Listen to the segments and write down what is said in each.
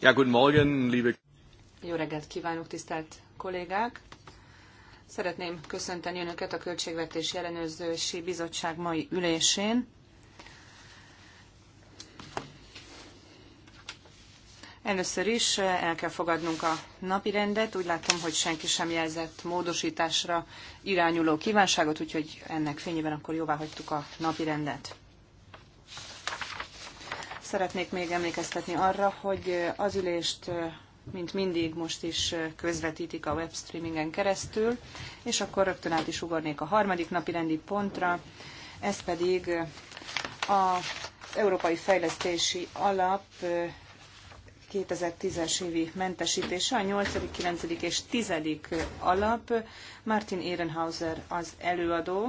Ja, guten Morgen, liebe... Jó reggelt kívánok, tisztelt kollégák! Szeretném köszönteni Önöket a Költségvetési Ellenőrzési Bizottság mai ülésén. Először is el kell fogadnunk a napi rendet. Úgy látom, hogy senki sem jelzett módosításra irányuló kívánságot, úgyhogy ennek fényében akkor jóvá hagytuk a napi rendet. Szeretnék még emlékeztetni arra, hogy az ülést, mint mindig, most is közvetítik a webstreamingen keresztül, és akkor rögtön át is ugornék a harmadik napi rendi pontra, ez pedig az Európai Fejlesztési Alap 2010-es évi mentesítése, a 8., 9. és 10. alap. Martin Ehrenhauser az előadó,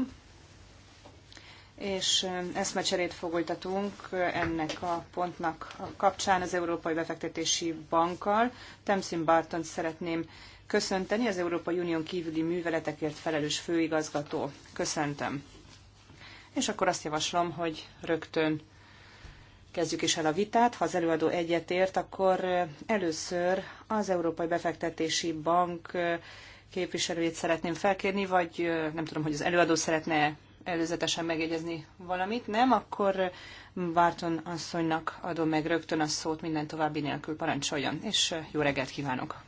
és eszmecserét fogoltatunk ennek a pontnak a kapcsán az Európai Befektetési Bankkal. Temszin Bartont szeretném köszönteni, az Európai Unión kívüli műveletekért felelős főigazgató. Köszöntöm. És akkor azt javaslom, hogy rögtön kezdjük is el a vitát. Ha az előadó egyetért, akkor először az Európai Befektetési Bank képviselőjét szeretném felkérni, vagy nem tudom, hogy az előadó szeretne előzetesen megjegyezni valamit, nem, akkor Várton asszonynak adom meg rögtön a szót minden további nélkül parancsoljon, és jó reggelt kívánok!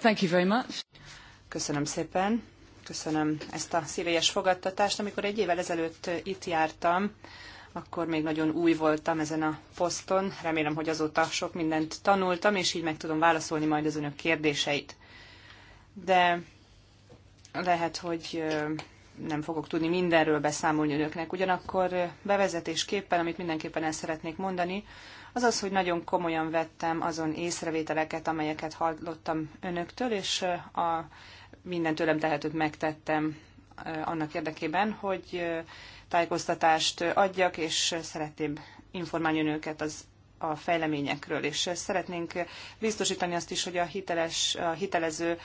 Thank you very much. Köszönöm szépen, köszönöm ezt a szívélyes fogadtatást. Amikor egy évvel ezelőtt itt jártam, akkor még nagyon új voltam ezen a poszton. Remélem, hogy azóta sok mindent tanultam, és így meg tudom válaszolni majd az önök kérdéseit. De lehet, hogy nem fogok tudni mindenről beszámolni önöknek. Ugyanakkor bevezetésképpen, amit mindenképpen el szeretnék mondani, az az, hogy nagyon komolyan vettem azon észrevételeket, amelyeket hallottam önöktől, és a minden tőlem tehetőt megtettem annak érdekében, hogy tájékoztatást adjak, és szeretném informálni önöket az a fejleményekről, és szeretnénk biztosítani azt is, hogy a, hiteles, a hitelező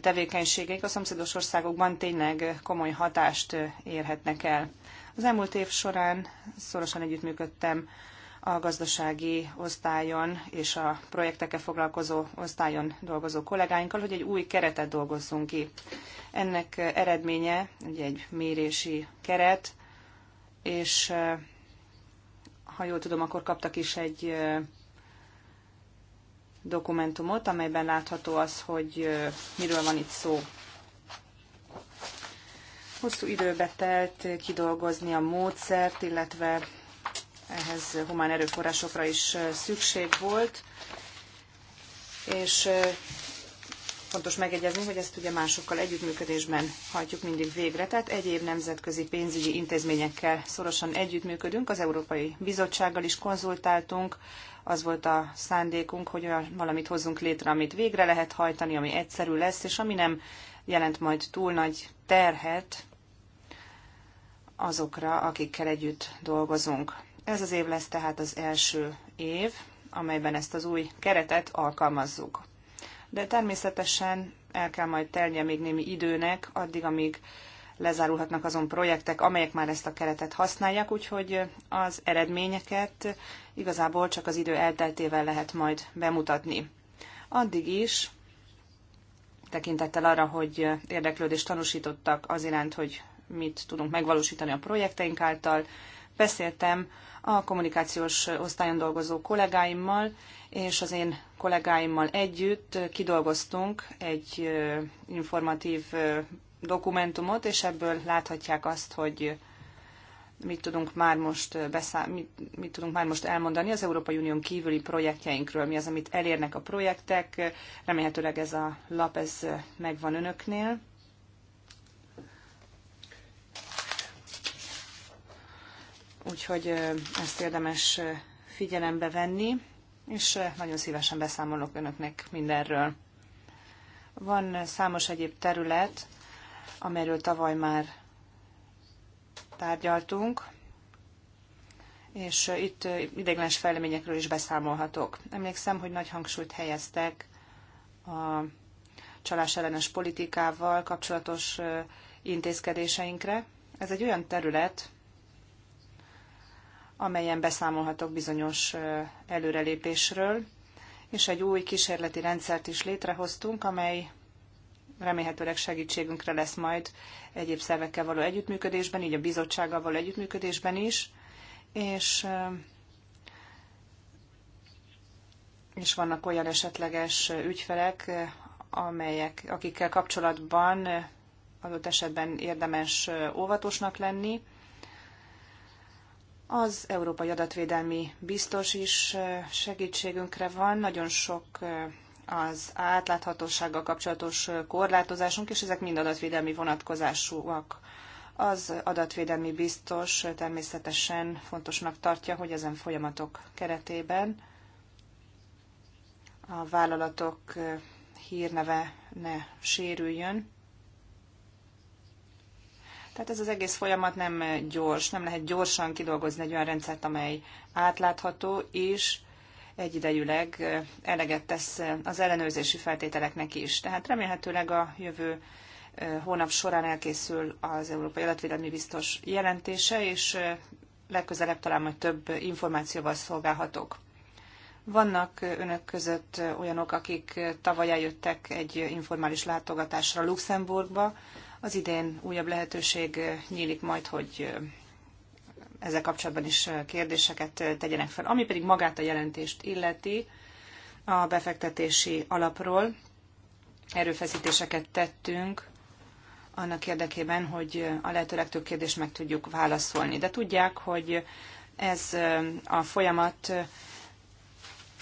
tevékenységeik a szomszédos országokban tényleg komoly hatást érhetnek el. Az elmúlt év során szorosan együttműködtem a gazdasági osztályon és a projektekkel foglalkozó osztályon dolgozó kollégáinkkal, hogy egy új keretet dolgozzunk ki. Ennek eredménye ugye egy mérési keret, és ha jól tudom, akkor kaptak is egy dokumentumot, amelyben látható az, hogy miről van itt szó. Hosszú időbe telt kidolgozni a módszert, illetve ehhez humán erőforrásokra is szükség volt, és fontos megegyezni, hogy ezt ugye másokkal együttműködésben hajtjuk mindig végre, tehát egyéb nemzetközi pénzügyi intézményekkel szorosan együttműködünk, az Európai Bizottsággal is konzultáltunk, az volt a szándékunk, hogy olyan valamit hozzunk létre, amit végre lehet hajtani, ami egyszerű lesz, és ami nem jelent majd túl nagy terhet azokra, akikkel együtt dolgozunk. Ez az év lesz tehát az első év, amelyben ezt az új keretet alkalmazzuk de természetesen el kell majd telnie még némi időnek, addig, amíg lezárulhatnak azon projektek, amelyek már ezt a keretet használják, úgyhogy az eredményeket igazából csak az idő elteltével lehet majd bemutatni. Addig is tekintettel arra, hogy érdeklődést tanúsítottak az iránt, hogy mit tudunk megvalósítani a projekteink által. Beszéltem a kommunikációs osztályon dolgozó kollégáimmal, és az én kollégáimmal együtt kidolgoztunk egy informatív dokumentumot, és ebből láthatják azt, hogy mit tudunk már most, beszá- mit, mit tudunk már most elmondani az Európai Unión kívüli projektjeinkről, mi az, amit elérnek a projektek. Remélhetőleg ez a lap ez megvan önöknél. Úgyhogy ezt érdemes figyelembe venni és eh, nagyon szívesen beszámolok önöknek mindenről. Van eh, számos egyéb terület, amelyről tavaly már tárgyaltunk, és eh, itt ideiglenes fejleményekről is beszámolhatok. Emlékszem, hogy nagy hangsúlyt helyeztek a csalás ellenes politikával kapcsolatos intézkedéseinkre. Ez egy olyan terület, amelyen beszámolhatok bizonyos előrelépésről, és egy új kísérleti rendszert is létrehoztunk, amely remélhetőleg segítségünkre lesz majd egyéb szervekkel való együttműködésben, így a bizottsággal való együttműködésben is, és, és vannak olyan esetleges ügyfelek, amelyek, akikkel kapcsolatban adott esetben érdemes óvatosnak lenni, az Európai Adatvédelmi Biztos is segítségünkre van. Nagyon sok az átláthatósággal kapcsolatos korlátozásunk, és ezek mind adatvédelmi vonatkozásúak. Az adatvédelmi biztos természetesen fontosnak tartja, hogy ezen folyamatok keretében a vállalatok hírneve ne sérüljön, tehát ez az egész folyamat nem gyors, nem lehet gyorsan kidolgozni egy olyan rendszert, amely átlátható és egyidejűleg eleget tesz az ellenőrzési feltételeknek is. Tehát remélhetőleg a jövő hónap során elkészül az Európai Adatvédelmi Biztos jelentése, és legközelebb talán majd több információval szolgálhatok. Vannak önök között olyanok, akik tavaly eljöttek egy informális látogatásra Luxemburgba, az idén újabb lehetőség nyílik majd, hogy ezzel kapcsolatban is kérdéseket tegyenek fel. Ami pedig magát a jelentést illeti, a befektetési alapról erőfeszítéseket tettünk annak érdekében, hogy a lehető legtöbb kérdést meg tudjuk válaszolni. De tudják, hogy ez a folyamat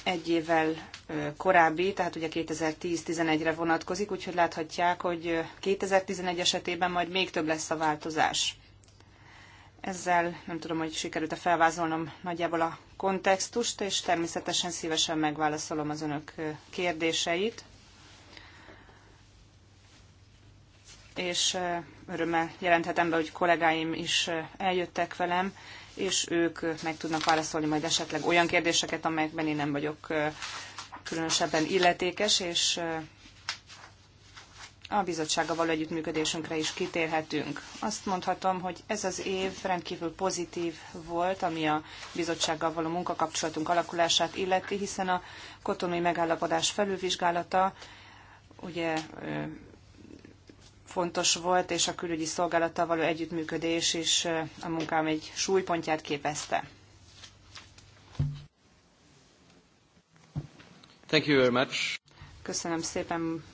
egy évvel korábbi, tehát ugye 2010-11-re vonatkozik, úgyhogy láthatják, hogy 2011 esetében majd még több lesz a változás. Ezzel nem tudom, hogy sikerült-e felvázolnom nagyjából a kontextust, és természetesen szívesen megválaszolom az önök kérdéseit. És örömmel jelenthetem be, hogy kollégáim is eljöttek velem, és ők meg tudnak válaszolni majd esetleg olyan kérdéseket, amelyekben én nem vagyok különösebben illetékes, és a bizottsága való együttműködésünkre is kitérhetünk. Azt mondhatom, hogy ez az év rendkívül pozitív volt, ami a bizottsággal való munkakapcsolatunk alakulását illeti, hiszen a kotonai megállapodás felülvizsgálata ugye fontos volt, és a külügyi szolgálattal való együttműködés is a munkám egy súlypontját képezte. Thank you very much. Köszönöm szépen,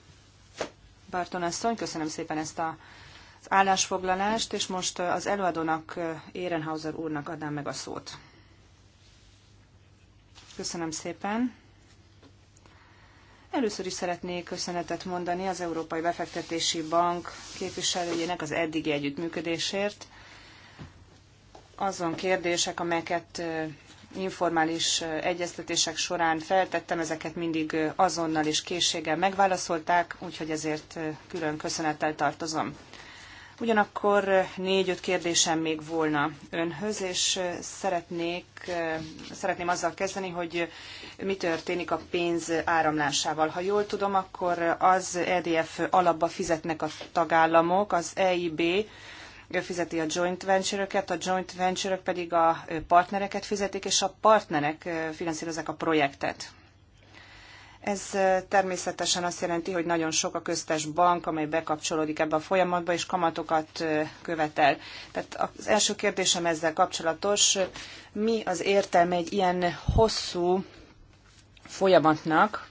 Barton asszony, köszönöm szépen ezt a, az állásfoglalást, és most az előadónak, Ehrenhauser úrnak adnám meg a szót. Köszönöm szépen. Először is szeretnék köszönetet mondani az Európai Befektetési Bank képviselőjének az eddigi együttműködésért. Azon kérdések, amelyeket informális egyeztetések során feltettem, ezeket mindig azonnal és készséggel megválaszolták, úgyhogy ezért külön köszönettel tartozom. Ugyanakkor négy-öt kérdésem még volna önhöz, és szeretnék, szeretném azzal kezdeni, hogy mi történik a pénz áramlásával. Ha jól tudom, akkor az EDF alapba fizetnek a tagállamok, az EIB fizeti a joint venture-öket, a joint venture-ök pedig a partnereket fizetik, és a partnerek finanszírozzák a projektet. Ez természetesen azt jelenti, hogy nagyon sok a köztes bank, amely bekapcsolódik ebbe a folyamatba, és kamatokat követel. Tehát az első kérdésem ezzel kapcsolatos, mi az értelme egy ilyen hosszú folyamatnak,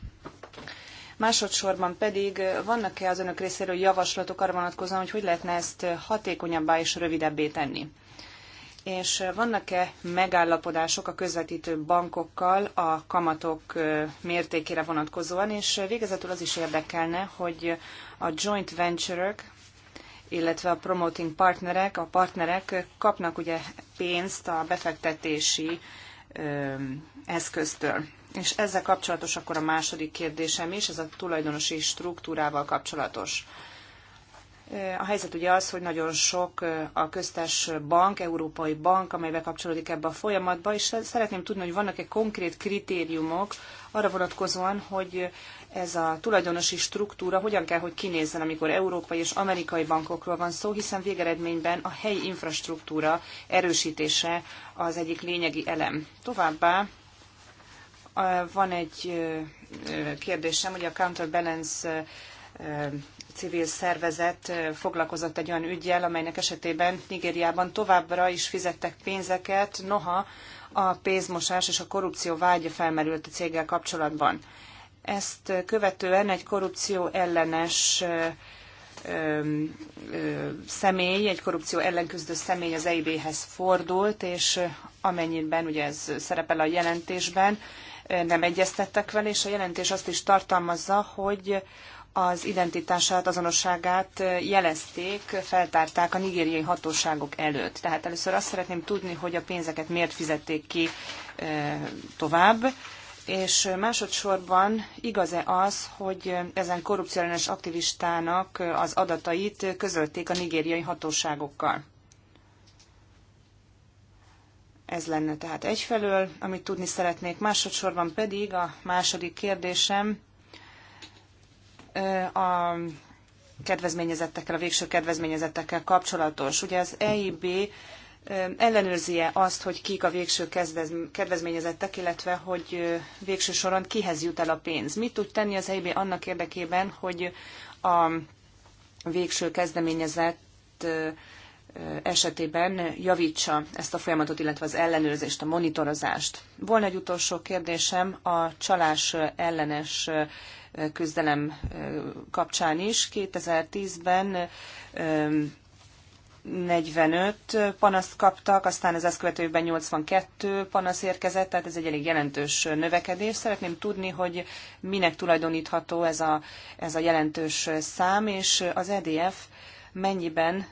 Másodszorban pedig vannak-e az önök részéről javaslatok arra vonatkozóan, hogy hogy lehetne ezt hatékonyabbá és rövidebbé tenni? és vannak-e megállapodások a közvetítő bankokkal a kamatok mértékére vonatkozóan, és végezetül az is érdekelne, hogy a joint venture-ök, illetve a promoting partnerek, a partnerek kapnak ugye pénzt a befektetési eszköztől. És ezzel kapcsolatos akkor a második kérdésem is, ez a tulajdonosi struktúrával kapcsolatos. A helyzet ugye az, hogy nagyon sok a köztes bank, európai bank, amely bekapcsolódik ebbe a folyamatba, és szeretném tudni, hogy vannak-e konkrét kritériumok arra vonatkozóan, hogy ez a tulajdonosi struktúra hogyan kell, hogy kinézzen, amikor európai és amerikai bankokról van szó, hiszen végeredményben a helyi infrastruktúra erősítése az egyik lényegi elem. Továbbá van egy kérdésem, hogy a counterbalance civil szervezet foglalkozott egy olyan ügyjel, amelynek esetében Nigériában továbbra is fizettek pénzeket, noha a pénzmosás és a korrupció vágya felmerült a céggel kapcsolatban. Ezt követően egy korrupció ellenes személy, egy korrupció ellen küzdő személy az EIB-hez fordult, és amennyiben ugye ez szerepel a jelentésben, nem egyeztettek vele, és a jelentés azt is tartalmazza, hogy az identitását, azonosságát jelezték, feltárták a nigériai hatóságok előtt. Tehát először azt szeretném tudni, hogy a pénzeket miért fizették ki tovább, és másodszorban igaz-e az, hogy ezen korrupciós aktivistának az adatait közölték a nigériai hatóságokkal? Ez lenne tehát egyfelől, amit tudni szeretnék. Másodszorban pedig a második kérdésem a kedvezményezettekkel, a végső kedvezményezettekkel kapcsolatos. Ugye az EIB ellenőrzi-e azt, hogy kik a végső kedvezményezettek, illetve hogy végső soron kihez jut el a pénz. Mit tud tenni az EIB annak érdekében, hogy a végső kezdeményezett esetében javítsa ezt a folyamatot, illetve az ellenőrzést, a monitorozást. Volna egy utolsó kérdésem a csalás ellenes küzdelem kapcsán is. 2010-ben 45 panaszt kaptak, aztán az ezt követőben 82 panasz érkezett, tehát ez egy elég jelentős növekedés. Szeretném tudni, hogy minek tulajdonítható ez a, ez a jelentős szám, és az EDF mennyiben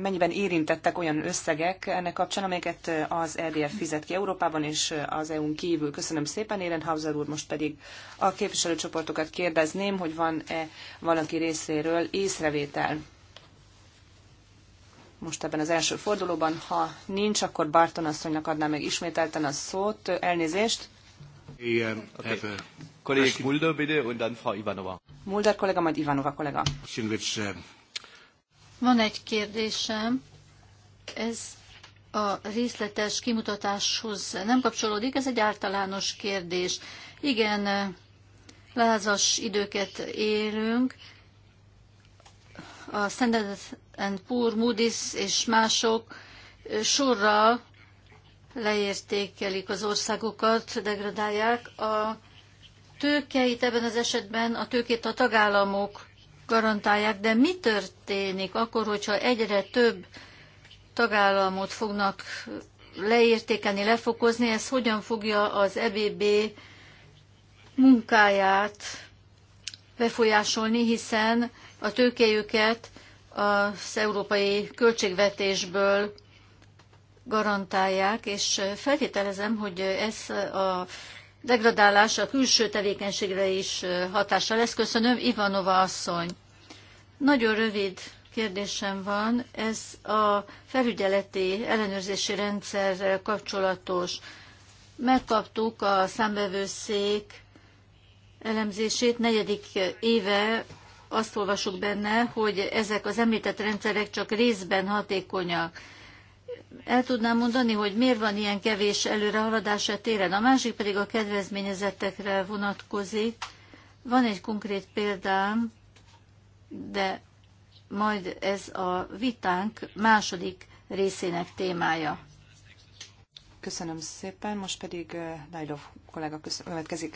mennyiben érintettek olyan összegek ennek kapcsán, amelyeket az EDF fizet ki Európában és az EU-n kívül. Köszönöm szépen, Hauser úr, most pedig a képviselőcsoportokat kérdezném, hogy van-e valaki részéről észrevétel. Most ebben az első fordulóban, ha nincs, akkor Barton asszonynak adnám meg ismételten a szót. Elnézést. Igen, okay. Hát, Kollég Mulder, bide und dann Frau Ivanova. Mulder kollega, majd Ivanova kollega. Van egy kérdésem, ez a részletes kimutatáshoz nem kapcsolódik, ez egy általános kérdés. Igen, lázas időket élünk, a Standard and Poor, Moody's és mások sorra leértékelik az országokat, degradálják. A tőkeit ebben az esetben a tőkét a tagállamok garantálják, de mi történik akkor, hogyha egyre több tagállamot fognak leértékeni, lefokozni, ez hogyan fogja az EBB munkáját befolyásolni, hiszen a tőkéjüket az európai költségvetésből garantálják, és feltételezem, hogy ez a Degradálása a külső tevékenységre is hatása lesz. Köszönöm, Ivanova asszony. Nagyon rövid kérdésem van. Ez a felügyeleti ellenőrzési rendszerrel kapcsolatos. Megkaptuk a számbevőszék elemzését, negyedik éve azt olvasuk benne, hogy ezek az említett rendszerek csak részben hatékonyak el tudnám mondani, hogy miért van ilyen kevés előrehaladás a téren. A másik pedig a kedvezményezettekre vonatkozik. Van egy konkrét példám, de majd ez a vitánk második részének témája. Köszönöm szépen, most pedig Lajdov eh, kollega következik.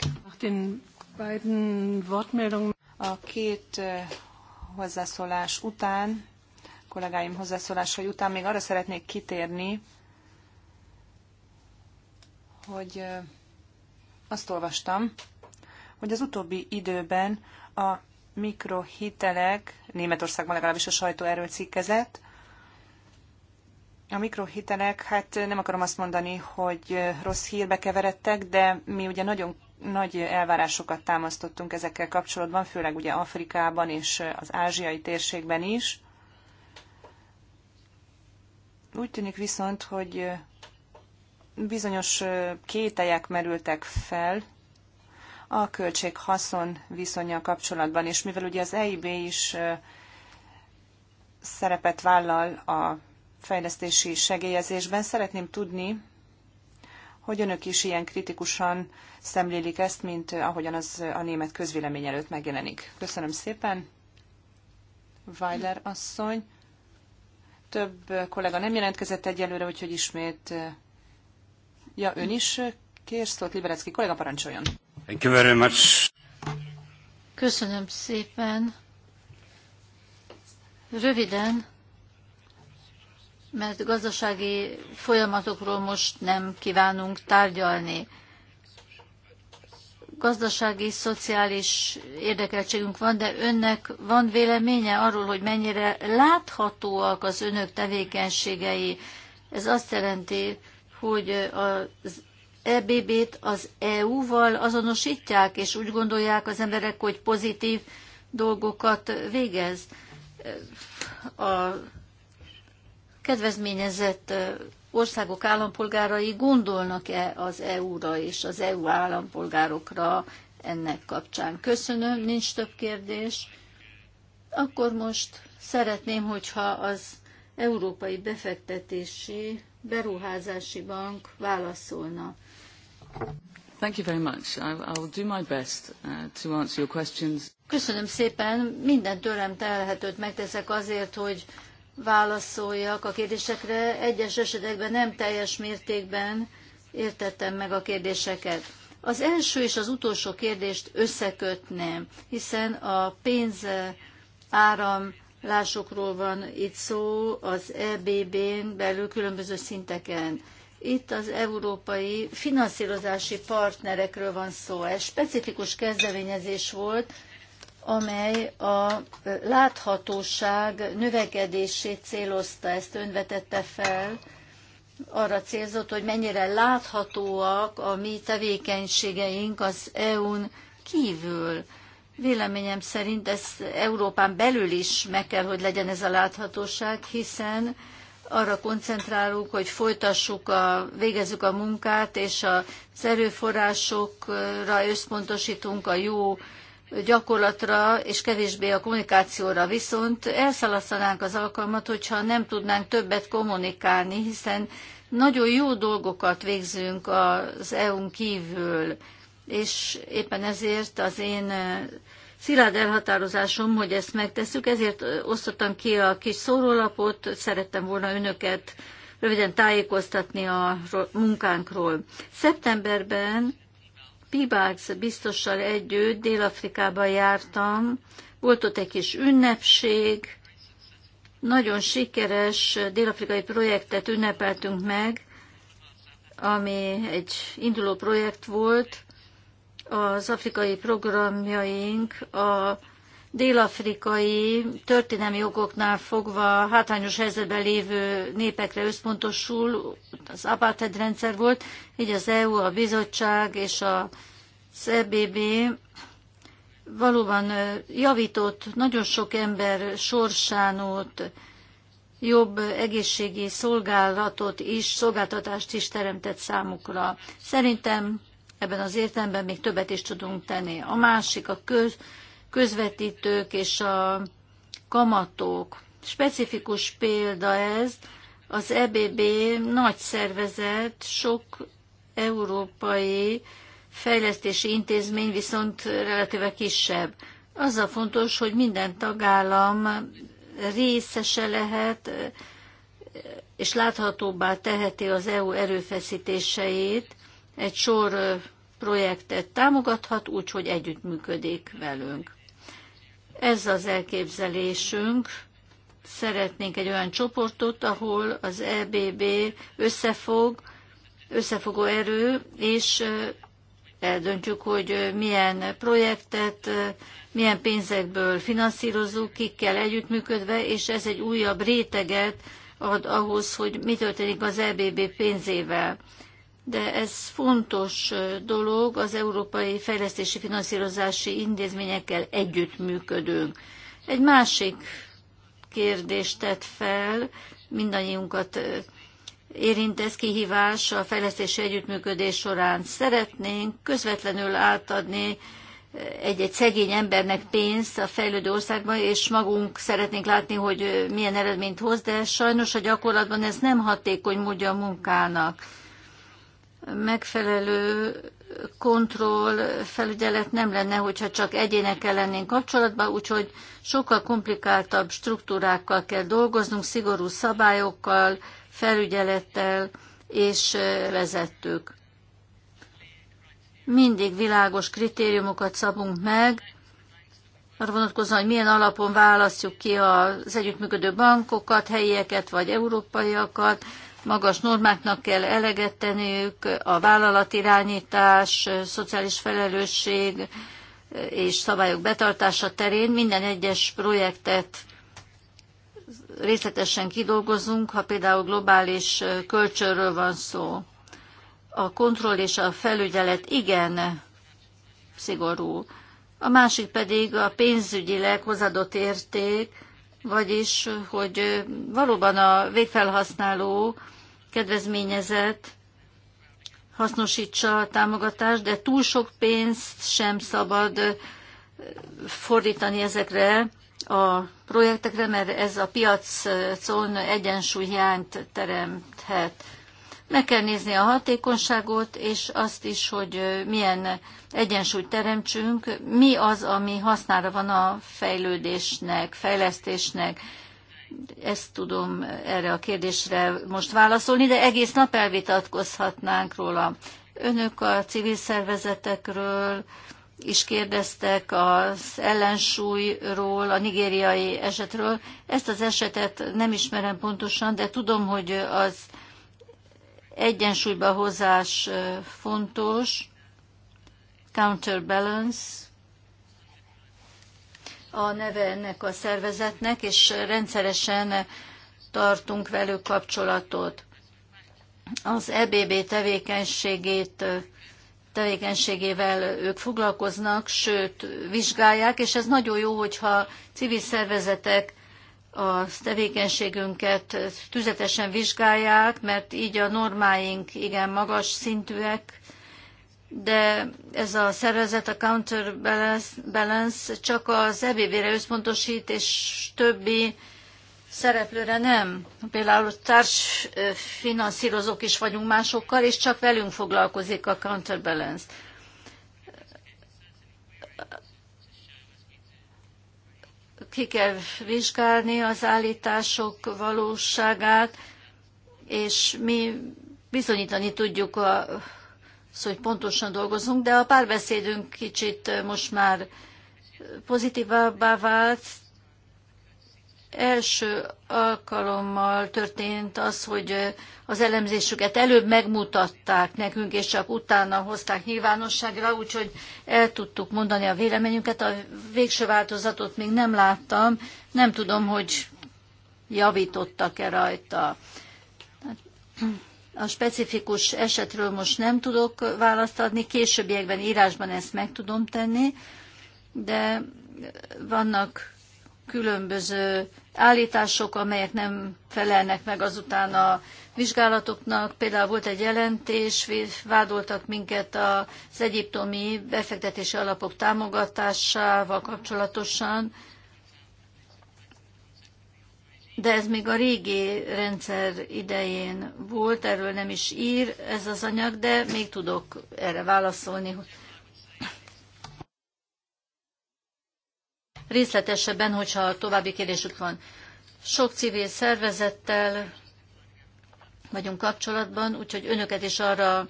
A két eh, hozzászólás után kollégáim hozzászólásai után még arra szeretnék kitérni, hogy azt olvastam, hogy az utóbbi időben a mikrohitelek, Németországban legalábbis a sajtó erről cikkezett, a mikrohitelek, hát nem akarom azt mondani, hogy rossz hírbe keveredtek, de mi ugye nagyon nagy elvárásokat támasztottunk ezekkel kapcsolatban, főleg ugye Afrikában és az ázsiai térségben is. Úgy tűnik viszont, hogy bizonyos kételyek merültek fel a költség-haszon viszonya kapcsolatban, és mivel ugye az EIB is szerepet vállal a fejlesztési segélyezésben, szeretném tudni, hogy önök is ilyen kritikusan szemlélik ezt, mint ahogyan az a német közvélemény előtt megjelenik. Köszönöm szépen. Weiler asszony. Több kollega nem jelentkezett egyelőre, úgyhogy ismét... Ja, ön is kér szót, Liberecki kollega parancsoljon. Thank you very much. Köszönöm szépen. Röviden, mert gazdasági folyamatokról most nem kívánunk tárgyalni gazdasági, és szociális érdekeltségünk van, de önnek van véleménye arról, hogy mennyire láthatóak az önök tevékenységei. Ez azt jelenti, hogy az EBB-t az EU-val azonosítják, és úgy gondolják az emberek, hogy pozitív dolgokat végez. A kedvezményezett országok állampolgárai gondolnak-e az EU-ra és az EU állampolgárokra ennek kapcsán. Köszönöm, nincs több kérdés. Akkor most szeretném, hogyha az Európai Befektetési Beruházási Bank válaszolna. Thank you very much. I, will do my best uh, to answer your questions. Köszönöm szépen, minden tőlem telhetőt megteszek azért, hogy válaszoljak a kérdésekre. Egyes esetekben nem teljes mértékben értettem meg a kérdéseket. Az első és az utolsó kérdést összekötném, hiszen a pénz áramlásokról van itt szó az EBB-n belül különböző szinteken. Itt az európai finanszírozási partnerekről van szó. Ez specifikus kezdeményezés volt, amely a láthatóság növekedését célozta, ezt önvetette fel, arra célzott, hogy mennyire láthatóak a mi tevékenységeink az EU-n kívül. Véleményem szerint ez Európán belül is meg kell, hogy legyen ez a láthatóság, hiszen arra koncentrálunk, hogy folytassuk, a, végezzük a munkát, és az erőforrásokra összpontosítunk a jó gyakorlatra és kevésbé a kommunikációra. Viszont elszalasztanánk az alkalmat, hogyha nem tudnánk többet kommunikálni, hiszen nagyon jó dolgokat végzünk az EU-n kívül, és éppen ezért az én szilárd elhatározásom, hogy ezt megtesszük, ezért osztottam ki a kis szórólapot, szerettem volna önöket röviden tájékoztatni a munkánkról. Szeptemberben Pibács biztossal együtt Dél-Afrikában jártam, volt ott egy kis ünnepség, nagyon sikeres dél-afrikai projektet ünnepeltünk meg, ami egy induló projekt volt. Az afrikai programjaink a dél-afrikai történelmi jogoknál fogva hátrányos helyzetben lévő népekre összpontosul, az apartheid rendszer volt, így az EU, a bizottság és a EBB valóban javított nagyon sok ember sorsánót, jobb egészségi szolgálatot is, szolgáltatást is teremtett számukra. Szerintem ebben az értelemben még többet is tudunk tenni. A másik a köz, közvetítők és a kamatok. Specifikus példa ez, az EBB nagy szervezet, sok európai fejlesztési intézmény viszont relatíve kisebb. Az a fontos, hogy minden tagállam részese lehet, és láthatóbbá teheti az EU erőfeszítéseit, egy sor projektet támogathat, úgyhogy együttműködik velünk. Ez az elképzelésünk. Szeretnénk egy olyan csoportot, ahol az EBB összefog, összefogó erő, és eldöntjük, hogy milyen projektet, milyen pénzekből finanszírozunk, kikkel együttműködve, és ez egy újabb réteget ad ahhoz, hogy mi történik az EBB pénzével de ez fontos dolog, az Európai Fejlesztési Finanszírozási Intézményekkel együttműködünk. Egy másik kérdést tett fel, mindannyiunkat érint ez kihívás a fejlesztési együttműködés során. Szeretnénk közvetlenül átadni egy-egy szegény embernek pénzt a fejlődő országban, és magunk szeretnénk látni, hogy milyen eredményt hoz, de sajnos a gyakorlatban ez nem hatékony módja a munkának megfelelő kontroll, felügyelet nem lenne, hogyha csak egyénekkel lennénk kapcsolatban, úgyhogy sokkal komplikáltabb struktúrákkal kell dolgoznunk, szigorú szabályokkal, felügyelettel és vezetők. Mindig világos kritériumokat szabunk meg, arra vonatkozóan, hogy milyen alapon választjuk ki az együttműködő bankokat, helyieket vagy európaiakat, magas normáknak kell eleget tenniük, a vállalatirányítás, szociális felelősség és szabályok betartása terén minden egyes projektet részletesen kidolgozunk, ha például globális kölcsönről van szó. A kontroll és a felügyelet igen szigorú. A másik pedig a pénzügyileg hozadott érték, vagyis hogy valóban a végfelhasználó kedvezményezett hasznosítsa a támogatást, de túl sok pénzt sem szabad fordítani ezekre a projektekre, mert ez a piacon egyensúlyhiányt teremthet. Meg kell nézni a hatékonyságot, és azt is, hogy milyen egyensúlyt teremtsünk, mi az, ami hasznára van a fejlődésnek, fejlesztésnek. Ezt tudom erre a kérdésre most válaszolni, de egész nap elvitatkozhatnánk róla. Önök a civil szervezetekről, is kérdeztek az ellensúlyról, a nigériai esetről. Ezt az esetet nem ismerem pontosan, de tudom, hogy az Egyensúlyba hozás fontos, counterbalance, a neve ennek a szervezetnek, és rendszeresen tartunk velük kapcsolatot. Az EBB tevékenységét tevékenységével ők foglalkoznak, sőt, vizsgálják, és ez nagyon jó, hogyha civil szervezetek a tevékenységünket tüzetesen vizsgálják, mert így a normáink igen magas szintűek, de ez a szervezet, a counterbalance csak az ebv re összpontosít, és többi szereplőre nem. Például társfinanszírozók is vagyunk másokkal, és csak velünk foglalkozik a counterbalance. ki kell vizsgálni az állítások valóságát, és mi bizonyítani tudjuk a, hogy pontosan dolgozunk, de a párbeszédünk kicsit most már pozitívabbá vált, első alkalommal történt az, hogy az elemzésüket előbb megmutatták nekünk, és csak utána hozták nyilvánosságra, úgyhogy el tudtuk mondani a véleményünket. A végső változatot még nem láttam, nem tudom, hogy javítottak-e rajta. A specifikus esetről most nem tudok választ adni, későbbiekben írásban ezt meg tudom tenni, de vannak különböző állítások, amelyek nem felelnek meg azután a vizsgálatoknak. Például volt egy jelentés, vádoltak minket az egyiptomi befektetési alapok támogatásával kapcsolatosan, de ez még a régi rendszer idején volt, erről nem is ír ez az anyag, de még tudok erre válaszolni, hogy részletesebben, hogyha további kérdésük van. Sok civil szervezettel vagyunk kapcsolatban, úgyhogy önöket is arra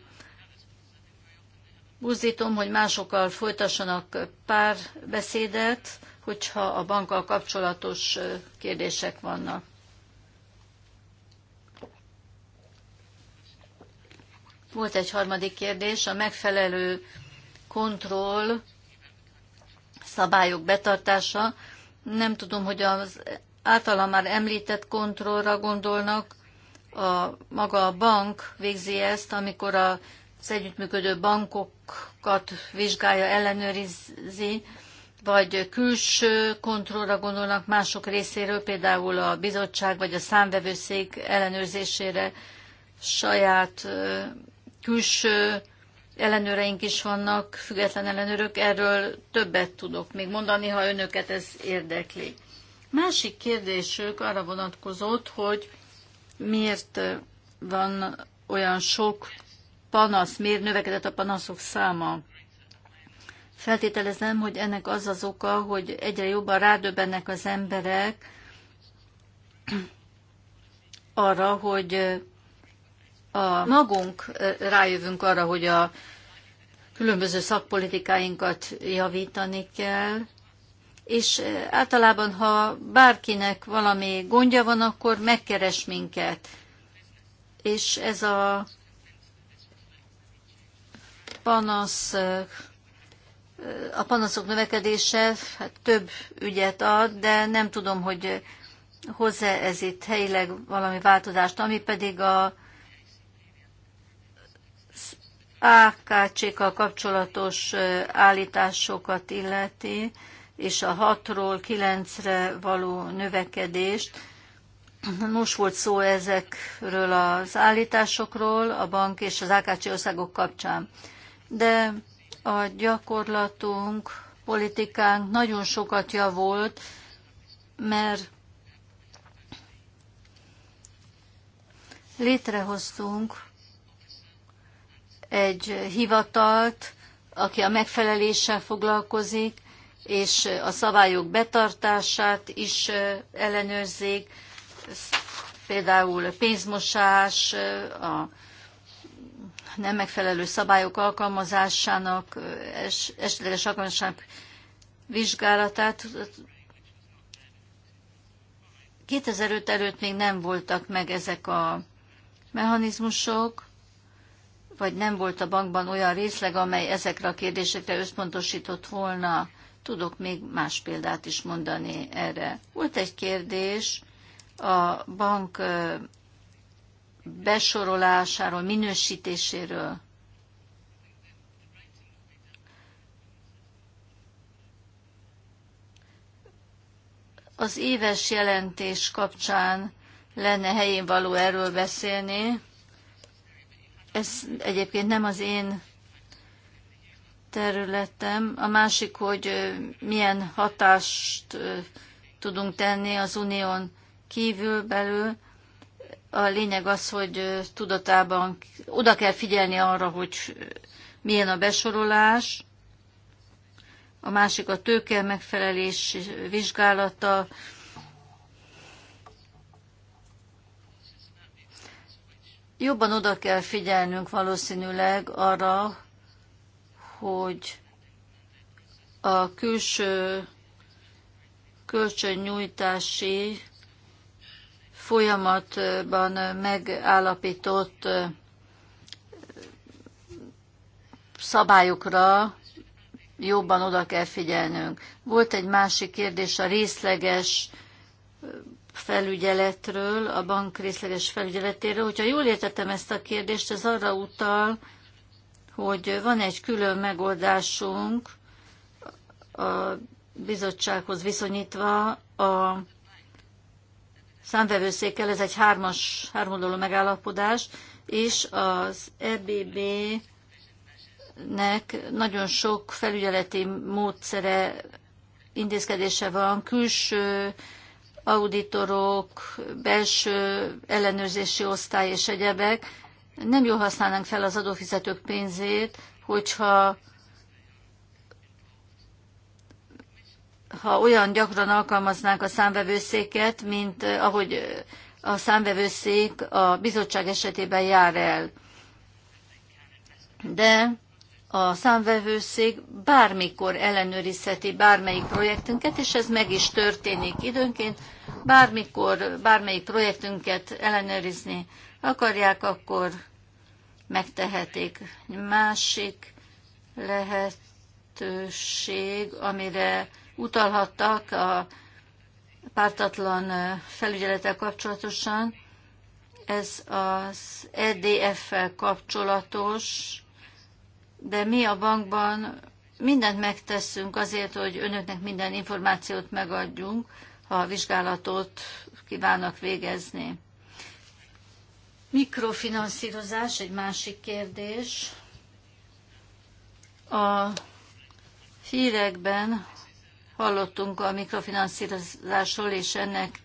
buzdítom, hogy másokkal folytassanak pár beszédet, hogyha a bankkal kapcsolatos kérdések vannak. Volt egy harmadik kérdés, a megfelelő kontroll szabályok betartása. Nem tudom, hogy az általam már említett kontrollra gondolnak, a, maga a bank végzi ezt, amikor a, az együttműködő bankokat vizsgálja, ellenőrizi, vagy külső kontrollra gondolnak mások részéről, például a bizottság vagy a számvevőszék ellenőrzésére saját külső ellenőreink is vannak, független ellenőrök, erről többet tudok még mondani, ha önöket ez érdekli. Másik kérdésük arra vonatkozott, hogy miért van olyan sok panasz, miért növekedett a panaszok száma. Feltételezem, hogy ennek az az oka, hogy egyre jobban rádöbbennek az emberek arra, hogy a magunk rájövünk arra, hogy a különböző szakpolitikáinkat javítani kell, és általában, ha bárkinek valami gondja van, akkor megkeres minket. És ez a panasz, a panaszok növekedése hát több ügyet ad, de nem tudom, hogy hozzá ez itt helyileg valami változást, ami pedig a AKC-kkal kapcsolatos állításokat illeti, és a 6-ról 9-re való növekedést. Most volt szó ezekről az állításokról a bank és az AKC országok kapcsán. De a gyakorlatunk, politikánk nagyon sokat javult, mert létrehoztunk egy hivatalt, aki a megfeleléssel foglalkozik, és a szabályok betartását is ellenőrzik, például pénzmosás, a nem megfelelő szabályok alkalmazásának, esetleges alkalmazásának vizsgálatát. 2005 előtt még nem voltak meg ezek a mechanizmusok, vagy nem volt a bankban olyan részleg, amely ezekre a kérdésekre összpontosított volna. Tudok még más példát is mondani erre. Volt egy kérdés a bank besorolásáról, minősítéséről. Az éves jelentés kapcsán lenne helyén való erről beszélni, ez egyébként nem az én területem. A másik, hogy milyen hatást tudunk tenni az unión kívül belül. A lényeg az, hogy tudatában oda kell figyelni arra, hogy milyen a besorolás, a másik a tőke megfelelés vizsgálata, Jobban oda kell figyelnünk valószínűleg arra, hogy a külső kölcsönnyújtási folyamatban megállapított szabályokra jobban oda kell figyelnünk. Volt egy másik kérdés a részleges felügyeletről, a bank részleges felügyeletéről. Hogyha jól értettem ezt a kérdést, ez arra utal, hogy van egy külön megoldásunk a bizottsághoz viszonyítva a számvevőszékkel, ez egy hármas, hármoldalú megállapodás, és az EBB nek nagyon sok felügyeleti módszere, intézkedése van, külső auditorok, belső ellenőrzési osztály és egyebek, nem jól használnánk fel az adófizetők pénzét, hogyha ha olyan gyakran alkalmaznánk a számvevőszéket, mint eh, ahogy eh, a számvevőszék a bizottság esetében jár el. De a számvevőszék bármikor ellenőrizheti bármelyik projektünket, és ez meg is történik időnként, bármikor bármelyik projektünket ellenőrizni akarják, akkor megtehetik. Másik lehetőség, amire utalhattak a pártatlan felügyelettel kapcsolatosan, ez az EDF-fel kapcsolatos de mi a bankban mindent megteszünk azért, hogy önöknek minden információt megadjunk, ha a vizsgálatot kívánnak végezni. Mikrofinanszírozás egy másik kérdés. A hírekben hallottunk a mikrofinanszírozásról és ennek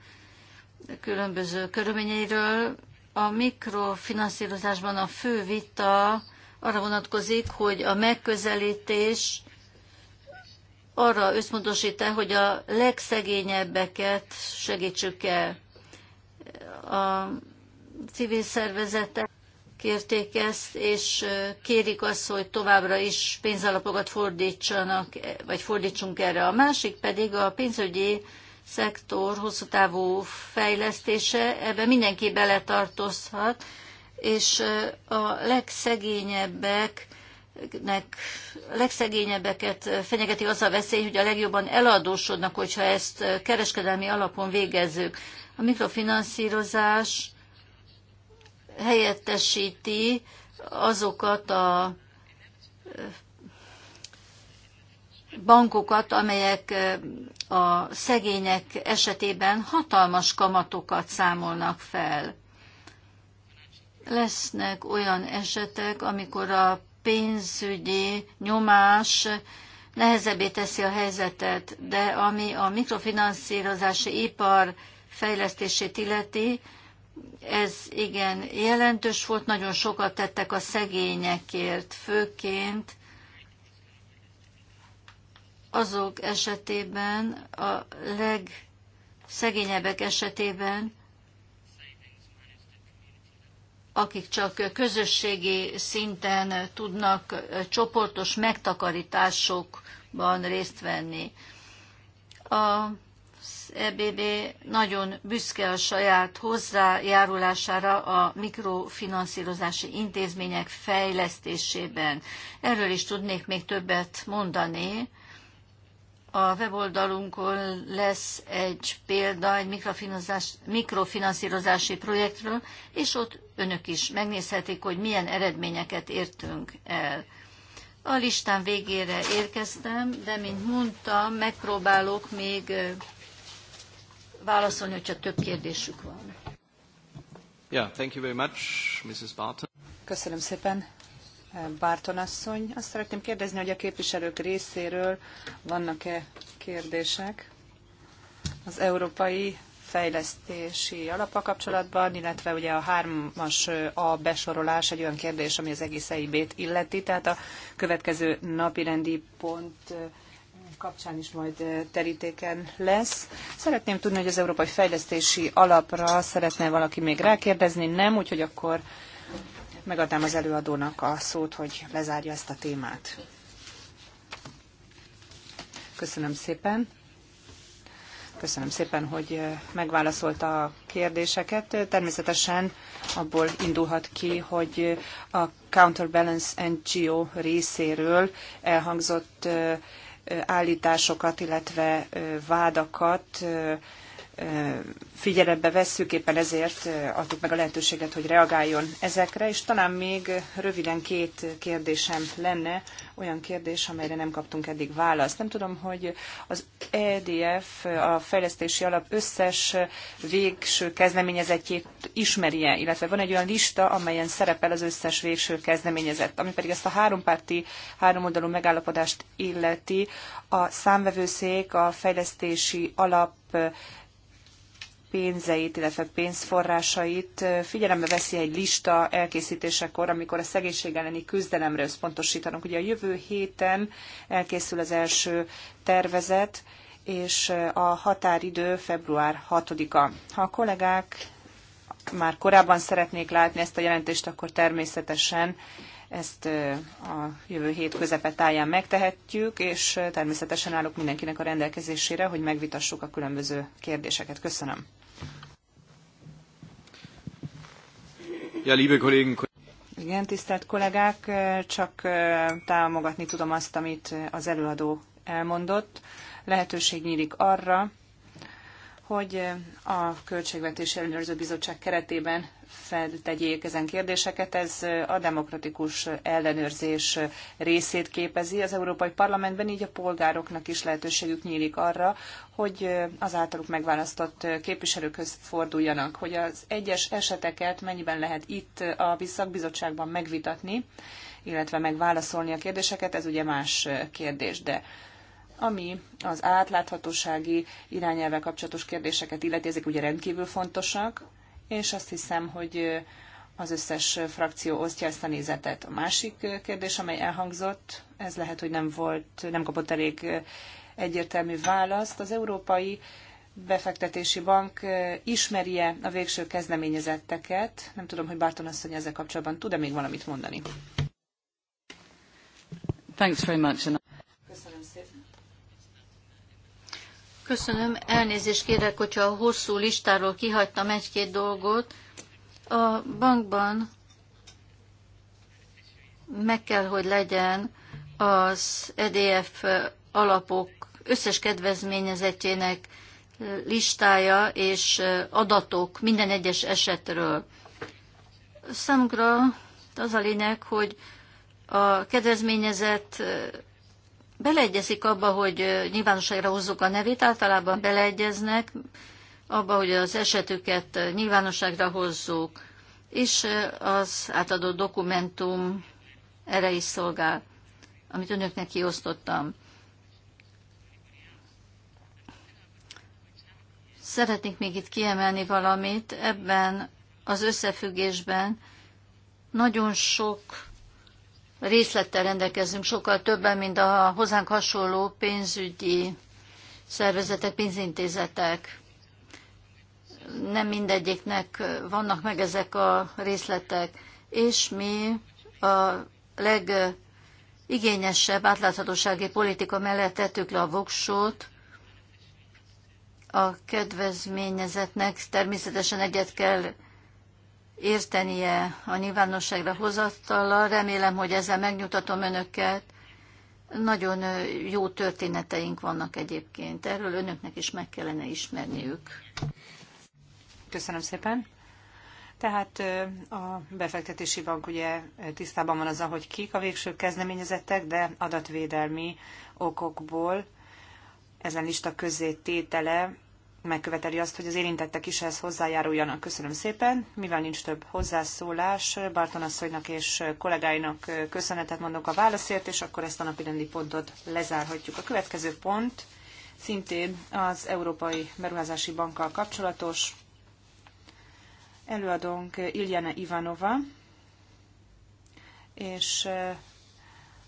különböző körülményeiről. A mikrofinanszírozásban a fő vita arra vonatkozik, hogy a megközelítés arra összpontosít -e, hogy a legszegényebbeket segítsük el. A civil szervezetek kérték ezt, és kérik azt, hogy továbbra is pénzalapokat fordítsanak, vagy fordítsunk erre. A másik pedig a pénzügyi szektor hosszú távú fejlesztése, ebbe mindenki beletartozhat, és a legszegényebbek nek legszegényebbeket fenyegeti az a veszély, hogy a legjobban eladósodnak, hogyha ezt kereskedelmi alapon végezzük. A mikrofinanszírozás helyettesíti azokat a bankokat, amelyek a szegények esetében hatalmas kamatokat számolnak fel lesznek olyan esetek, amikor a pénzügyi nyomás nehezebbé teszi a helyzetet, de ami a mikrofinanszírozási ipar fejlesztését illeti, ez igen jelentős volt, nagyon sokat tettek a szegényekért, főként azok esetében, a legszegényebbek esetében, akik csak közösségi szinten tudnak csoportos megtakarításokban részt venni. A EBB nagyon büszke a saját hozzájárulására a mikrofinanszírozási intézmények fejlesztésében. Erről is tudnék még többet mondani, a weboldalunkon lesz egy példa egy mikrofinanszírozási projektről, és ott önök is megnézhetik, hogy milyen eredményeket értünk el. A listán végére érkeztem, de mint mondtam, megpróbálok még válaszolni, hogyha több kérdésük van. Yeah, thank you very much, Mrs. Barton. Köszönöm szépen, Bárton asszony. Azt szeretném kérdezni, hogy a képviselők részéről vannak-e kérdések az európai fejlesztési alapa kapcsolatban, illetve ugye a hármas a besorolás egy olyan kérdés, ami az egész EIB-t illeti, tehát a következő napi rendi pont kapcsán is majd terítéken lesz. Szeretném tudni, hogy az Európai Fejlesztési Alapra szeretne valaki még rákérdezni, nem, úgyhogy akkor megadnám az előadónak a szót, hogy lezárja ezt a témát. Köszönöm szépen. Köszönöm szépen, hogy megválaszolta a kérdéseket. Természetesen abból indulhat ki, hogy a Counterbalance NGO részéről elhangzott állításokat, illetve vádakat figyelembe vesszük, éppen ezért adtuk meg a lehetőséget, hogy reagáljon ezekre, és talán még röviden két kérdésem lenne, olyan kérdés, amelyre nem kaptunk eddig választ. Nem tudom, hogy az EDF, a fejlesztési alap összes végső kezdeményezetjét ismerje, illetve van egy olyan lista, amelyen szerepel az összes végső kezdeményezett, ami pedig ezt a hárompárti, háromoldalú megállapodást illeti, a számvevőszék, a fejlesztési alap pénzeit, illetve pénzforrásait figyelembe veszi egy lista elkészítésekor, amikor a szegénység elleni küzdelemre összpontosítanak. Ugye a jövő héten elkészül az első tervezet, és a határidő február 6-a. Ha a kollégák már korábban szeretnék látni ezt a jelentést, akkor természetesen ezt a jövő hét táján megtehetjük, és természetesen állok mindenkinek a rendelkezésére, hogy megvitassuk a különböző kérdéseket. Köszönöm. Ja, liebe Kollegen, igen, tisztelt kollégák, csak támogatni tudom azt, amit az előadó elmondott. Lehetőség nyílik arra, hogy a költségvetés Ellenőrző Bizottság keretében feltegyék ezen kérdéseket. Ez a demokratikus ellenőrzés részét képezi az Európai Parlamentben, így a polgároknak is lehetőségük nyílik arra, hogy az általuk megválasztott képviselőkhöz forduljanak, hogy az egyes eseteket mennyiben lehet itt a Visszakbizottságban megvitatni, illetve megválaszolni a kérdéseket, ez ugye más kérdés, de ami az átláthatósági irányelve kapcsolatos kérdéseket illeti, ezek ugye rendkívül fontosak, és azt hiszem, hogy az összes frakció osztja ezt a nézetet. A másik kérdés, amely elhangzott, ez lehet, hogy nem volt, nem kapott elég egyértelmű választ. Az Európai Befektetési Bank ismerje a végső kezdeményezetteket. Nem tudom, hogy Barton asszony ezzel kapcsolatban tud-e még valamit mondani. Thanks very much. Köszönöm, elnézést kérek, hogyha a hosszú listáról kihagytam egy-két dolgot. A bankban meg kell, hogy legyen az EDF alapok összes kedvezményezetjének listája és adatok minden egyes esetről. Számunkra az a lényeg, hogy a kedvezményezett beleegyezik abba, hogy nyilvánosságra hozzuk a nevét, általában beleegyeznek abba, hogy az esetüket nyilvánosságra hozzuk, és az átadó dokumentum erre is szolgál, amit önöknek kiosztottam. Szeretnék még itt kiemelni valamit, ebben az összefüggésben nagyon sok részlettel rendelkezünk, sokkal többen, mint a hozzánk hasonló pénzügyi szervezetek, pénzintézetek. Nem mindegyiknek vannak meg ezek a részletek, és mi a legigényesebb átláthatósági politika mellett tettük le a voksót, a kedvezményezetnek természetesen egyet kell értenie a nyilvánosságra hozattal. Remélem, hogy ezzel megnyugtatom önöket. Nagyon jó történeteink vannak egyébként. Erről önöknek is meg kellene ismerniük. Köszönöm szépen. Tehát a befektetési bank ugye tisztában van azzal, hogy kik a végső kezdeményezettek, de adatvédelmi okokból ezen lista közé tétele megköveteli azt, hogy az érintettek is ehhez hozzájáruljanak. Köszönöm szépen. Mivel nincs több hozzászólás, Barton asszonynak és kollégáinak köszönetet mondok a válaszért, és akkor ezt a napi rendi pontot lezárhatjuk. A következő pont szintén az Európai Beruházási Bankkal kapcsolatos. Előadónk Iljana Ivanova, és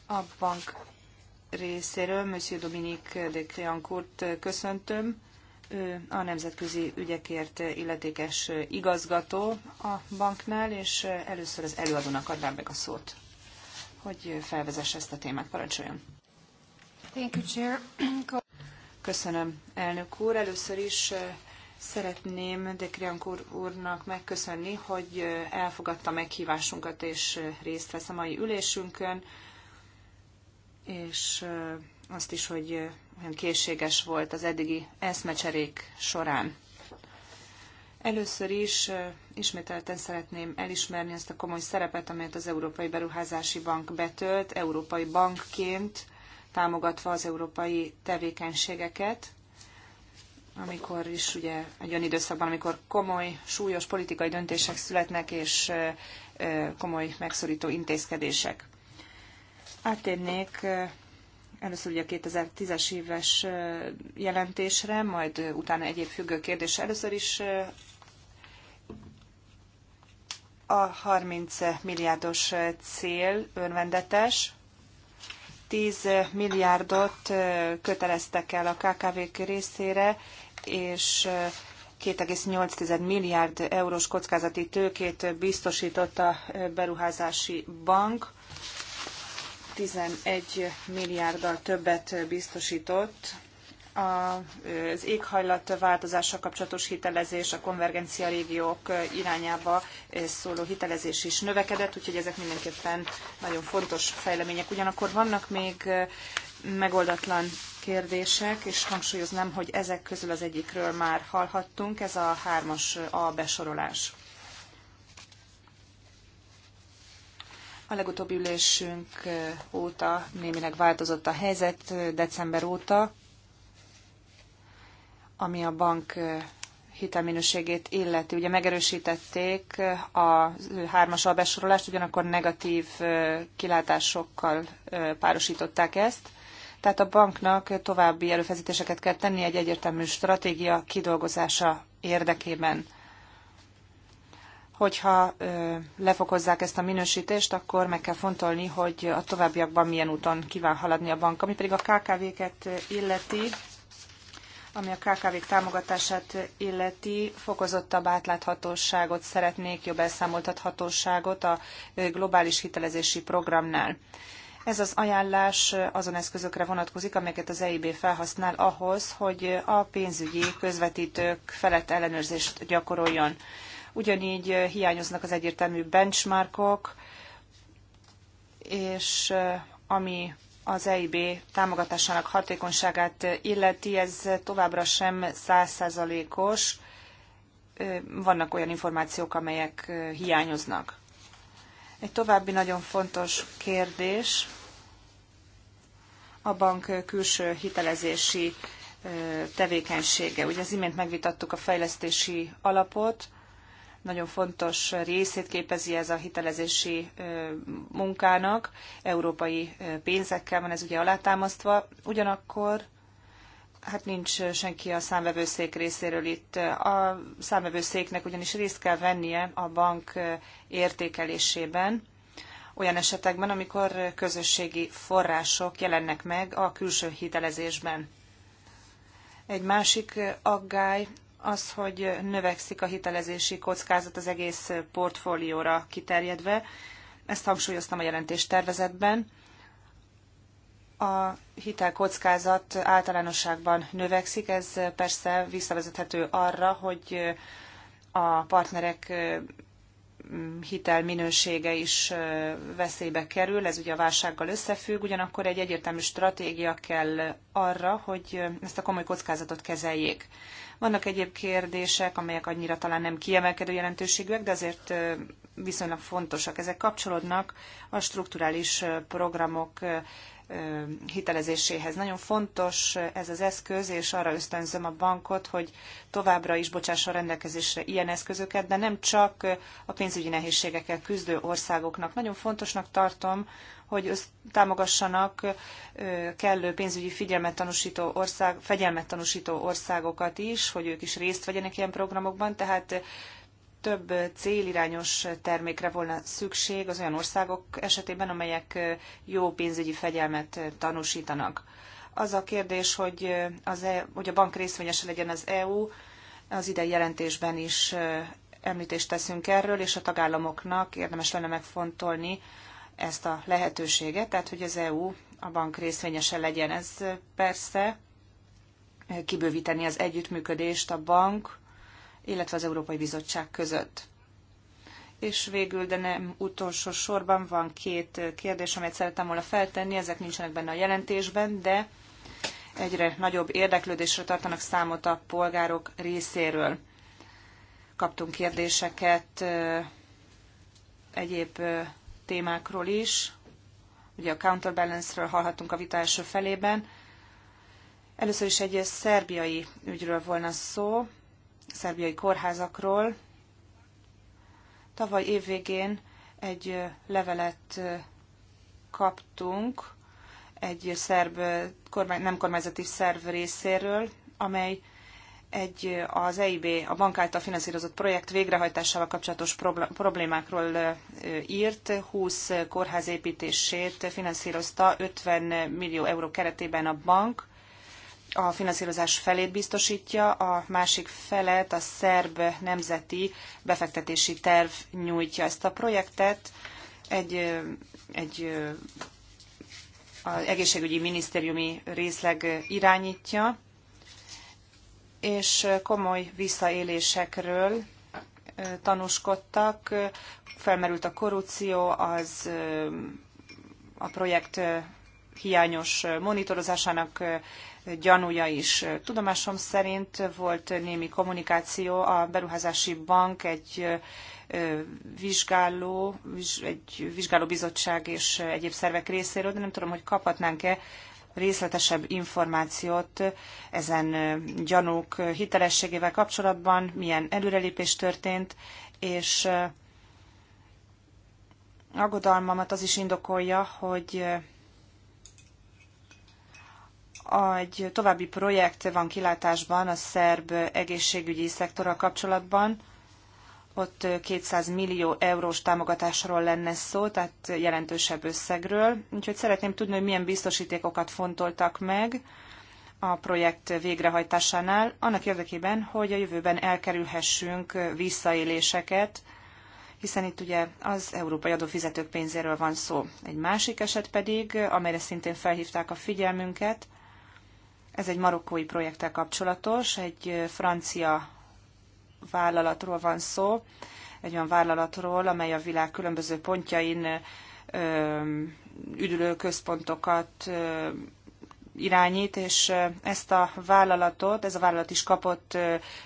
a bank részéről Monsieur Dominique de Cliancourt köszöntöm a nemzetközi ügyekért illetékes igazgató a banknál, és először az előadónak adnám meg a szót, hogy felvezesse ezt a témát. Parancsoljon! Thank you, Chair. Köszönöm, elnök úr. Először is szeretném de úr, úrnak megköszönni, hogy elfogadta meghívásunkat és részt vesz a mai ülésünkön és azt is, hogy olyan készséges volt az eddigi eszmecserék során. Először is ismételten szeretném elismerni azt a komoly szerepet, amelyet az Európai Beruházási Bank betölt, Európai Bankként támogatva az európai tevékenységeket, amikor is ugye egy olyan időszakban, amikor komoly, súlyos politikai döntések születnek, és komoly megszorító intézkedések. Áttérnék először ugye a 2010-es éves jelentésre, majd utána egyéb függő kérdés. Először is a 30 milliárdos cél önvendetes, 10 milliárdot köteleztek el a KKV-k részére, és 2,8 milliárd eurós kockázati tőkét biztosított a beruházási bank 11 milliárddal többet biztosított az éghajlat változással kapcsolatos hitelezés, a konvergencia régiók irányába szóló hitelezés is növekedett, úgyhogy ezek mindenképpen nagyon fontos fejlemények. Ugyanakkor vannak még megoldatlan kérdések, és hangsúlyoznám, hogy ezek közül az egyikről már hallhattunk, ez a hármas A besorolás. A legutóbbi ülésünk óta némileg változott a helyzet december óta, ami a bank hitelminőségét illeti. Ugye megerősítették a hármas albesorolást, ugyanakkor negatív kilátásokkal párosították ezt. Tehát a banknak további erőfeszítéseket kell tenni egy egyértelmű stratégia kidolgozása érdekében hogyha lefokozzák ezt a minősítést, akkor meg kell fontolni, hogy a továbbiakban milyen úton kíván haladni a bank. Ami pedig a KKV-ket illeti, ami a KKV-k támogatását illeti, fokozottabb átláthatóságot szeretnék, jobb elszámoltathatóságot a globális hitelezési programnál. Ez az ajánlás azon eszközökre vonatkozik, amelyeket az EIB felhasznál ahhoz, hogy a pénzügyi közvetítők felett ellenőrzést gyakoroljon ugyanígy hiányoznak az egyértelmű benchmarkok, és ami az EIB támogatásának hatékonyságát illeti, ez továbbra sem százszázalékos. Vannak olyan információk, amelyek hiányoznak. Egy további nagyon fontos kérdés a bank külső hitelezési tevékenysége. Ugye az imént megvitattuk a fejlesztési alapot, nagyon fontos részét képezi ez a hitelezési munkának. Európai pénzekkel van ez ugye alátámasztva. Ugyanakkor Hát nincs senki a számvevőszék részéről itt. A számvevőszéknek ugyanis részt kell vennie a bank értékelésében, olyan esetekben, amikor közösségi források jelennek meg a külső hitelezésben. Egy másik aggály az, hogy növekszik a hitelezési kockázat az egész portfólióra kiterjedve. Ezt hangsúlyoztam a jelentés tervezetben. A hitelkockázat általánosságban növekszik, ez persze visszavezethető arra, hogy a partnerek mm, hitel minősége is veszélybe kerül, ez ugye a válsággal összefügg, ugyanakkor egy egyértelmű stratégia kell arra, hogy ezt a komoly kockázatot kezeljék. Vannak egyéb kérdések, amelyek annyira talán nem kiemelkedő jelentőségűek, de azért viszonylag fontosak. Ezek kapcsolódnak a strukturális programok hitelezéséhez. Nagyon fontos ez az eszköz, és arra ösztönzöm a bankot, hogy továbbra is bocsásson rendelkezésre ilyen eszközöket, de nem csak a pénzügyi nehézségekkel küzdő országoknak. Nagyon fontosnak tartom, hogy támogassanak kellő pénzügyi figyelmet tanúsító ország, fegyelmet tanúsító országokat is, hogy ők is részt vegyenek ilyen programokban, tehát több célirányos termékre volna szükség az olyan országok esetében, amelyek jó pénzügyi fegyelmet tanúsítanak. Az a kérdés, hogy, az e, hogy a bank részvényese legyen az EU, az idei jelentésben is említést teszünk erről, és a tagállamoknak érdemes lenne megfontolni, ezt a lehetőséget, tehát hogy az EU a bank részvényese legyen. Ez persze kibővíteni az együttműködést a bank, illetve az Európai Bizottság között. És végül, de nem utolsó sorban van két kérdés, amelyet szerettem volna feltenni, ezek nincsenek benne a jelentésben, de egyre nagyobb érdeklődésre tartanak számot a polgárok részéről. Kaptunk kérdéseket egyéb témákról is. Ugye a counterbalance-ről hallhattunk a vita első felében. Először is egy szerbiai ügyről volna szó, szerbiai kórházakról. Tavaly évvégén egy levelet kaptunk egy szerb, kormány, nem kormányzati szerv részéről, amely egy az EIB, a bank által finanszírozott projekt végrehajtásával kapcsolatos problémákról írt, 20 kórház építését finanszírozta 50 millió euró keretében a bank, a finanszírozás felét biztosítja, a másik felet a szerb nemzeti befektetési terv nyújtja ezt a projektet. Egy, egy az egészségügyi minisztériumi részleg irányítja és komoly visszaélésekről tanúskodtak. Felmerült a korrupció, az a projekt hiányos monitorozásának gyanúja is. Tudomásom szerint volt némi kommunikáció, a beruházási bank egy vizsgáló, egy vizsgálóbizottság és egyéb szervek részéről, de nem tudom, hogy kaphatnánk-e részletesebb információt ezen gyanúk hitelességével kapcsolatban, milyen előrelépés történt, és aggodalmamat az is indokolja, hogy egy további projekt van kilátásban a szerb egészségügyi szektorral kapcsolatban, ott 200 millió eurós támogatásról lenne szó, tehát jelentősebb összegről. Úgyhogy szeretném tudni, hogy milyen biztosítékokat fontoltak meg a projekt végrehajtásánál, annak érdekében, hogy a jövőben elkerülhessünk visszaéléseket, hiszen itt ugye az európai adófizetők pénzéről van szó. Egy másik eset pedig, amelyre szintén felhívták a figyelmünket, ez egy marokkói projekttel kapcsolatos, egy francia vállalatról van szó, egy olyan vállalatról, amely a világ különböző pontjain üdülő központokat irányít, és ezt a vállalatot, ez a vállalat is kapott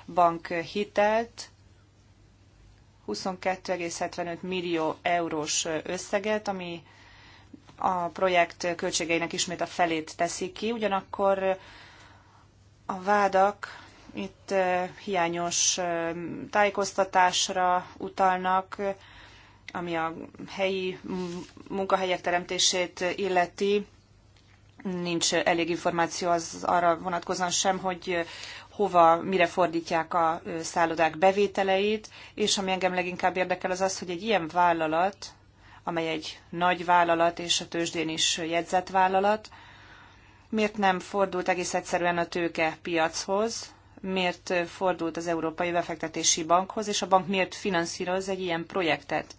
bankhitelt, 22,75 millió eurós összeget, ami a projekt költségeinek ismét a felét teszi ki. Ugyanakkor a vádak itt hiányos tájékoztatásra utalnak, ami a helyi munkahelyek teremtését illeti. Nincs elég információ az arra vonatkozóan sem, hogy hova, mire fordítják a szállodák bevételeit, és ami engem leginkább érdekel az az, hogy egy ilyen vállalat, amely egy nagy vállalat és a tőzsdén is jegyzett vállalat, miért nem fordult egész egyszerűen a tőke piachoz, miért fordult az Európai Befektetési Bankhoz, és a bank miért finanszíroz egy ilyen projektet.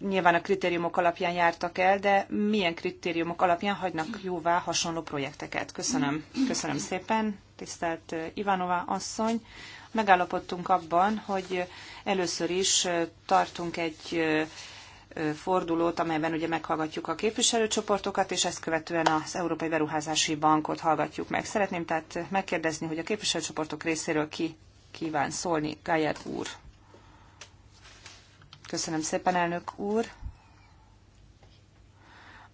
Nyilván a kritériumok alapján jártak el, de milyen kritériumok alapján hagynak jóvá hasonló projekteket? Köszönöm. Köszönöm szépen, tisztelt Ivanova asszony. Megállapodtunk abban, hogy először is tartunk egy fordulót, amelyben ugye meghallgatjuk a képviselőcsoportokat, és ezt követően az Európai Beruházási Bankot hallgatjuk meg. Szeretném tehát megkérdezni, hogy a képviselőcsoportok részéről ki kíván szólni. Gáját úr. Köszönöm szépen, elnök úr.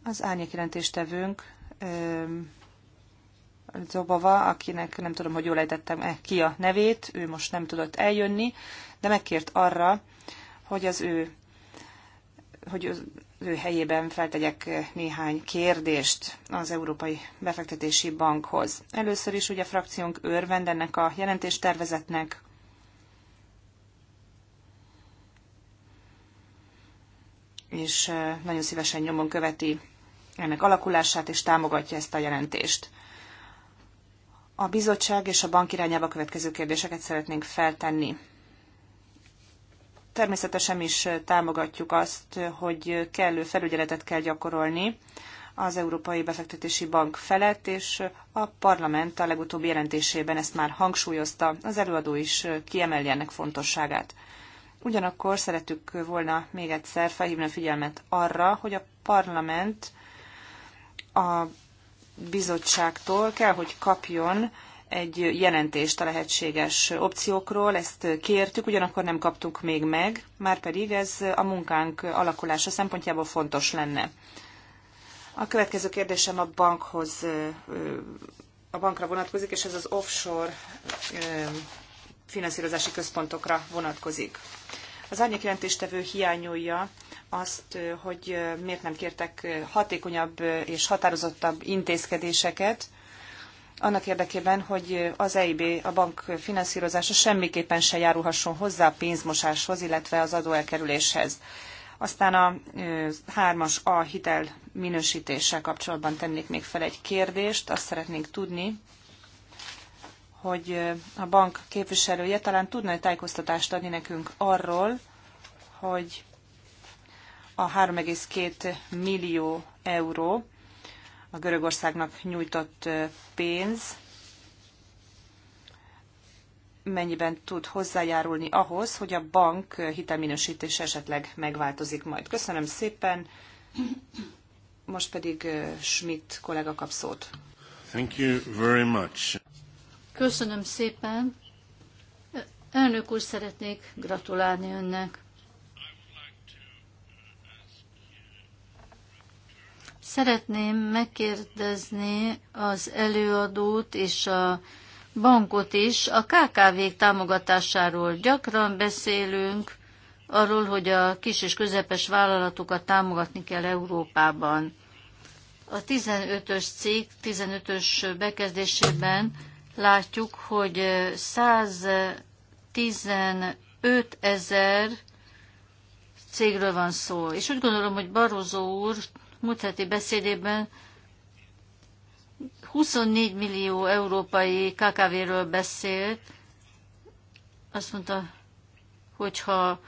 Az jelentéstevőnk, Zobova, akinek nem tudom, hogy jól ejtettem -e ki a nevét, ő most nem tudott eljönni, de megkért arra, hogy az ő hogy az ő helyében feltegyek néhány kérdést az Európai Befektetési Bankhoz. Először is ugye frakciónk örvend ennek a jelentéstervezetnek. és nagyon szívesen nyomon követi ennek alakulását, és támogatja ezt a jelentést. A bizottság és a bank irányába következő kérdéseket szeretnénk feltenni. Természetesen is támogatjuk azt, hogy kellő felügyeletet kell gyakorolni az Európai Befektetési Bank felett, és a parlament a legutóbbi jelentésében ezt már hangsúlyozta, az előadó is kiemeli ennek fontosságát. Ugyanakkor szeretük volna még egyszer felhívni a figyelmet arra, hogy a parlament a bizottságtól kell, hogy kapjon egy jelentést a lehetséges opciókról, ezt kértük, ugyanakkor nem kaptuk még meg, már pedig ez a munkánk alakulása szempontjából fontos lenne. A következő kérdésem a bankhoz, a bankra vonatkozik, és ez az offshore finanszírozási központokra vonatkozik. Az árnyék jelentéstevő hiányolja azt, hogy miért nem kértek hatékonyabb és határozottabb intézkedéseket, annak érdekében, hogy az EIB, a bank finanszírozása semmiképpen se járulhasson hozzá a pénzmosáshoz, illetve az adóelkerüléshez. Aztán a 3-as A hitel minősítéssel kapcsolatban tennék még fel egy kérdést. Azt szeretnénk tudni, hogy a bank képviselője talán tudna egy tájékoztatást adni nekünk arról, hogy a 3,2 millió euró a Görögországnak nyújtott pénz mennyiben tud hozzájárulni ahhoz, hogy a bank hitelminősítése esetleg megváltozik majd. Köszönöm szépen. Most pedig Schmidt kollega kap szót. Thank you very much. Köszönöm szépen. Elnök úr, szeretnék gratulálni önnek. Szeretném megkérdezni az előadót és a bankot is a kkv támogatásáról. Gyakran beszélünk arról, hogy a kis és közepes vállalatokat támogatni kell Európában. A 15-ös cikk 15-ös bekezdésében látjuk, hogy 115 ezer cégről van szó. És úgy gondolom, hogy Barozó úr múlt heti beszédében 24 millió európai KKV-ről beszélt. Azt mondta, hogyha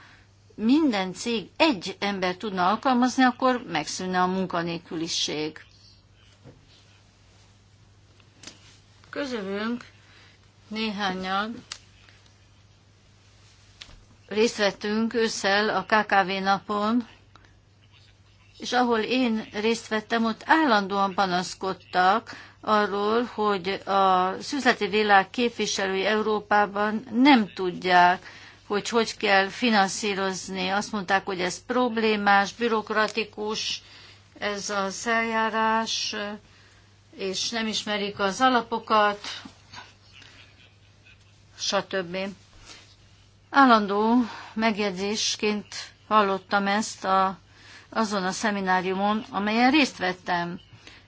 minden cég egy ember tudna alkalmazni, akkor megszűnne a munkanélküliség. Közülünk néhányan részt vettünk ősszel a KKV napon, és ahol én részt vettem, ott állandóan panaszkodtak arról, hogy a üzleti világ képviselői Európában nem tudják, hogy hogy kell finanszírozni. Azt mondták, hogy ez problémás, bürokratikus, ez az eljárás, és nem ismerik az alapokat, stb. Állandó megjegyzésként hallottam ezt a azon a szemináriumon, amelyen részt vettem.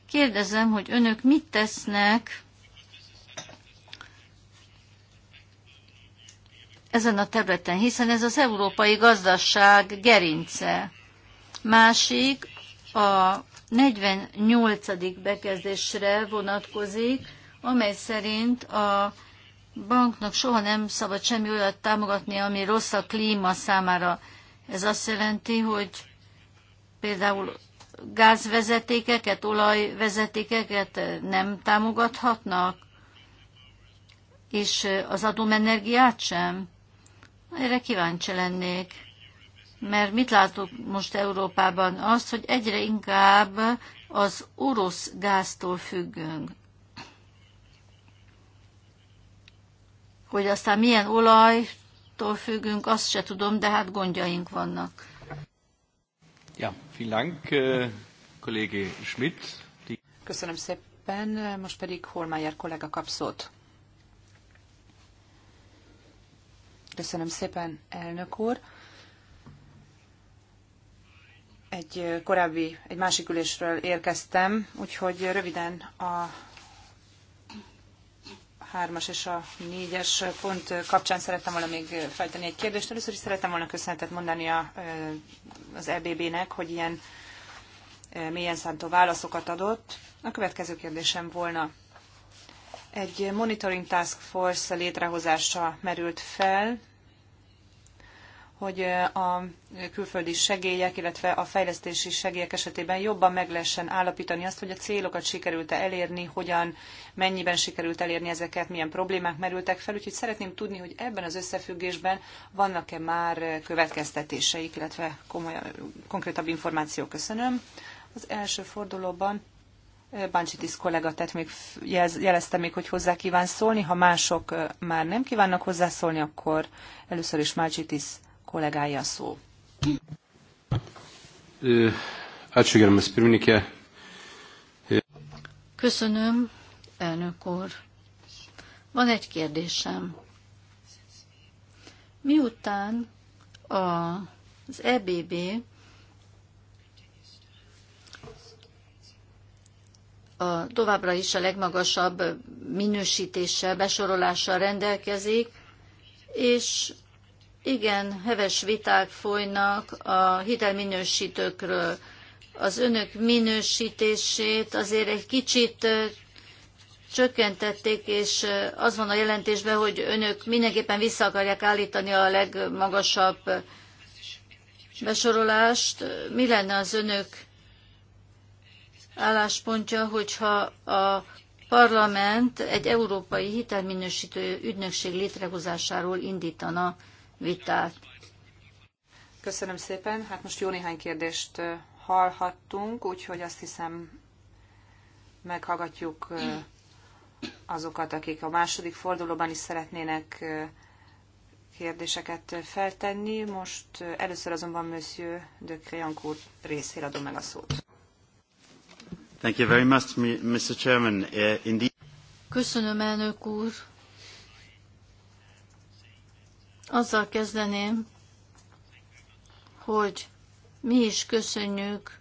Kérdezem, hogy önök mit tesznek ezen a területen, hiszen ez az európai gazdaság gerince. Másik a 48. bekezdésre vonatkozik, amely szerint a banknak soha nem szabad semmi olyat támogatni, ami rossz a klíma számára. Ez azt jelenti, hogy például gázvezetékeket, olajvezetékeket nem támogathatnak, és az atomenergiát sem? Erre kíváncsi lennék. Mert mit látok most Európában? Azt, hogy egyre inkább az orosz gáztól függünk. Hogy aztán milyen olajtól függünk, azt se tudom, de hát gondjaink vannak. Ja, vielen Dank, äh, Schmidt. Köszönöm szépen, most pedig Holmeyer kollega kap szót. Köszönöm szépen, elnök úr. Egy korábbi, egy másik ülésről érkeztem, úgyhogy röviden a hármas és a négyes pont kapcsán szerettem volna még feltenni egy kérdést. Először is szerettem volna köszönetet mondani a, az EBB-nek, hogy ilyen e, mélyen szántó válaszokat adott. A következő kérdésem volna. Egy monitoring task force létrehozása merült fel, hogy a külföldi segélyek, illetve a fejlesztési segélyek esetében jobban meg lehessen állapítani azt, hogy a célokat sikerült-e elérni, hogyan, mennyiben sikerült elérni ezeket, milyen problémák merültek fel. Úgyhogy szeretném tudni, hogy ebben az összefüggésben vannak-e már következtetéseik, illetve komoly, konkrétabb információk Köszönöm. Az első fordulóban Bancsitis kollega tett még, jelezte még, hogy hozzá kíván szólni. Ha mások már nem kívánnak hozzászólni, akkor először is Bancsitis kollégája szó. Köszönöm, elnök úr. Van egy kérdésem. Miután az EBB a, továbbra is a legmagasabb minősítéssel, besorolással rendelkezik, és igen heves viták folynak a hitelminősítőkről. Az önök minősítését azért egy kicsit csökkentették, és az van a jelentésben, hogy önök mindenképpen vissza akarják állítani a legmagasabb besorolást. Mi lenne az önök álláspontja, hogyha a parlament egy európai hitelminősítő ügynökség létrehozásáról indítana vitát. Köszönöm szépen. Hát most jó néhány kérdést hallhattunk, úgyhogy azt hiszem meghallgatjuk azokat, akik a második fordulóban is szeretnének kérdéseket feltenni. Most először azonban Monsieur de Créanc részére adom meg a szót. Thank you very much, Mr. Chairman. Eh, indeed. Köszönöm, elnök úr. Azzal kezdeném, hogy mi is köszönjük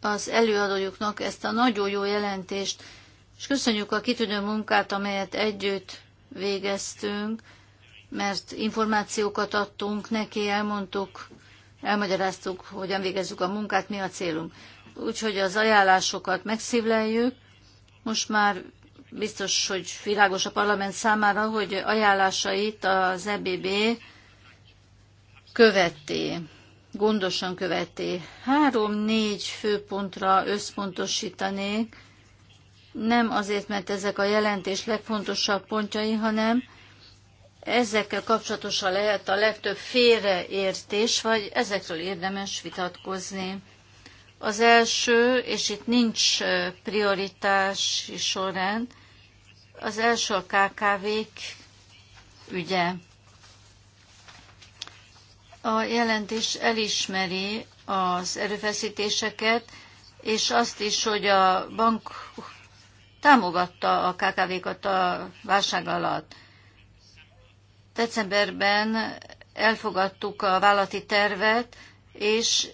az előadójuknak ezt a nagyon jó jelentést, és köszönjük a kitűnő munkát, amelyet együtt végeztünk, mert információkat adtunk neki, elmondtuk, elmagyaráztuk, hogyan végezzük a munkát, mi a célunk. Úgyhogy az ajánlásokat megszívleljük, most már biztos, hogy világos a parlament számára, hogy ajánlásait az EBB követi, gondosan követi. Három-négy főpontra összpontosítanék, nem azért, mert ezek a jelentés legfontosabb pontjai, hanem ezekkel kapcsolatosan lehet a legtöbb félreértés, vagy ezekről érdemes vitatkozni. Az első, és itt nincs prioritási sorrend, az első a KKV-k ügye. A jelentés elismeri az erőfeszítéseket, és azt is, hogy a bank támogatta a KKV-kat a válság alatt. Decemberben elfogadtuk a vállati tervet, és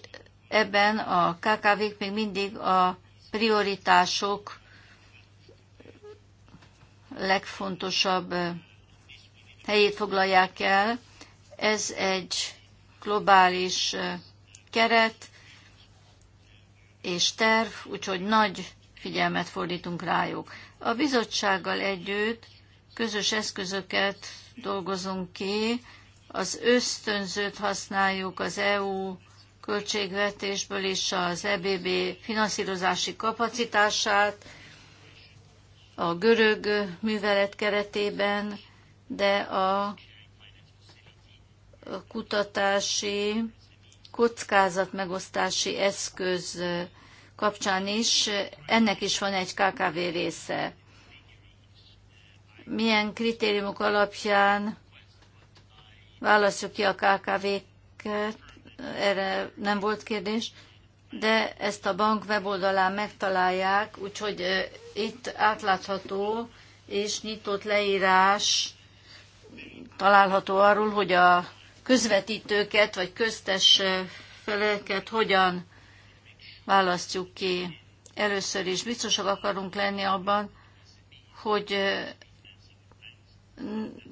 ebben a KKV-k még mindig a prioritások legfontosabb eh, helyét foglalják el. Ez egy globális eh, keret és terv, úgyhogy nagy figyelmet fordítunk rájuk. A bizottsággal együtt közös eszközöket dolgozunk ki, az ösztönzőt használjuk az EU költségvetésből és az EBB finanszírozási kapacitását a görög művelet keretében, de a kutatási kockázatmegosztási eszköz kapcsán is, ennek is van egy KKV része. Milyen kritériumok alapján választjuk ki a KKV-ket, erre nem volt kérdés, de ezt a bank weboldalán megtalálják, úgyhogy itt átlátható és nyitott leírás található arról, hogy a közvetítőket vagy köztes feleket hogyan választjuk ki. Először is biztosak akarunk lenni abban, hogy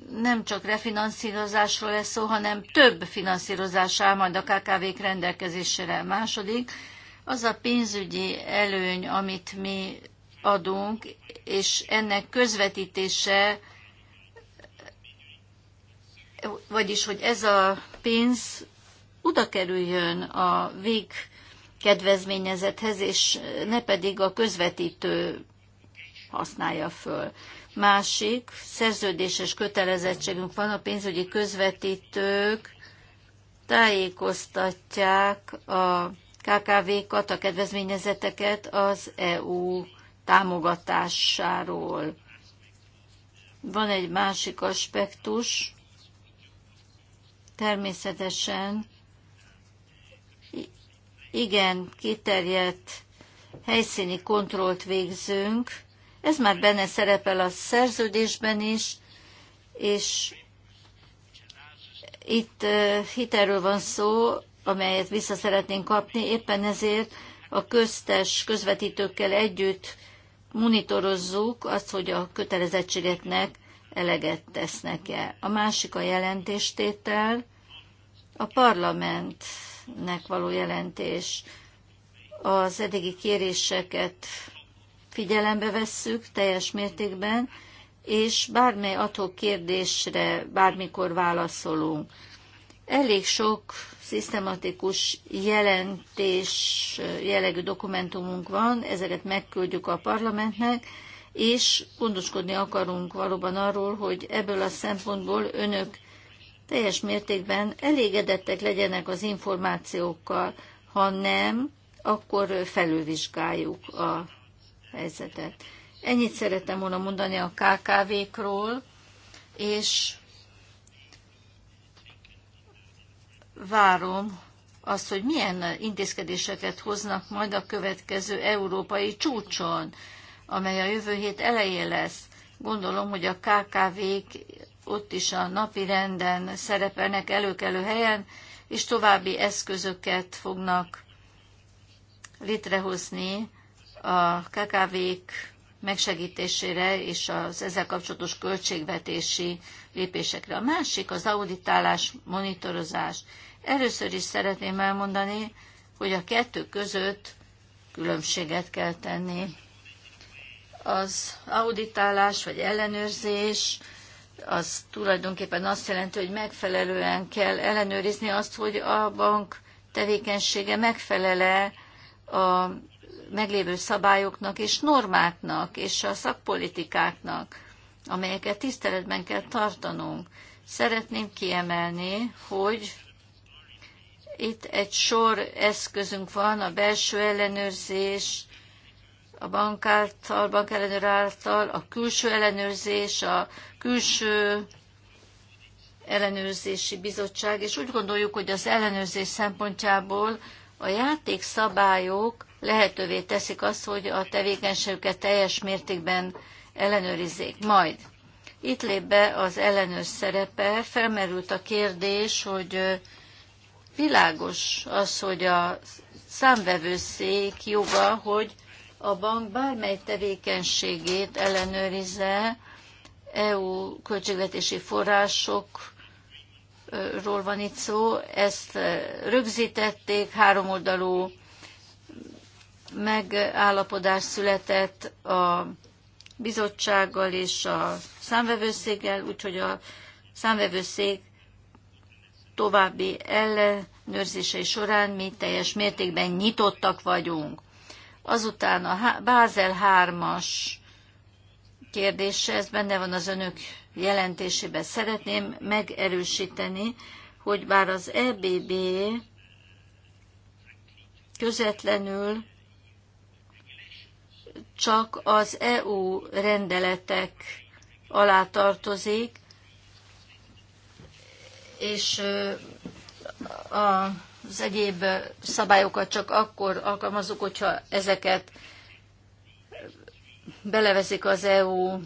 nem csak refinanszírozásról lesz szó, hanem több finanszírozás áll majd a KKV-k rendelkezésére. Második, az a pénzügyi előny, amit mi adunk, és ennek közvetítése, vagyis hogy ez a pénz oda kerüljön a vég kedvezményezethez, és ne pedig a közvetítő használja föl. Másik szerződéses kötelezettségünk van, a pénzügyi közvetítők tájékoztatják a KKV-kat, a kedvezményezeteket az EU támogatásáról. Van egy másik aspektus, természetesen igen, kiterjedt helyszíni kontrollt végzünk. Ez már benne szerepel a szerződésben is, és itt hitelről van szó, amelyet vissza szeretnénk kapni, éppen ezért a köztes közvetítőkkel együtt monitorozzuk azt, hogy a kötelezettségeknek eleget tesznek-e. A másik a jelentéstétel, a parlamentnek való jelentés. Az eddigi kéréseket figyelembe vesszük teljes mértékben, és bármely adhok kérdésre bármikor válaszolunk. Elég sok szisztematikus jelentés jellegű dokumentumunk van, ezeket megküldjük a parlamentnek, és gondoskodni akarunk valóban arról, hogy ebből a szempontból önök teljes mértékben elégedettek legyenek az információkkal, ha nem, akkor felülvizsgáljuk a helyzetet. Ennyit szerettem volna mondani a KKV-król, és várom azt, hogy milyen intézkedéseket hoznak majd a következő európai csúcson, amely a jövő hét elején lesz. Gondolom, hogy a KKV-k ott is a napi renden szerepelnek előkelő helyen, és további eszközöket fognak létrehozni a KKV-k megsegítésére és az ezzel kapcsolatos költségvetési lépésekre. A másik az auditálás, monitorozás. Először is szeretném elmondani, hogy a kettő között különbséget kell tenni. Az auditálás vagy ellenőrzés az tulajdonképpen azt jelenti, hogy megfelelően kell ellenőrizni azt, hogy a bank tevékenysége megfelele a meglévő szabályoknak és normáknak és a szakpolitikáknak, amelyeket tiszteletben kell tartanunk. Szeretném kiemelni, hogy itt egy sor eszközünk van, a belső ellenőrzés, a bank által, bank ellenőr által, a külső ellenőrzés, a külső ellenőrzési bizottság, és úgy gondoljuk, hogy az ellenőrzés szempontjából a játékszabályok lehetővé teszik azt, hogy a tevékenységüket teljes mértékben ellenőrizzék. Majd itt lép be az ellenőr szerepe, felmerült a kérdés, hogy világos az, hogy a számvevőszék joga, hogy a bank bármely tevékenységét ellenőrizze EU költségvetési források ról van itt szó, ezt eh, rögzítették, háromoldalú megállapodás született a bizottsággal és a számvevőszéggel, úgyhogy a számvevőszék további ellenőrzései során mi teljes mértékben nyitottak vagyunk. Azután a Bázel 3-as kérdése, ez benne van az önök jelentésében. Szeretném megerősíteni, hogy bár az EBB közvetlenül csak az EU rendeletek alá tartozik, és az egyéb szabályokat csak akkor alkalmazunk, hogyha ezeket belevezik az EU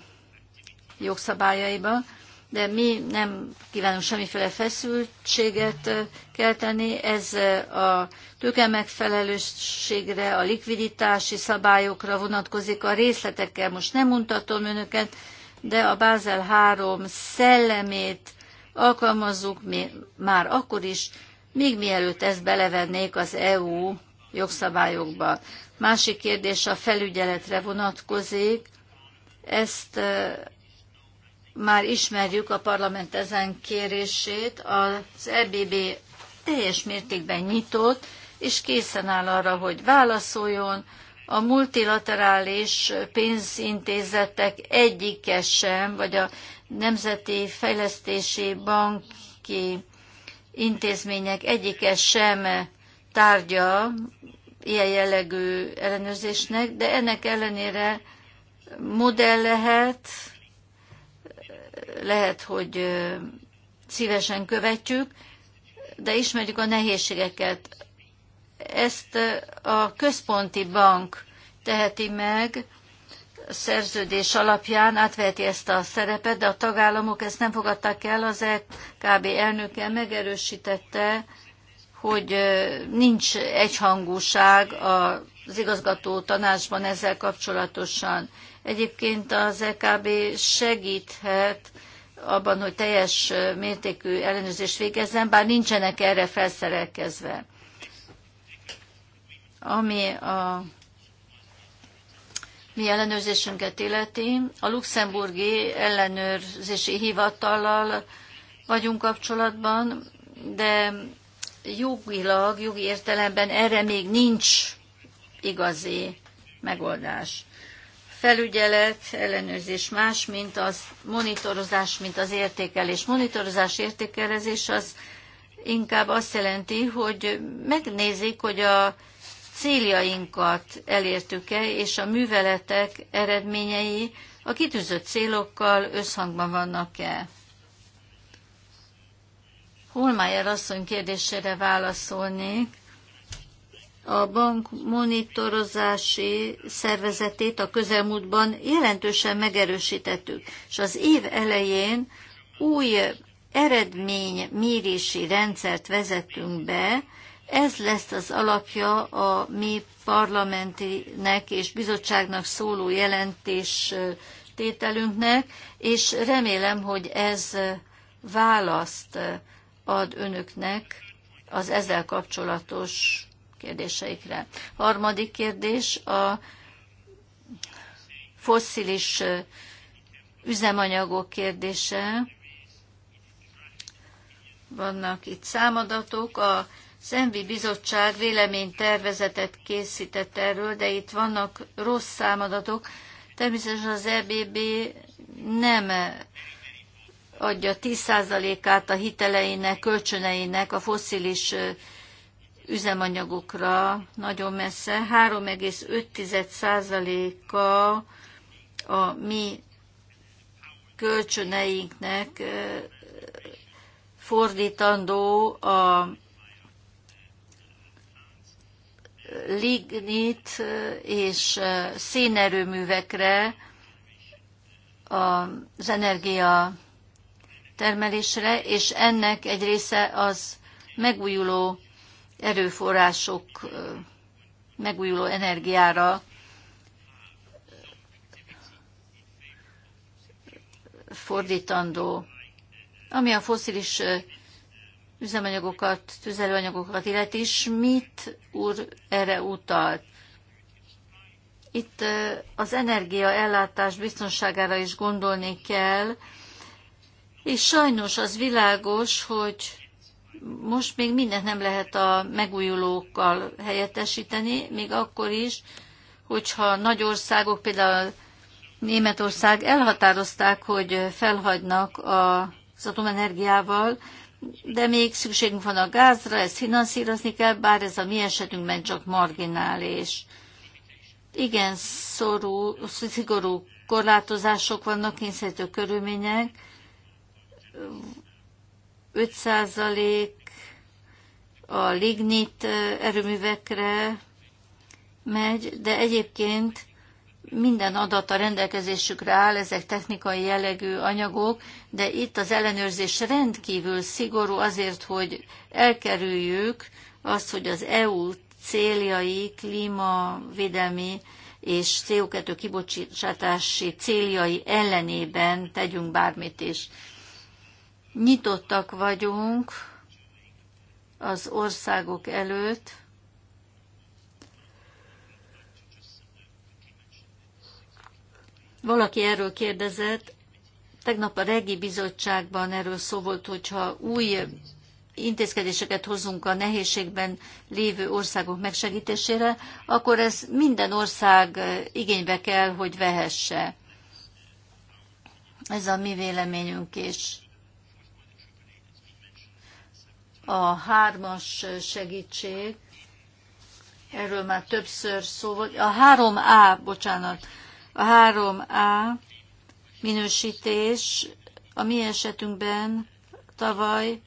jogszabályaiba, de mi nem kívánunk semmiféle feszültséget kelteni. Ez a tőke megfelelőségre, a likviditási szabályokra vonatkozik. A részletekkel most nem mutatom önöket, de a Bázel 3 szellemét alkalmazzuk mi már akkor is, még mielőtt ezt belevennék az EU jogszabályokba. Másik kérdés a felügyeletre vonatkozik. Ezt már ismerjük a parlament ezen kérését, az EBB teljes mértékben nyitott, és készen áll arra, hogy válaszoljon. A multilaterális pénzintézetek egyike sem, vagy a Nemzeti Fejlesztési Banki intézmények egyike sem tárgya ilyen jellegű ellenőrzésnek, de ennek ellenére modell lehet, lehet, hogy szívesen követjük, de ismerjük a nehézségeket. Ezt a központi bank teheti meg, szerződés alapján átveheti ezt a szerepet, de a tagállamok ezt nem fogadták el, az EKB elnöke megerősítette, hogy nincs egyhangúság az igazgató tanácsban ezzel kapcsolatosan. Egyébként az EKB segíthet abban, hogy teljes mértékű ellenőrzést végezzen, bár nincsenek erre felszerelkezve. Ami a mi ellenőrzésünket illeti, a luxemburgi ellenőrzési hivatallal vagyunk kapcsolatban, de jogilag, jogi értelemben erre még nincs igazi megoldás felügyelet, ellenőrzés más, mint az monitorozás, mint az értékelés. Monitorozás, értékelezés az inkább azt jelenti, hogy megnézik, hogy a céljainkat elértük-e, és a műveletek eredményei a kitűzött célokkal összhangban vannak-e. Holmájer asszony kérdésére válaszolnék a bank monitorozási szervezetét a közelmúltban jelentősen megerősítettük, és az év elején új eredménymérési rendszert vezettünk be, ez lesz az alapja a mi parlamentinek és bizottságnak szóló jelentés tételünknek, és remélem, hogy ez választ ad önöknek az ezzel kapcsolatos kérdéseikre. Harmadik kérdés, a fosszilis üzemanyagok kérdése. Vannak itt számadatok, a Szenvi Envi Bizottság véleménytervezetet készített erről, de itt vannak rossz számadatok. Természetesen az EBB nem adja 10%-át a hiteleinek, kölcsöneinek a fosszilis üzemanyagokra nagyon messze. 3,5%-a a mi kölcsöneinknek fordítandó a lignit és szénerőművekre, az energia termelésre, és ennek egy része az megújuló erőforrások megújuló energiára fordítandó. Ami a foszilis üzemanyagokat, tüzelőanyagokat illeti, mit úr erre utalt. Itt az energia ellátás biztonságára is gondolni kell, és sajnos az világos, hogy most még mindent nem lehet a megújulókkal helyettesíteni, még akkor is, hogyha nagy országok, például Németország elhatározták, hogy felhagynak az atomenergiával, de még szükségünk van a gázra, ezt finanszírozni kell, bár ez a mi esetünkben csak marginális. Igen, szorú, szigorú korlátozások vannak, kényszerítő körülmények, 5% a lignit erőművekre megy, de egyébként minden adat a rendelkezésükre áll, ezek technikai jellegű anyagok, de itt az ellenőrzés rendkívül szigorú azért, hogy elkerüljük azt, hogy az EU céljai, klímavédelmi és CO2 kibocsátási céljai ellenében tegyünk bármit is. Nyitottak vagyunk az országok előtt, Valaki erről kérdezett, tegnap a Regi Bizottságban erről szó volt, hogyha új intézkedéseket hozunk a nehézségben lévő országok megsegítésére, akkor ez minden ország igénybe kell, hogy vehesse. Ez a mi véleményünk is a hármas segítség, erről már többször szó volt, a három a bocsánat, a három a minősítés a mi esetünkben tavaly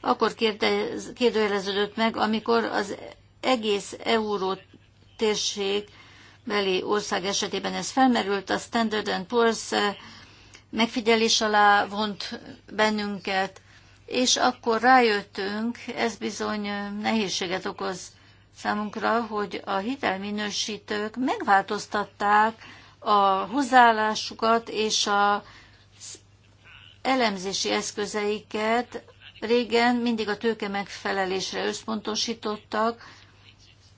akkor kérdez, kérdőjeleződött meg, amikor az egész euró térség beli ország esetében ez felmerült, a Standard Poor's megfigyelés alá vont bennünket, és akkor rájöttünk, ez bizony nehézséget okoz számunkra, hogy a hitelminősítők megváltoztatták a hozzáállásukat és a elemzési eszközeiket. Régen mindig a tőke megfelelésre összpontosítottak,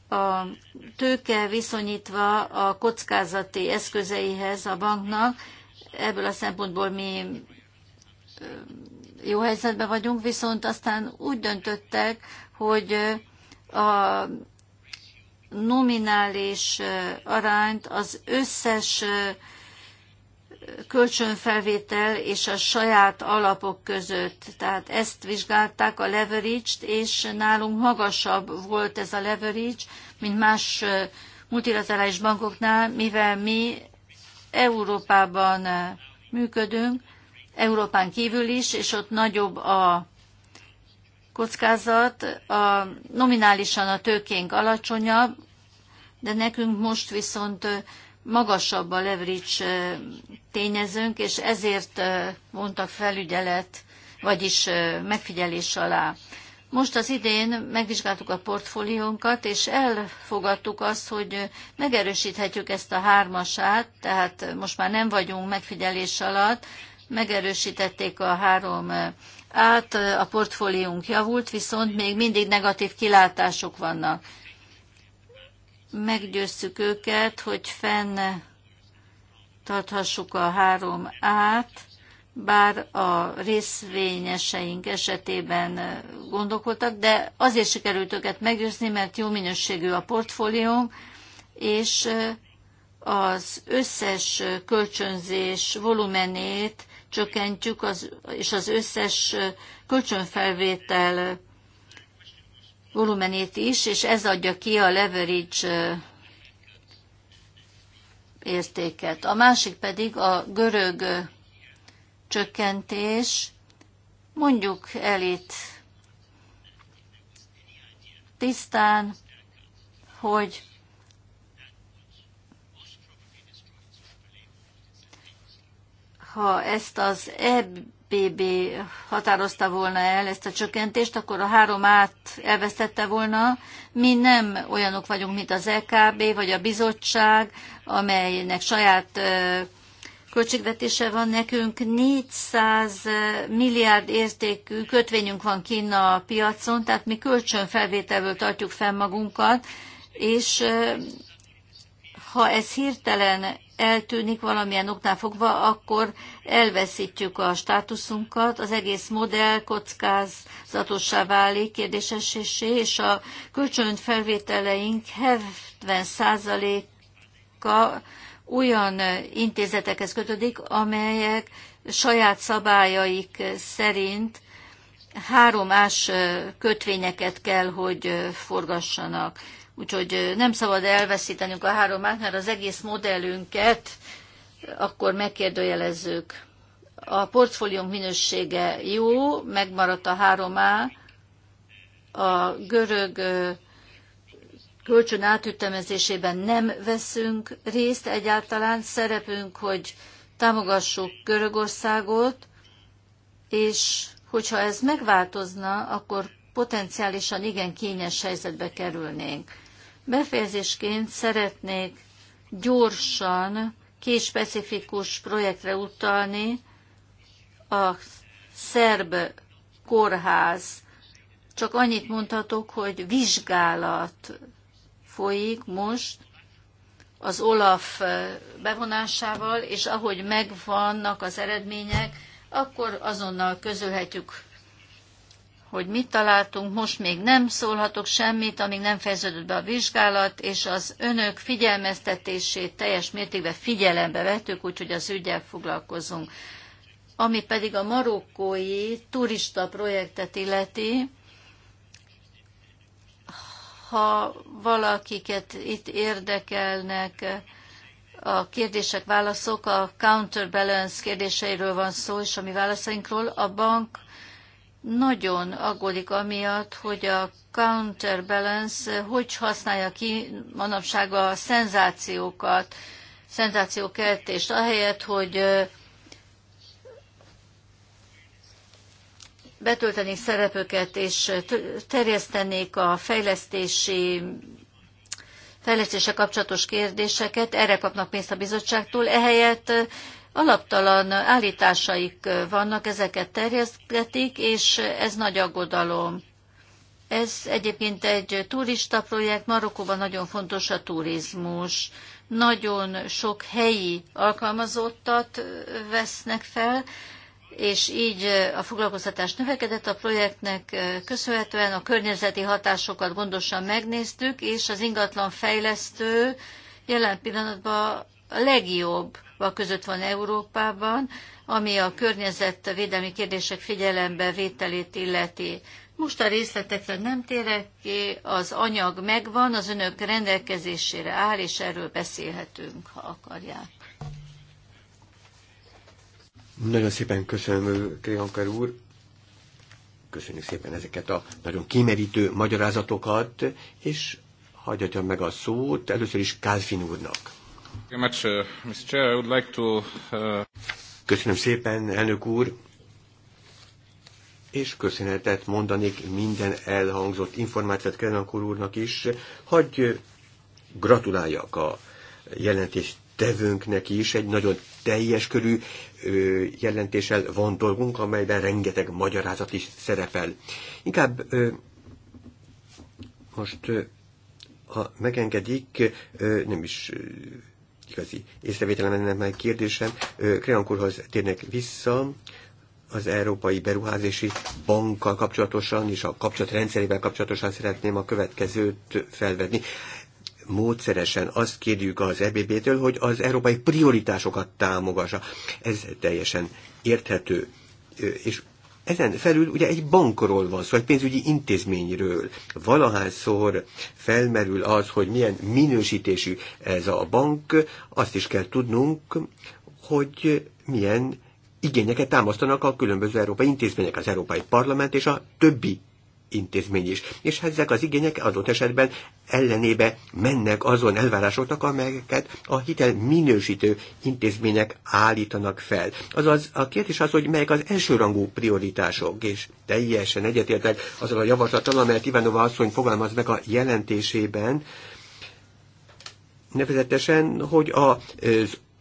a tőke viszonyítva a kockázati eszközeihez a banknak, ebből a szempontból mi jó helyzetben vagyunk, viszont aztán úgy döntöttek, hogy a nominális arányt az összes kölcsönfelvétel és a saját alapok között. Tehát ezt vizsgálták a leverage-t, és nálunk magasabb volt ez a leverage, mint más multilaterális bankoknál, mivel mi Európában eh, működünk, Európán kívül is, és ott nagyobb a kockázat, a, nominálisan a tőkénk alacsonyabb, de nekünk most viszont eh, magasabb a leverage eh, tényezőnk, és ezért mondtak felügyelet, vagyis megfigyelés alá. Most az idén megvizsgáltuk a portfóliónkat, és elfogadtuk azt, hogy megerősíthetjük ezt a hármasát, tehát most már nem vagyunk megfigyelés alatt, megerősítették a három át, a portfóliónk javult, viszont még mindig negatív kilátások vannak. Meggyőztük őket, hogy fenn tarthassuk a három át, bár a részvényeseink esetében gondolkodtak, de azért sikerült őket megőrizni, mert jó minőségű a portfóliónk, és az összes kölcsönzés volumenét csökkentjük, az, és az összes kölcsönfelvétel volumenét is, és ez adja ki a leverage értéket. A másik pedig a görög csökkentés. Mondjuk el itt tisztán, hogy ha ezt az EBB határozta volna el, ezt a csökkentést, akkor a három át elvesztette volna. Mi nem olyanok vagyunk, mint az EKB vagy a bizottság, amelynek saját költségvetése van nekünk, 400 milliárd értékű kötvényünk van Kína a piacon, tehát mi kölcsönfelvételből tartjuk fel magunkat, és ha ez hirtelen eltűnik valamilyen oknál fogva, akkor elveszítjük a státuszunkat, az egész modell kockázatossá válik, kérdésesésé, és a kölcsönfelvételeink 70%-a olyan intézetekhez kötődik, amelyek saját szabályaik szerint három ás kötvényeket kell, hogy forgassanak. Úgyhogy nem szabad elveszítenünk a három át, mert az egész modellünket akkor megkérdőjelezzük. A portfóliónk minősége jó, megmaradt a 3A, a görög kölcsön átütemezésében nem veszünk részt egyáltalán. Szerepünk, hogy támogassuk Görögországot, és hogyha ez megváltozna, akkor potenciálisan igen kényes helyzetbe kerülnénk. Befejezésként szeretnék gyorsan két specifikus projektre utalni, a szerb kórház. Csak annyit mondhatok, hogy vizsgálat folyik most az Olaf bevonásával, és ahogy megvannak az eredmények, akkor azonnal közölhetjük, hogy mit találtunk. Most még nem szólhatok semmit, amíg nem fejeződött be a vizsgálat, és az önök figyelmeztetését teljes mértékben figyelembe vettük, úgyhogy az ügyel foglalkozunk. Ami pedig a marokkói turista projektet illeti, ha valakiket itt érdekelnek a kérdések, válaszok, a counterbalance kérdéseiről van szó, és a mi válaszainkról, a bank nagyon aggódik amiatt, hogy a counterbalance hogy használja ki manapság a szenzációkat, szenzációkeltést, ahelyett, hogy betöltenék szerepöket, és terjesztenék a fejlesztési fejlesztése kapcsolatos kérdéseket, erre kapnak pénzt a bizottságtól, ehelyett alaptalan állításaik vannak, ezeket terjesztetik, és ez nagy aggodalom. Ez egyébként egy turista projekt, Marokkóban nagyon fontos a turizmus. Nagyon sok helyi alkalmazottat vesznek fel, és így a foglalkoztatás növekedett a projektnek köszönhetően, a környezeti hatásokat gondosan megnéztük, és az ingatlan fejlesztő jelen pillanatban a legjobb között van Európában, ami a környezetvédelmi kérdések figyelembe vételét illeti. Most a részletekre nem térek ki, az anyag megvan, az önök rendelkezésére áll, és erről beszélhetünk, ha akarják. Nagyon szépen köszönöm, Kriankar úr. Köszönjük szépen ezeket a nagyon kimerítő magyarázatokat, és hagyjatjam meg a szót először is Kálfin úrnak. Köszönöm szépen, elnök úr, és köszönetet mondanék minden elhangzott információt Kerenakur úrnak is. Hagy gratuláljak a jelentést tevőnknek is, egy nagyon teljes körű jelentéssel van dolgunk, amelyben rengeteg magyarázat is szerepel. Inkább most, ha megengedik, nem is igazi észrevételem lenne már kérdésem, Kreankurhoz térnek vissza, az Európai Beruházási Bankkal kapcsolatosan és a kapcsolatrendszerével kapcsolatosan szeretném a következőt felvenni módszeresen azt kérjük az EBB-től, hogy az európai prioritásokat támogassa. Ez teljesen érthető. És ezen felül ugye egy bankról van szó, egy pénzügyi intézményről. Valahányszor felmerül az, hogy milyen minősítésű ez a bank, azt is kell tudnunk, hogy milyen igényeket támasztanak a különböző európai intézmények, az Európai Parlament és a többi intézmény is. És ezek az igények adott esetben ellenébe mennek azon elvárásoknak, amelyeket a hitel minősítő intézmények állítanak fel. Azaz a kérdés az, hogy melyek az elsőrangú prioritások, és teljesen egyetértek azzal a javaslattal, amelyet Ivanova asszony fogalmaz meg a jelentésében, nevezetesen, hogy az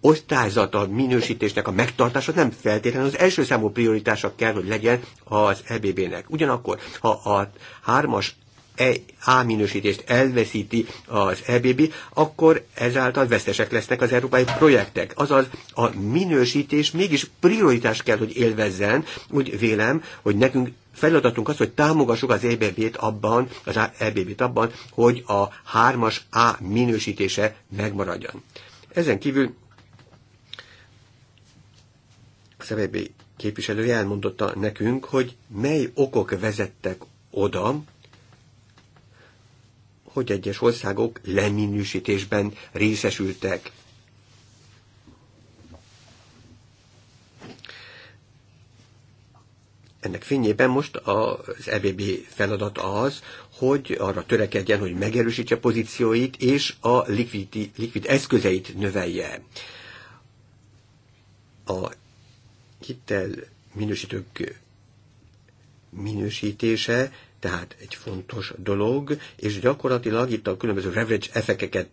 osztályzata, a minősítésnek a megtartása nem feltétlenül az első számú prioritása kell, hogy legyen az EBB-nek. Ugyanakkor, ha a hármas e, A minősítést elveszíti az EBB, akkor ezáltal vesztesek lesznek az európai projektek. Azaz a minősítés mégis prioritás kell, hogy élvezzen. Úgy vélem, hogy nekünk feladatunk az, hogy támogassuk az EBB-t abban, az EBB-t abban, hogy a hármas A minősítése megmaradjon. Ezen kívül az e képviselője elmondotta nekünk, hogy mely okok vezettek oda, hogy egyes országok leminősítésben részesültek. Ennek fényében most az EBB feladat az, hogy arra törekedjen, hogy megerősítse pozícióit és a likvid, likvid eszközeit növelje. A hitel minősítők minősítése, tehát egy fontos dolog, és gyakorlatilag itt a különböző leverage effekeket,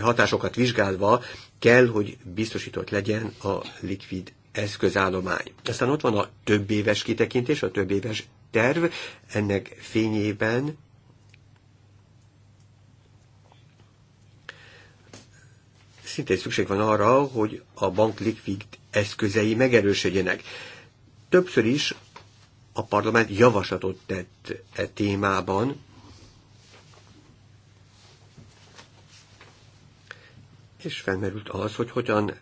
hatásokat vizsgálva kell, hogy biztosított legyen a likvid eszközállomány. Aztán ott van a több éves kitekintés, a több éves terv, ennek fényében szintén szükség van arra, hogy a bank likvid eszközei megerősödjenek. Többször is a parlament javaslatot tett e témában, és felmerült az, hogy hogyan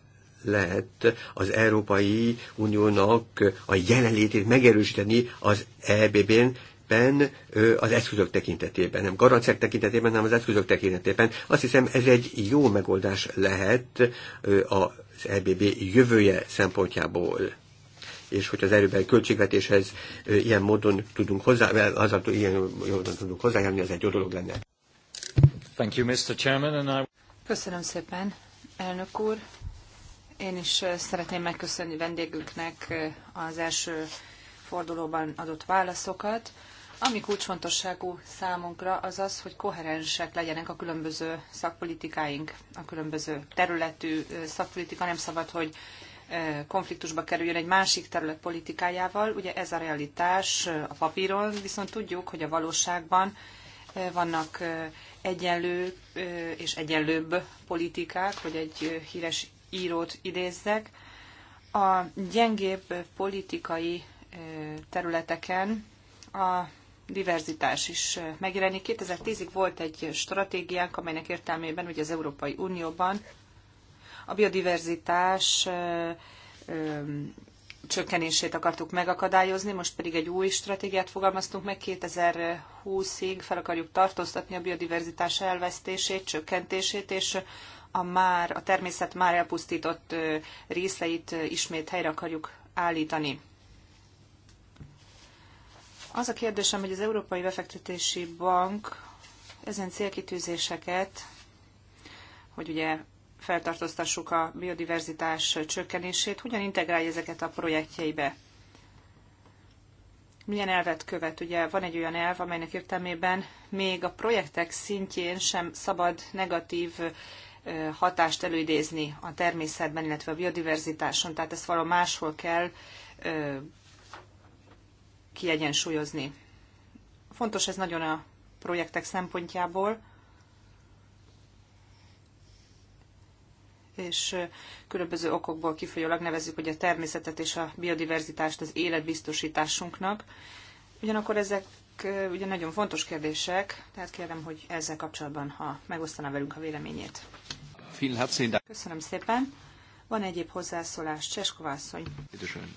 lehet az Európai Uniónak a jelenlétét megerősíteni az EBB-n, ben az eszközök tekintetében, nem garanciák tekintetében, hanem az eszközök tekintetében. Azt hiszem ez egy jó megoldás lehet a az EBB jövője szempontjából és hogy az erőben költségvetéshez ilyen módon tudunk hozzá, azzal, ilyen módon tudunk hozzájárulni, az egy jó dolog lenne. Thank you, Mr. Chairman, and I... Köszönöm szépen, elnök úr. Én is szeretném megköszönni vendégünknek az első fordulóban adott válaszokat. Ami kulcsfontosságú számunkra az az, hogy koherensek legyenek a különböző szakpolitikáink, a különböző területű szakpolitika nem szabad, hogy konfliktusba kerüljön egy másik terület politikájával. Ugye ez a realitás a papíron, viszont tudjuk, hogy a valóságban vannak egyenlő és egyenlőbb politikák, hogy egy híres írót idézzek. A gyengébb politikai területeken a diverzitás is megjelenik. 2010-ig volt egy stratégiánk, amelynek értelmében ugye az Európai Unióban a biodiverzitás csökkenését akartuk megakadályozni, most pedig egy új stratégiát fogalmaztunk meg, 2020-ig fel akarjuk tartóztatni a biodiverzitás elvesztését, csökkentését, és a már a természet már elpusztított részeit ismét helyre akarjuk állítani. Az a kérdésem, hogy az Európai Befektetési Bank ezen célkitűzéseket, hogy ugye feltartóztassuk a biodiverzitás csökkenését, hogyan integrálja ezeket a projektjeibe? Milyen elvet követ? Ugye van egy olyan elv, amelynek értelmében még a projektek szintjén sem szabad negatív hatást előidézni a természetben, illetve a biodiverzitáson, tehát ezt valahol máshol kell kiegyensúlyozni. Fontos ez nagyon a projektek szempontjából, és különböző okokból kifolyólag nevezzük hogy a természetet és a biodiverzitást az életbiztosításunknak. Ugyanakkor ezek ugye nagyon fontos kérdések, tehát kérem, hogy ezzel kapcsolatban, ha megosztaná velünk a véleményét. Köszönöm szépen. Van egyéb hozzászólás. Cseskovászony. Köszönöm,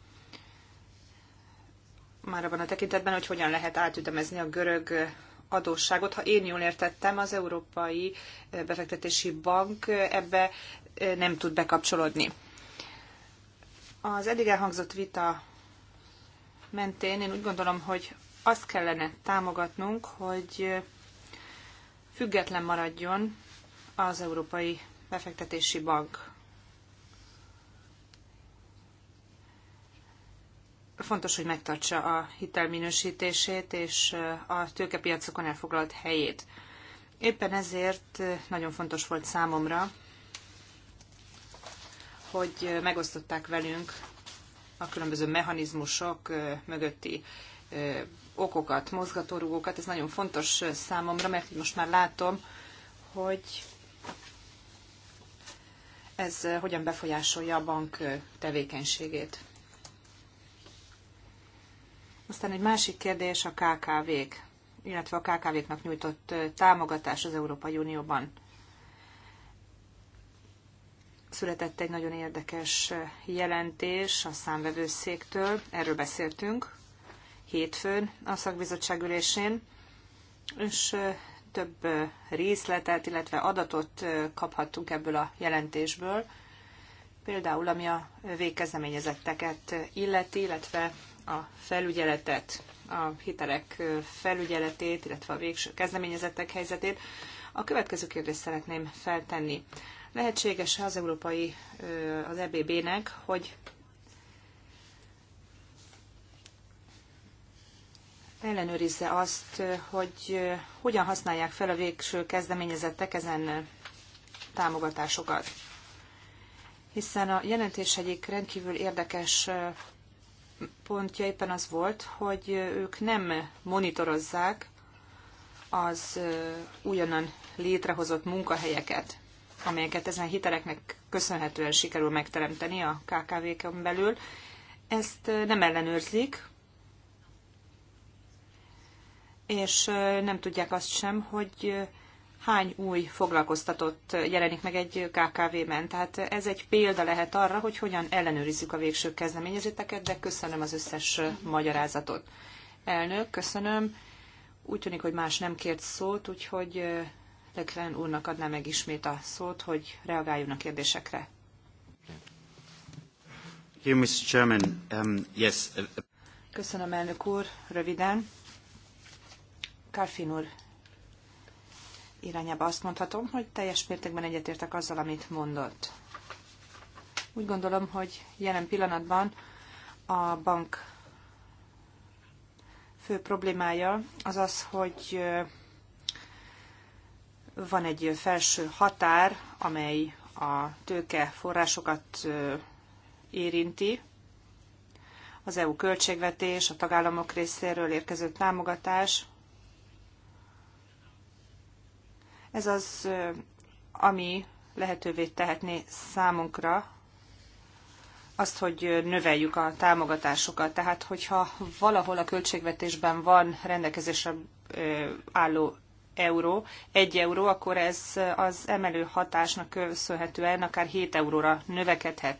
már abban a tekintetben, hogy hogyan lehet átütemezni a görög adósságot. Ha én jól értettem, az Európai Befektetési Bank ebbe nem tud bekapcsolódni. Az eddig elhangzott vita mentén én úgy gondolom, hogy azt kellene támogatnunk, hogy független maradjon az Európai Befektetési Bank. fontos, hogy megtartsa a hitelminősítését és a tőkepiacokon elfoglalt helyét. Éppen ezért nagyon fontos volt számomra, hogy megosztották velünk a különböző mechanizmusok mögötti okokat, mozgatórugókat. Ez nagyon fontos számomra, mert most már látom, hogy ez hogyan befolyásolja a bank tevékenységét. Aztán egy másik kérdés a KKV-k, illetve a KKV-knak nyújtott támogatás az Európai Unióban. Született egy nagyon érdekes jelentés a számvevőszéktől, erről beszéltünk hétfőn a szakbizottság ülésén, és több részletet, illetve adatot kaphattunk ebből a jelentésből, például ami a végkezdeményezetteket illeti, illetve a felügyeletet, a hitelek felügyeletét, illetve a végső kezdeményezettek helyzetét. A következő kérdést szeretném feltenni. lehetséges az európai, az EBB-nek, hogy ellenőrizze azt, hogy hogyan használják fel a végső kezdeményezettek ezen támogatásokat. Hiszen a jelentés egyik rendkívül érdekes pontja éppen az volt, hogy ők nem monitorozzák az újonnan létrehozott munkahelyeket, amelyeket ezen hiteleknek köszönhetően sikerül megteremteni a KKV-kon belül. Ezt nem ellenőrzik, és nem tudják azt sem, hogy hány új foglalkoztatott jelenik meg egy KKV-ben. Tehát ez egy példa lehet arra, hogy hogyan ellenőrizzük a végső kezdeményezéteket, de köszönöm az összes magyarázatot. Elnök, köszönöm. Úgy tűnik, hogy más nem kért szót, úgyhogy Leclerc úrnak adná meg ismét a szót, hogy reagáljon a kérdésekre. Here, Mr. Chairman, um, yes. Uh, uh, köszönöm, elnök úr, röviden. Kárfin úr irányába azt mondhatom, hogy teljes mértékben egyetértek azzal, amit mondott. Úgy gondolom, hogy jelen pillanatban a bank fő problémája az az, hogy van egy felső határ, amely a tőke forrásokat érinti, az EU költségvetés, a tagállamok részéről érkező támogatás, Ez az, ami lehetővé tehetné számunkra azt, hogy növeljük a támogatásokat. Tehát, hogyha valahol a költségvetésben van rendelkezésre álló euró, egy euró, akkor ez az emelő hatásnak köszönhetően akár 7 euróra növekedhet.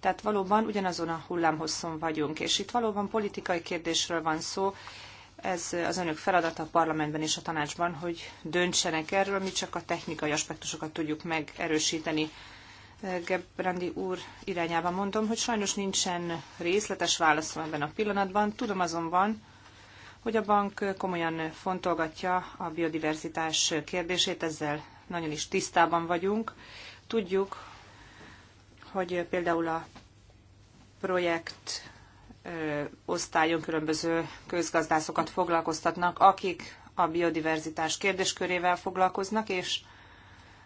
Tehát valóban ugyanazon a hullámhosszon vagyunk, és itt valóban politikai kérdésről van szó, ez az önök feladata a parlamentben és a tanácsban, hogy döntsenek erről, mi csak a technikai aspektusokat tudjuk megerősíteni. Gebrandi úr irányában mondom, hogy sajnos nincsen részletes válaszom ebben a pillanatban. Tudom azonban, hogy a bank komolyan fontolgatja a biodiverzitás kérdését, ezzel nagyon is tisztában vagyunk. Tudjuk, hogy például a projekt osztályon különböző közgazdászokat foglalkoztatnak, akik a biodiverzitás kérdéskörével foglalkoznak, és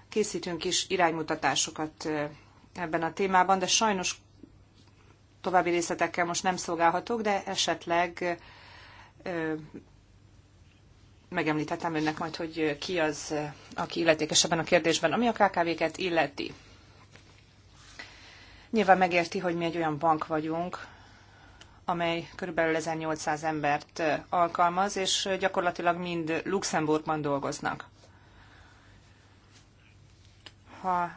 készítünk is iránymutatásokat ebben a témában, de sajnos további részletekkel most nem szolgálhatok, de esetleg megemlíthetem önnek majd, hogy ki az, aki illetékes ebben a kérdésben, ami a KKV-ket illeti. Nyilván megérti, hogy mi egy olyan bank vagyunk, amely körülbelül 1800 embert alkalmaz, és gyakorlatilag mind Luxemburgban dolgoznak. Ha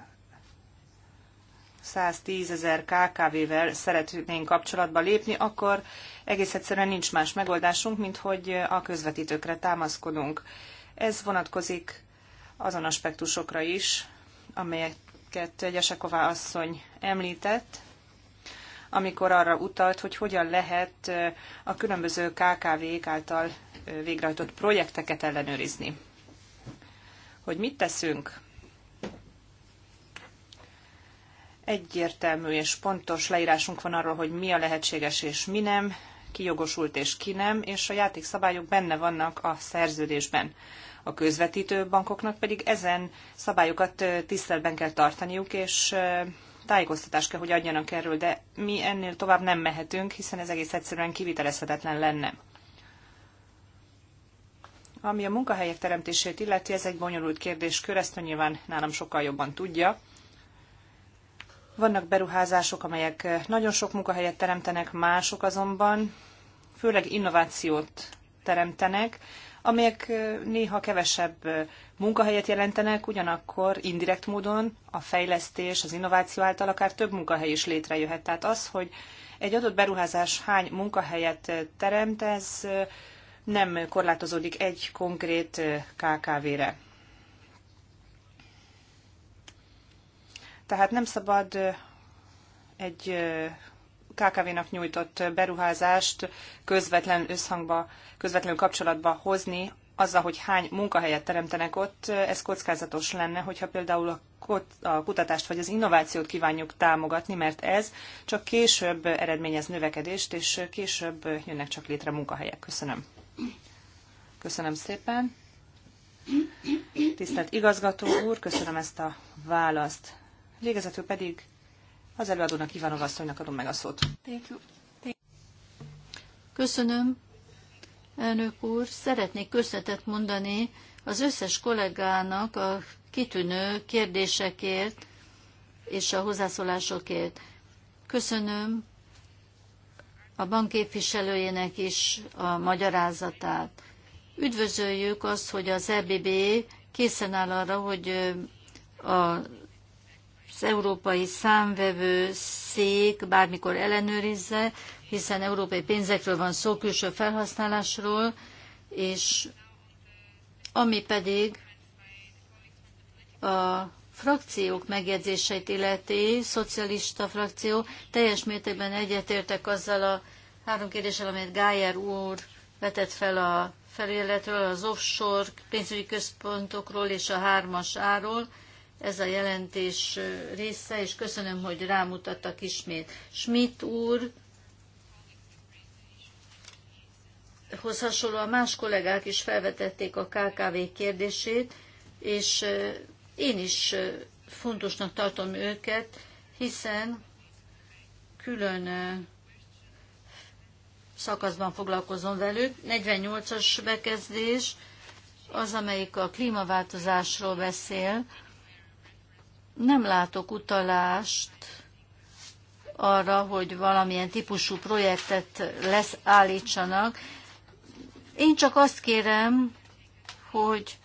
110 ezer KKV-vel szeretnénk kapcsolatba lépni, akkor egész egyszerűen nincs más megoldásunk, mint hogy a közvetítőkre támaszkodunk. Ez vonatkozik azon aspektusokra is, amelyeket Gyesekova asszony említett, amikor arra utalt, hogy hogyan lehet a különböző KKV-k által végrehajtott projekteket ellenőrizni. Hogy mit teszünk? Egyértelmű és pontos leírásunk van arról, hogy mi a lehetséges és mi nem, ki jogosult és ki nem, és a játékszabályok benne vannak a szerződésben. A közvetítő bankoknak pedig ezen szabályokat tiszteletben kell tartaniuk, és tájékoztatást kell, hogy adjanak erről, de mi ennél tovább nem mehetünk, hiszen ez egész egyszerűen kivitelezhetetlen lenne. Ami a munkahelyek teremtését illeti, ez egy bonyolult kérdéskör, ezt nyilván nálam sokkal jobban tudja. Vannak beruházások, amelyek nagyon sok munkahelyet teremtenek, mások azonban főleg innovációt teremtenek, amelyek néha kevesebb munkahelyet jelentenek, ugyanakkor indirekt módon a fejlesztés, az innováció által akár több munkahely is létrejöhet. Tehát az, hogy egy adott beruházás hány munkahelyet teremt, ez nem korlátozódik egy konkrét KKV-re. Tehát nem szabad egy KKV-nak nyújtott beruházást közvetlen összhangba, közvetlenül kapcsolatba hozni azzal, hogy hány munkahelyet teremtenek ott, ez kockázatos lenne, hogyha például a a kutatást vagy az innovációt kívánjuk támogatni, mert ez csak később eredményez növekedést, és később jönnek csak létre munkahelyek. Köszönöm. Köszönöm szépen. Tisztelt igazgató úr, köszönöm ezt a választ. Végezetül pedig az előadónak Ivanov asszonynak adom meg a szót. Köszönöm, elnök úr. Szeretnék köszönetet mondani az összes kollégának a kitűnő kérdésekért és a hozzászólásokért. Köszönöm a bank képviselőjének is a magyarázatát. Üdvözöljük azt, hogy az EBB készen áll arra, hogy a európai számvevő szék bármikor ellenőrizze, hiszen európai pénzekről van szó, külső felhasználásról, és ami pedig a frakciók megjegyzéseit illeti, szocialista frakció, teljes mértékben egyetértek azzal a három kérdéssel, amit Gájer úr vetett fel a felületről, az offshore pénzügyi központokról és a hármas áról ez a jelentés része, és köszönöm, hogy rámutattak ismét. Schmidt úr, hoz hasonlóan más kollégák is felvetették a KKV kérdését, és én is fontosnak tartom őket, hiszen külön szakaszban foglalkozom velük. 48-as bekezdés az, amelyik a klímaváltozásról beszél, nem látok utalást arra, hogy valamilyen típusú projektet lesz állítsanak. Én csak azt kérem, hogy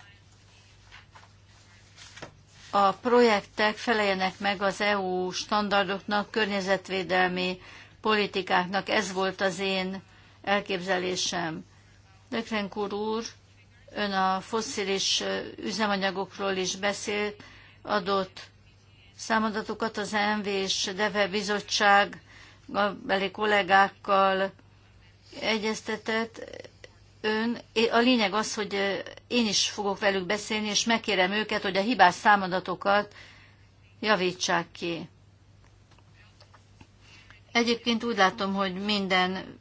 a projektek feleljenek meg az EU standardoknak, környezetvédelmi politikáknak. Ez volt az én elképzelésem. Dekrenkúr úr, ön a fosszilis üzemanyagokról is beszélt, adott számadatokat az MV és DEVE bizottság beli kollégákkal egyeztetett ön. A lényeg az, hogy én is fogok velük beszélni, és megkérem őket, hogy a hibás számadatokat javítsák ki. Egyébként úgy látom, hogy minden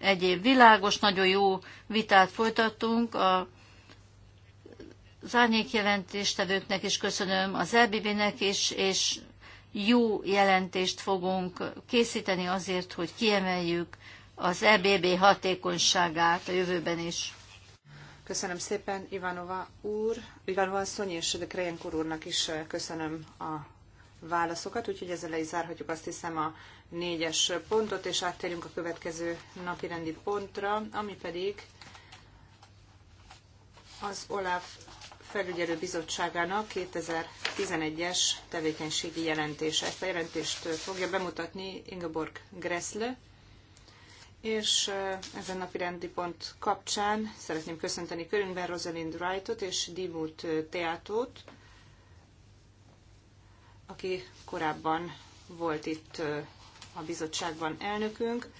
egyéb világos, nagyon jó vitát folytattunk a az árnyék jelentéstevőknek is köszönöm, az LBB-nek is, és jó jelentést fogunk készíteni azért, hogy kiemeljük az EBB hatékonyságát a jövőben is. Köszönöm szépen Ivanova úr, Ivanova asszony és de Krejenkor úrnak is köszönöm a válaszokat, úgyhogy ezzel le is zárhatjuk azt hiszem a négyes pontot, és áttérünk a következő napirendi pontra, ami pedig az Olaf felügyelő bizottságának 2011-es tevékenységi jelentése. Ezt a jelentést fogja bemutatni Ingeborg Gressle, és eh, ezen napi rendi pont kapcsán szeretném köszönteni körünkben Rosalind Wrightot és Dimut eh, Teátót, aki korábban volt itt eh, a bizottságban elnökünk.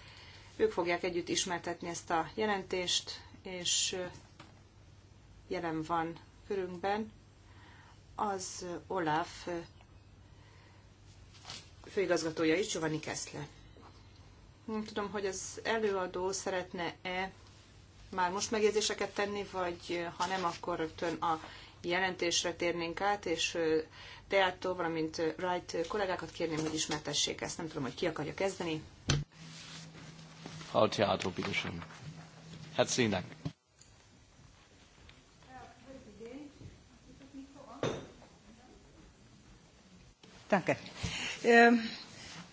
Ők fogják együtt ismertetni ezt a jelentést, és jelen van körünkben az Olaf főigazgatója is, Giovanni Keszle. Nem tudom, hogy az előadó szeretne-e már most megjegyzéseket tenni, vagy ha nem, akkor rögtön a jelentésre térnénk át, és Teától, valamint Wright kollégákat kérném, hogy ismertessék ezt. Nem tudom, hogy ki akarja kezdeni. Frau Teátó, bitteschön. Herzlichen Dank. Danke. Ähm,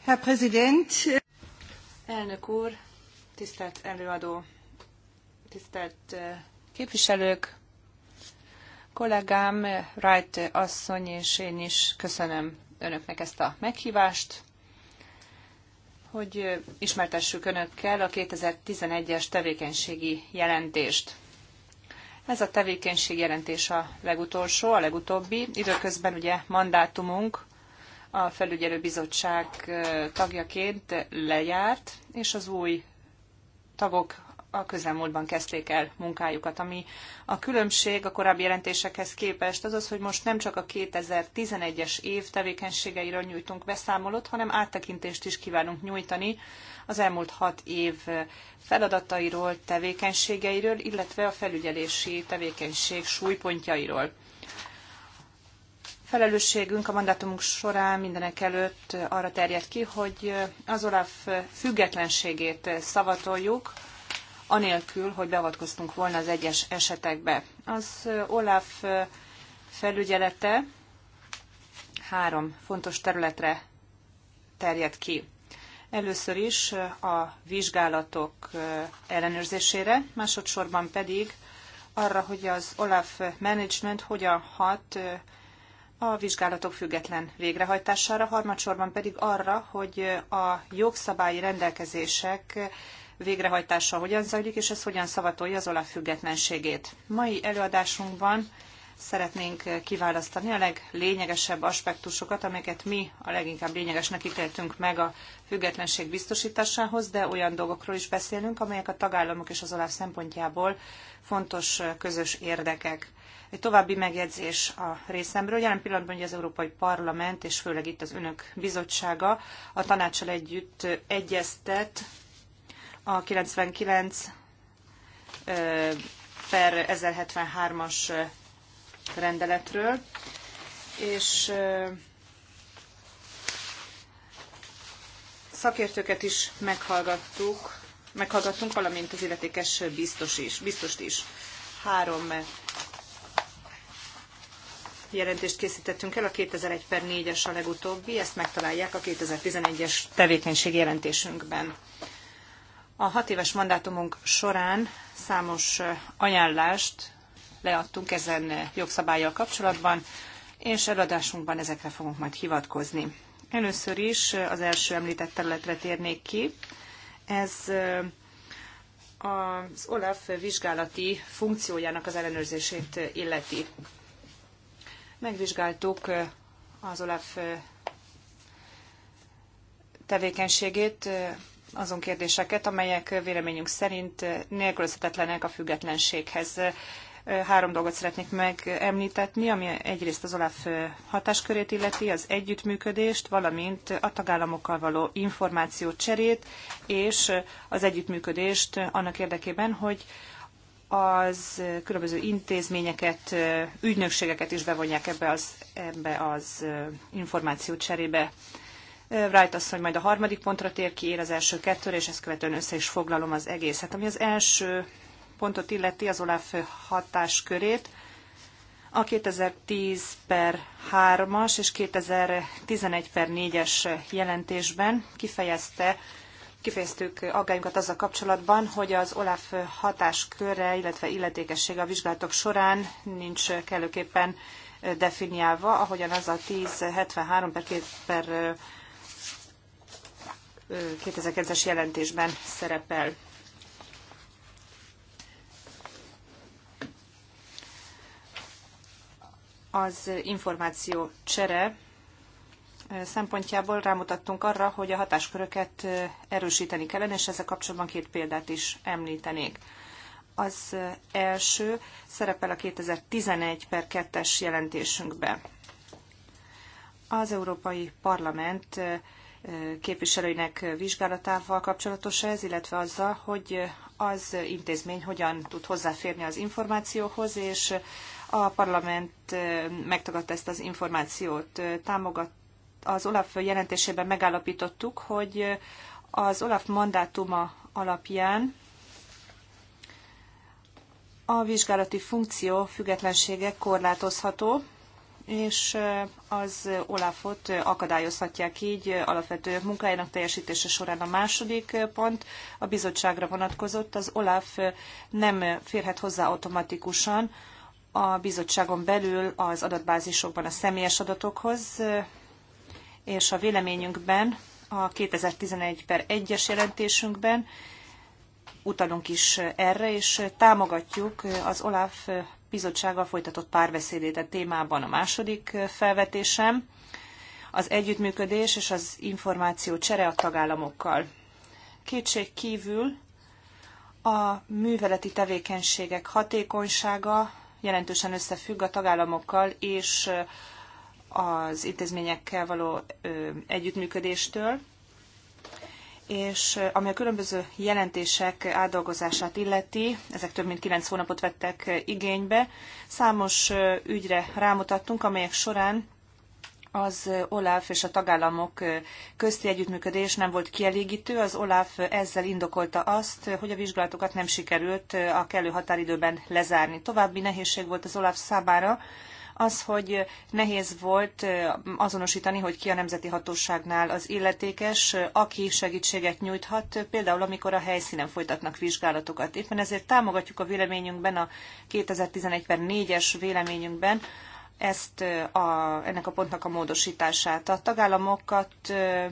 Herr Präsident! Äh, Elnök úr, tisztelt előadó, tisztelt äh, képviselők, kollégám Wright asszony és én is köszönöm önöknek ezt a meghívást, hogy ismertessük önökkel a 2011-es tevékenységi jelentést. Ez a jelentés a legutolsó, a legutóbbi. Időközben ugye mandátumunk a felügyelőbizottság tagjaként lejárt, és az új tagok a közelmúltban kezdték el munkájukat, ami a különbség a korábbi jelentésekhez képest az az, hogy most nem csak a 2011-es év tevékenységeiről nyújtunk beszámolót, hanem áttekintést is kívánunk nyújtani az elmúlt hat év feladatairól, tevékenységeiről, illetve a felügyelési tevékenység súlypontjairól. Felelősségünk a mandátumunk során mindenek előtt arra terjed ki, hogy az OLAF függetlenségét szavatoljuk, anélkül, hogy beavatkoztunk volna az egyes esetekbe. Az OLAF felügyelete három fontos területre terjed ki. Először is a vizsgálatok ellenőrzésére, másodszorban pedig arra, hogy az OLAF management hogyan hat a vizsgálatok független végrehajtására, harmadsorban pedig arra, hogy a jogszabályi rendelkezések végrehajtása hogyan zajlik, és ez hogyan szavatolja az OLAF függetlenségét. Mai előadásunkban szeretnénk kiválasztani a leglényegesebb aspektusokat, amelyeket mi a leginkább lényegesnek ítéltünk meg a függetlenség biztosításához, de olyan dolgokról is beszélünk, amelyek a tagállamok és az OLAF szempontjából fontos közös érdekek. Egy további megjegyzés a részemről. Jelen pillanatban az Európai Parlament, és főleg itt az Önök Bizottsága a tanácsal együtt egyeztet a 99 per 1073-as rendeletről, és szakértőket is meghallgattuk, meghallgattunk, valamint az illetékes biztos is, biztost is. Három jelentést készítettünk el, a 2001 per 4-es a legutóbbi, ezt megtalálják a 2011-es tevékenység jelentésünkben. A hat éves mandátumunk során számos ajánlást leadtunk ezen jogszabályjal kapcsolatban, és előadásunkban ezekre fogunk majd hivatkozni. Először is az első említett területre térnék ki. Ez az OLAF vizsgálati funkciójának az ellenőrzését illeti. Megvizsgáltuk az Olaf tevékenységét, azon kérdéseket, amelyek véleményünk szerint nélkülözhetetlenek a függetlenséghez. Három dolgot szeretnék megemlítetni, ami egyrészt az OLAF hatáskörét illeti, az együttműködést, valamint a tagállamokkal való cserét és az együttműködést annak érdekében, hogy az különböző intézményeket, ügynökségeket is bevonják ebbe az, ebbe az információ cserébe. Wright hogy majd a harmadik pontra tér ki, én az első kettőre, és ezt követően össze is foglalom az egészet. Ami az első pontot illeti, az Olaf hatáskörét, a 2010 per 3-as és 2011 per 4-es jelentésben kifejezte kifejeztük aggályunkat azzal kapcsolatban, hogy az OLAF hatáskörre, illetve illetékessége a vizsgálatok során nincs kellőképpen definiálva, ahogyan az a 1073 per, per 2009-es jelentésben szerepel. Az információ csere szempontjából rámutattunk arra, hogy a hatásköröket erősíteni kellene, és ezzel kapcsolatban két példát is említenék. Az első szerepel a 2011 per 2-es jelentésünkbe. Az Európai Parlament képviselőinek vizsgálatával kapcsolatos ez, illetve azzal, hogy az intézmény hogyan tud hozzáférni az információhoz, és a parlament megtagadta ezt az információt, támogat, az Olaf jelentésében megállapítottuk, hogy az Olaf mandátuma alapján a vizsgálati funkció függetlensége korlátozható, és eh, az Olafot akadályozhatják így alapvető munkájának teljesítése során. A második pont a bizottságra vonatkozott. Az Olaf nem férhet hozzá automatikusan a bizottságon belül az adatbázisokban a személyes adatokhoz, és a véleményünkben, a 2011 per 1-es jelentésünkben utalunk is erre, és támogatjuk az OLAF bizottsággal folytatott párbeszédét a témában a második felvetésem, az együttműködés és az információ csere a tagállamokkal. Kétség kívül a műveleti tevékenységek hatékonysága jelentősen összefügg a tagállamokkal és az intézményekkel való együttműködéstől, és ami a különböző jelentések átdolgozását illeti, ezek több mint 9 hónapot vettek igénybe, számos ügyre rámutattunk, amelyek során az OLAF és a tagállamok közti együttműködés nem volt kielégítő. Az OLAF ezzel indokolta azt, hogy a vizsgálatokat nem sikerült a kellő határidőben lezárni. További nehézség volt az OLAF számára, az, hogy nehéz volt azonosítani, hogy ki a nemzeti hatóságnál az illetékes, aki segítséget nyújthat, például amikor a helyszínen folytatnak vizsgálatokat. Éppen ezért támogatjuk a véleményünkben, a 2011-ben 4-es véleményünkben ezt a, ennek a pontnak a módosítását. A tagállamokat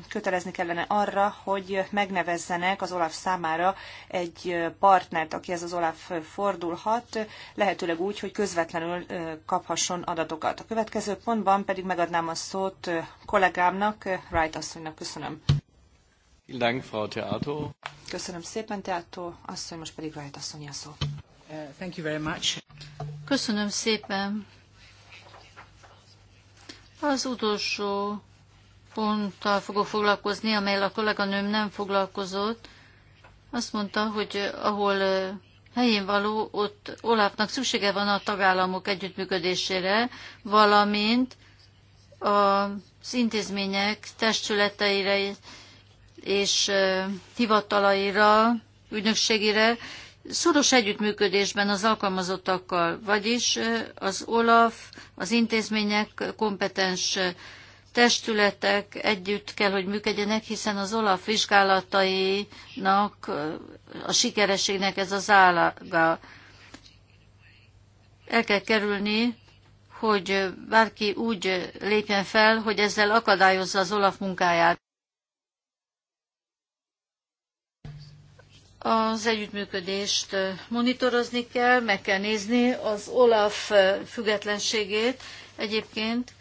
kötelezni kellene arra, hogy megnevezzenek az OLAF számára egy partnert, ez az OLAF fordulhat, lehetőleg úgy, hogy közvetlenül kaphasson adatokat. A következő pontban pedig megadnám a szót kollégámnak, Wright asszonynak. Köszönöm. Köszönöm szépen, Teato asszony, most pedig Wright asszony a szó. Uh, thank you very much. Köszönöm szépen. Az utolsó ponttal fogok foglalkozni, amely a kolléganőm nem foglalkozott. Azt mondta, hogy ahol helyén való, ott Olafnak szüksége van a tagállamok együttműködésére, valamint az intézmények testületeire és hivatalaira, ügynökségére, szoros együttműködésben az alkalmazottakkal, vagyis az OLAF, az intézmények, kompetens testületek együtt kell, hogy működjenek, hiszen az OLAF vizsgálatainak, a sikerességnek ez az állaga. El kell kerülni, hogy bárki úgy lépjen fel, hogy ezzel akadályozza az OLAF munkáját. Az együttműködést monitorozni kell, meg kell nézni az OLAF függetlenségét. Egyébként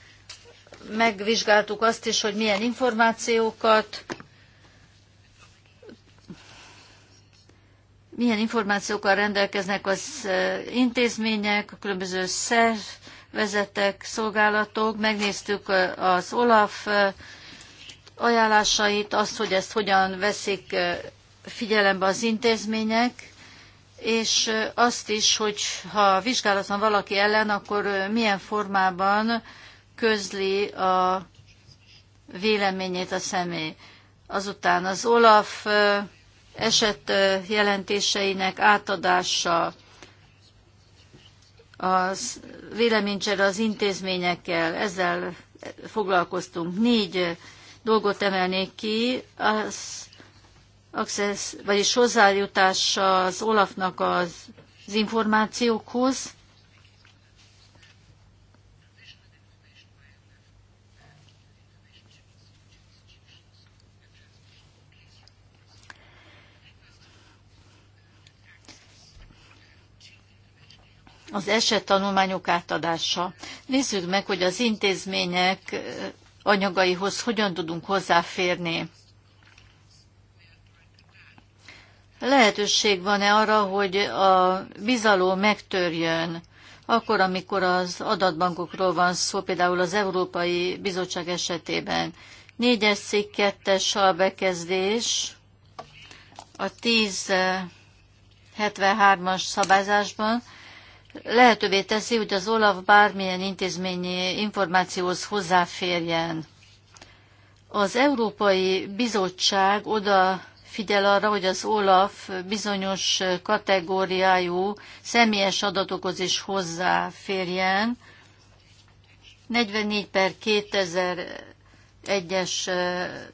megvizsgáltuk azt is, hogy milyen információkat milyen információkkal rendelkeznek az intézmények, a különböző szervezetek, szolgálatok. Megnéztük az OLAF ajánlásait, azt, hogy ezt hogyan veszik figyelembe az intézmények, és azt is, hogy ha vizsgálat van valaki ellen, akkor milyen formában közli a véleményét a személy. Azután az Olaf eset jelentéseinek átadása, az véleménycsere az intézményekkel, ezzel foglalkoztunk. Négy dolgot emelnék ki, az access, vagyis hozzájutás az Olafnak az, az információkhoz, az esettanulmányok átadása. Nézzük meg, hogy az intézmények anyagaihoz hogyan tudunk hozzáférni. lehetőség van-e arra, hogy a bizalom megtörjön, akkor, amikor az adatbankokról van szó, például az Európai Bizottság esetében. Négyes cikk, kettes a bekezdés, a 1073-as eh, szabályzásban lehetővé teszi, hogy az OLAF bármilyen intézményi információhoz hozzáférjen. Az Európai Bizottság oda figyel arra, hogy az OLAF bizonyos kategóriájú személyes adatokhoz is hozzáférjen. 44 per 2001-es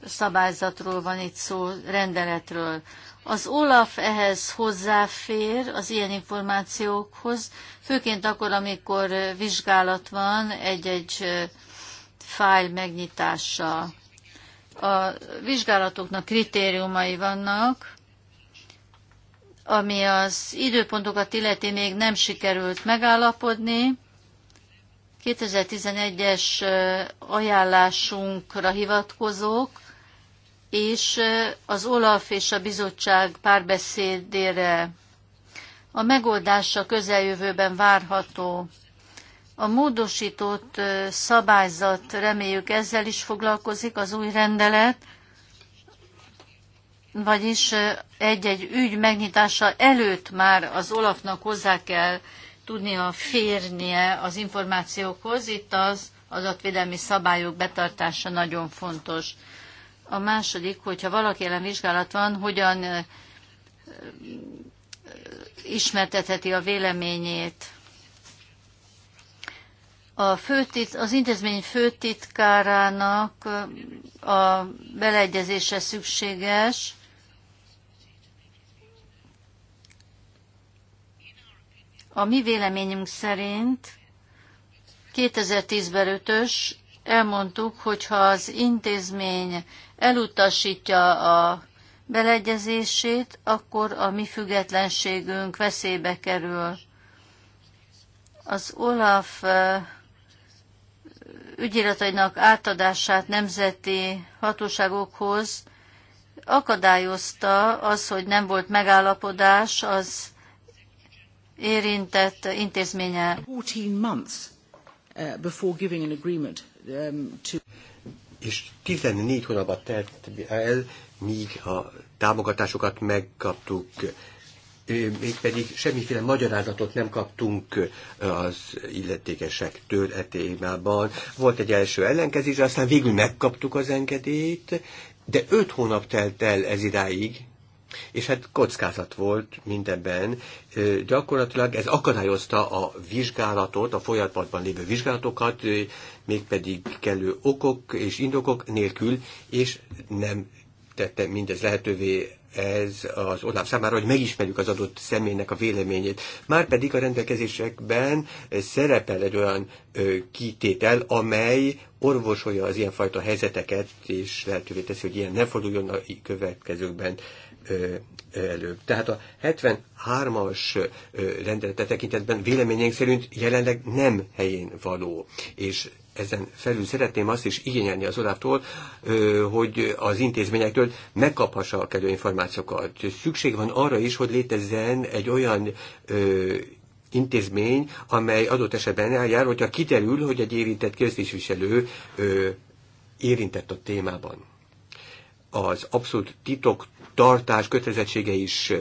szabályzatról van itt szó, rendeletről. Az OLAF ehhez hozzáfér az ilyen információkhoz, főként akkor, amikor vizsgálat van egy-egy fájl megnyitással. A vizsgálatoknak kritériumai vannak, ami az időpontokat illeti még nem sikerült megállapodni. 2011-es ajánlásunkra hivatkozók, és az OLAF és a bizottság párbeszédére. A megoldása közeljövőben várható. A módosított szabályzat reméljük ezzel is foglalkozik az új rendelet, vagyis egy-egy ügy megnyitása előtt már az Olafnak hozzá kell tudnia férnie az információkhoz. Itt az adatvédelmi szabályok betartása nagyon fontos. A második, hogyha valaki ellen vizsgálat van, hogyan ismertetheti a véleményét a főtit, az intézmény főtitkárának a beleegyezése szükséges, A mi véleményünk szerint 2010-ben 5-ös elmondtuk, hogyha az intézmény elutasítja a beleegyezését, akkor a mi függetlenségünk veszélybe kerül. Az Olaf ügyiratainak átadását nemzeti hatóságokhoz akadályozta az, hogy nem volt megállapodás az érintett intézménye. 14 months uh, before giving an agreement um, to... És 14 hónapba telt el, míg a támogatásokat megkaptuk mégpedig semmiféle magyarázatot nem kaptunk az illetékesektől e témában. Volt egy első ellenkezés, aztán végül megkaptuk az engedélyt, de öt hónap telt el ez idáig, és hát kockázat volt mindenben. Gyakorlatilag ez akadályozta a vizsgálatot, a folyamatban lévő vizsgálatokat, mégpedig kellő okok és indokok nélkül, és nem tette mindez lehetővé ez az OLAF számára, hogy megismerjük az adott személynek a véleményét. Márpedig a rendelkezésekben szerepel egy olyan ö, kitétel, amely orvosolja az ilyenfajta helyzeteket, és lehetővé teszi, hogy ilyen ne forduljon a következőkben elő. Tehát a 73-as rendelete tekintetben véleményénk szerint jelenleg nem helyén való, és ezen felül szeretném azt is igényelni az Olaftól, hogy az intézményektől megkaphassa a kellő információkat. Szükség van arra is, hogy létezzen egy olyan intézmény, amely adott esetben eljár, hogyha kiderül, hogy egy érintett közviselő érintett a témában. Az abszolút titok tartás kötelezettsége is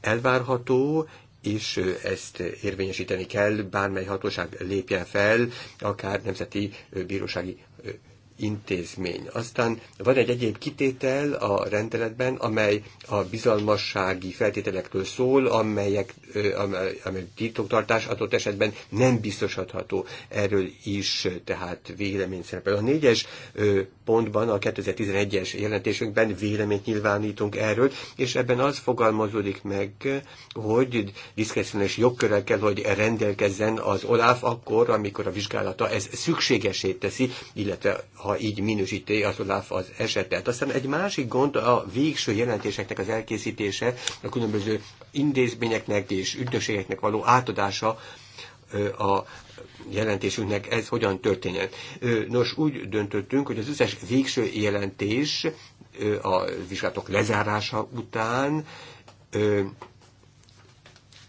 elvárható, és ezt érvényesíteni kell, bármely hatóság lépjen fel, akár nemzeti bírósági intézmény. Aztán van egy egyéb kitétel a rendeletben, amely a bizalmassági feltételektől szól, amelyek, amely, amely titoktartás adott esetben nem biztosítható. Erről is tehát vélemény szerepel. A négyes pontban, a 2011-es jelentésünkben véleményt nyilvánítunk erről, és ebben az fogalmazódik meg, hogy diszkrecionális jogkörrel kell, hogy rendelkezzen az OLAF akkor, amikor a vizsgálata ez szükségesét teszi, illetve ha így minősíti az OLAF az esetet. Aztán egy másik gond a végső jelentéseknek az elkészítése, a különböző intézményeknek és ügynökségeknek való átadása a jelentésünknek ez hogyan történjen. Nos, úgy döntöttünk, hogy az összes végső jelentés a vizsgálatok lezárása után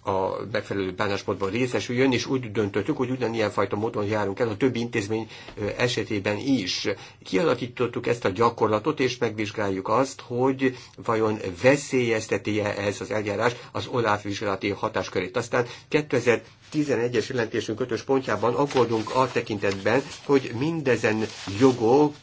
a megfelelő bánásmódban részesüljön, és úgy döntöttük, hogy ugyanilyen fajta módon járunk el a többi intézmény esetében is. Kialakítottuk ezt a gyakorlatot, és megvizsgáljuk azt, hogy vajon veszélyezteti-e ez az eljárás az OLAF vizsgálati hatáskörét. Aztán 2000 11-es jelentésünk 5 pontjában aggódunk a tekintetben, hogy mindezen jogok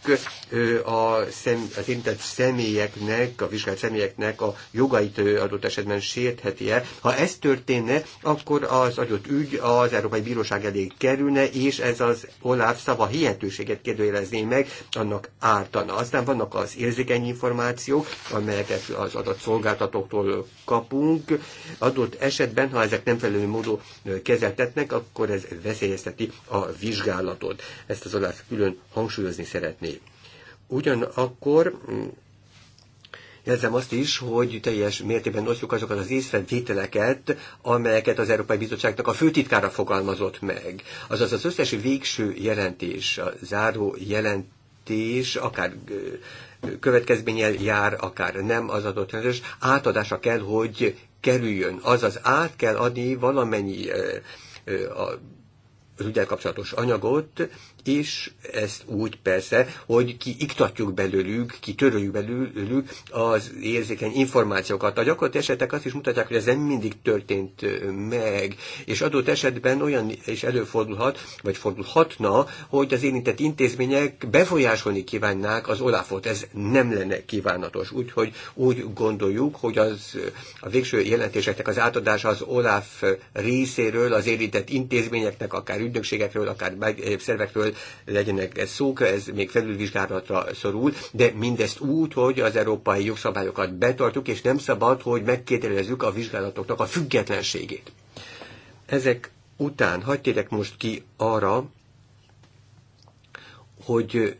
a szem, az érintett személyeknek, a vizsgált személyeknek a jogait adott esetben sértheti-e. Ha ez történne, akkor az adott ügy az Európai Bíróság elé kerülne, és ez az Olaf szava hihetőséget kérdőjelezné meg, annak ártana. Aztán vannak az érzékeny információk, amelyeket az adatszolgáltatóktól kapunk. Adott esetben, ha ezek nem felelő módon kezelhetőek, vezetetnek, akkor ez veszélyezteti a vizsgálatot. Ezt az alász külön hangsúlyozni szeretné. Ugyanakkor Jelzem mm, azt is, hogy teljes mértékben osztjuk azokat az észrevételeket, amelyeket az Európai Bizottságnak a főtitkára fogalmazott meg. Azaz az összes végső jelentés, a záró jelentés, akár következménnyel jár, akár nem az adott jelentés, átadása kell, hogy kerüljön, azaz át kell adni valamennyi a ügyel kapcsolatos anyagot és ezt úgy persze, hogy kiiktatjuk belőlük, kitöröljük belőlük az érzékeny információkat. A gyakorlat esetek azt is mutatják, hogy ez nem mindig történt meg, és adott esetben olyan is előfordulhat, vagy fordulhatna, hogy az érintett intézmények befolyásolni kívánnák az Olafot. Ez nem lenne kívánatos. Úgyhogy úgy gondoljuk, hogy az, a végső jelentéseknek az átadása az Olaf részéről, az érintett intézményeknek, akár ügynökségekről, akár szervekről hogy legyenek ez szók, ez még felülvizsgálatra szorul, de mindezt úgy, hogy az európai jogszabályokat betartjuk, és nem szabad, hogy megkérdelezzük a vizsgálatoknak a függetlenségét. Ezek után hagyj most ki arra, hogy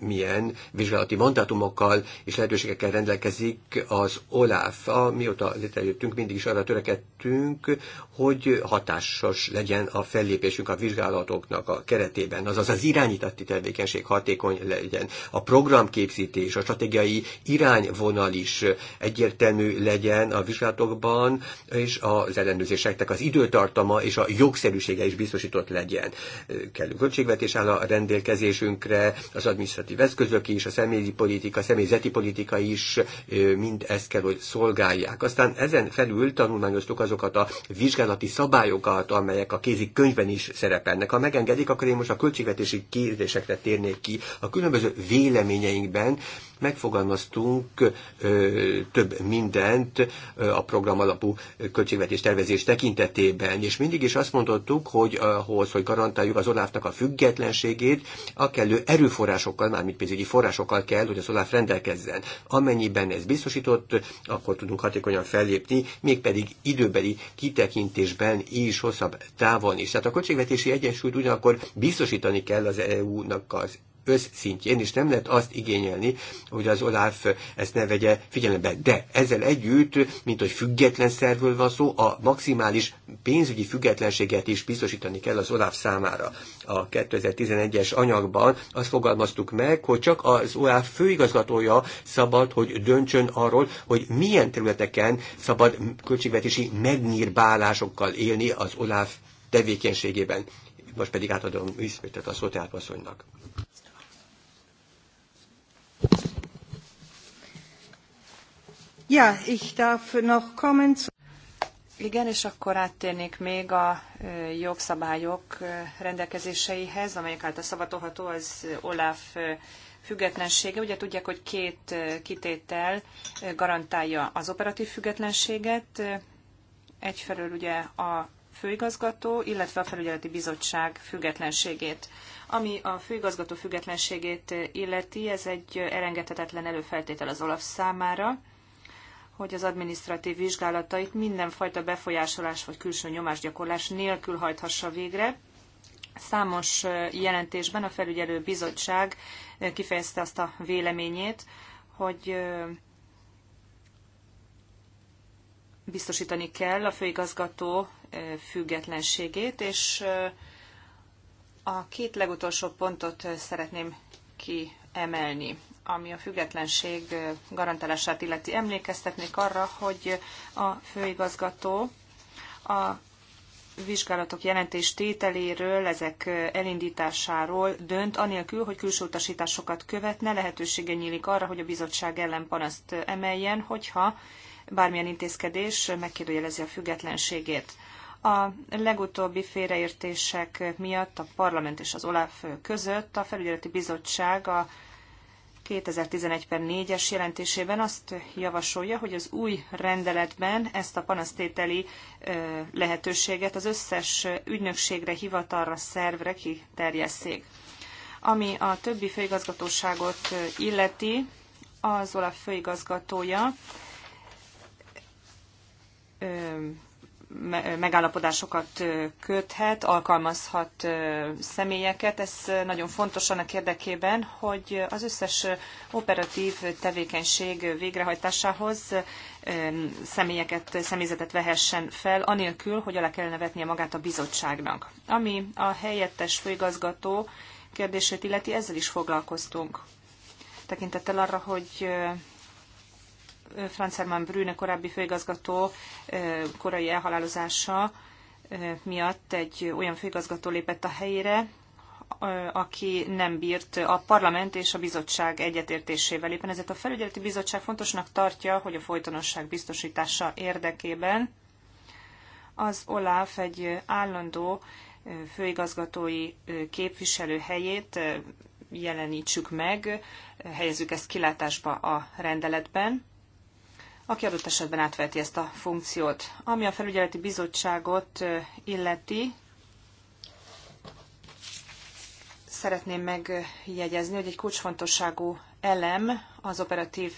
milyen vizsgálati mandátumokkal és lehetőségekkel rendelkezik az OLAF. A, mióta létrejöttünk, mindig is arra törekedtünk, hogy hatásos legyen a fellépésünk a vizsgálatoknak a keretében, azaz az irányítati tevékenység hatékony legyen, a programképzítés, a stratégiai irányvonal is egyértelmű legyen a vizsgálatokban, és az ellenőrzéseknek az időtartama és a jogszerűsége is biztosított legyen. Kellő költségvetés áll a rendelkezésünkre, az adminisztráció administratív eszközök is, a személyi politika, a személyzeti politika is mind ezt kell, hogy szolgálják. Aztán ezen felül tanulmányoztuk azokat a vizsgálati szabályokat, amelyek a kézi könyvben is szerepelnek. Ha megengedik, akkor én most a költségvetési kérdésekre térnék ki. A különböző véleményeinkben megfogalmaztunk ö, több mindent ö, a program alapú költségvetés tervezés tekintetében, és mindig is azt mondottuk, hogy ahhoz, hogy garantáljuk az oláv a függetlenségét, a kellő erőforrásokkal forrásokkal, mármint pénzügyi forrásokkal kell, hogy az OLAF rendelkezzen. Amennyiben ez biztosított, akkor tudunk hatékonyan fellépni, mégpedig időbeli kitekintésben is, hosszabb távon is. Tehát a költségvetési egyensúlyt ugyanakkor biztosítani kell az EU-nak az összszintjén, és nem lehet azt igényelni, hogy az Olaf ezt ne vegye figyelembe. De ezzel együtt, mint hogy független szervről van szó, a maximális pénzügyi függetlenséget is biztosítani kell az Olaf számára. A 2011-es anyagban azt fogalmaztuk meg, hogy csak az Olaf főigazgatója szabad, hogy döntsön arról, hogy milyen területeken szabad költségvetési megnyírbálásokkal élni az Olaf tevékenységében. Most pedig átadom ismételt a szót Ja, ich darf noch kommen zu... Igen, és akkor áttérnék még a jogszabályok rendelkezéseihez, amelyek által szavatolható az OLAF függetlensége. Ugye tudják, hogy két kitétel garantálja az operatív függetlenséget. Egyfelől ugye a főigazgató, illetve a felügyeleti bizottság függetlenségét. Ami a főigazgató függetlenségét illeti, ez egy elengedhetetlen előfeltétel az Olaf számára, hogy az adminisztratív vizsgálatait mindenfajta befolyásolás vagy külső nyomásgyakorlás nélkül hajthassa végre. Számos jelentésben a felügyelő bizottság kifejezte azt a véleményét, hogy biztosítani kell a főigazgató függetlenségét, és a két legutolsó pontot szeretném kiemelni ami a függetlenség garantálását illeti. Emlékeztetnék arra, hogy a főigazgató a vizsgálatok jelentés tételéről, ezek elindításáról dönt, anélkül, hogy külső utasításokat követne, lehetősége nyílik arra, hogy a bizottság ellen panaszt emeljen, hogyha bármilyen intézkedés megkérdőjelezi a függetlenségét. A legutóbbi félreértések miatt a parlament és az OLAF között a felügyeleti bizottság a 2011 per 4-es jelentésében azt javasolja, hogy az új rendeletben ezt a panasztételi lehetőséget az összes ügynökségre, hivatalra, szervre kiterjesszék. Ami a többi főigazgatóságot illeti, az OLAF főigazgatója megállapodásokat köthet, alkalmazhat személyeket. Ez nagyon fontos annak érdekében, hogy az összes operatív tevékenység végrehajtásához személyeket, személyzetet vehessen fel, anélkül, hogy alá kellene vetnie magát a bizottságnak. Ami a helyettes főigazgató kérdését illeti, ezzel is foglalkoztunk. Tekintettel arra, hogy Franz Hermann Brüne korábbi főigazgató korai elhalálozása miatt egy olyan főigazgató lépett a helyére, aki nem bírt a parlament és a bizottság egyetértésével. Éppen ezért a felügyeleti bizottság fontosnak tartja, hogy a folytonosság biztosítása érdekében az OLAF egy állandó főigazgatói képviselő helyét jelenítsük meg, helyezzük ezt kilátásba a rendeletben aki adott esetben átveheti ezt a funkciót. Ami a felügyeleti bizottságot illeti, szeretném megjegyezni, hogy egy kulcsfontosságú elem az operatív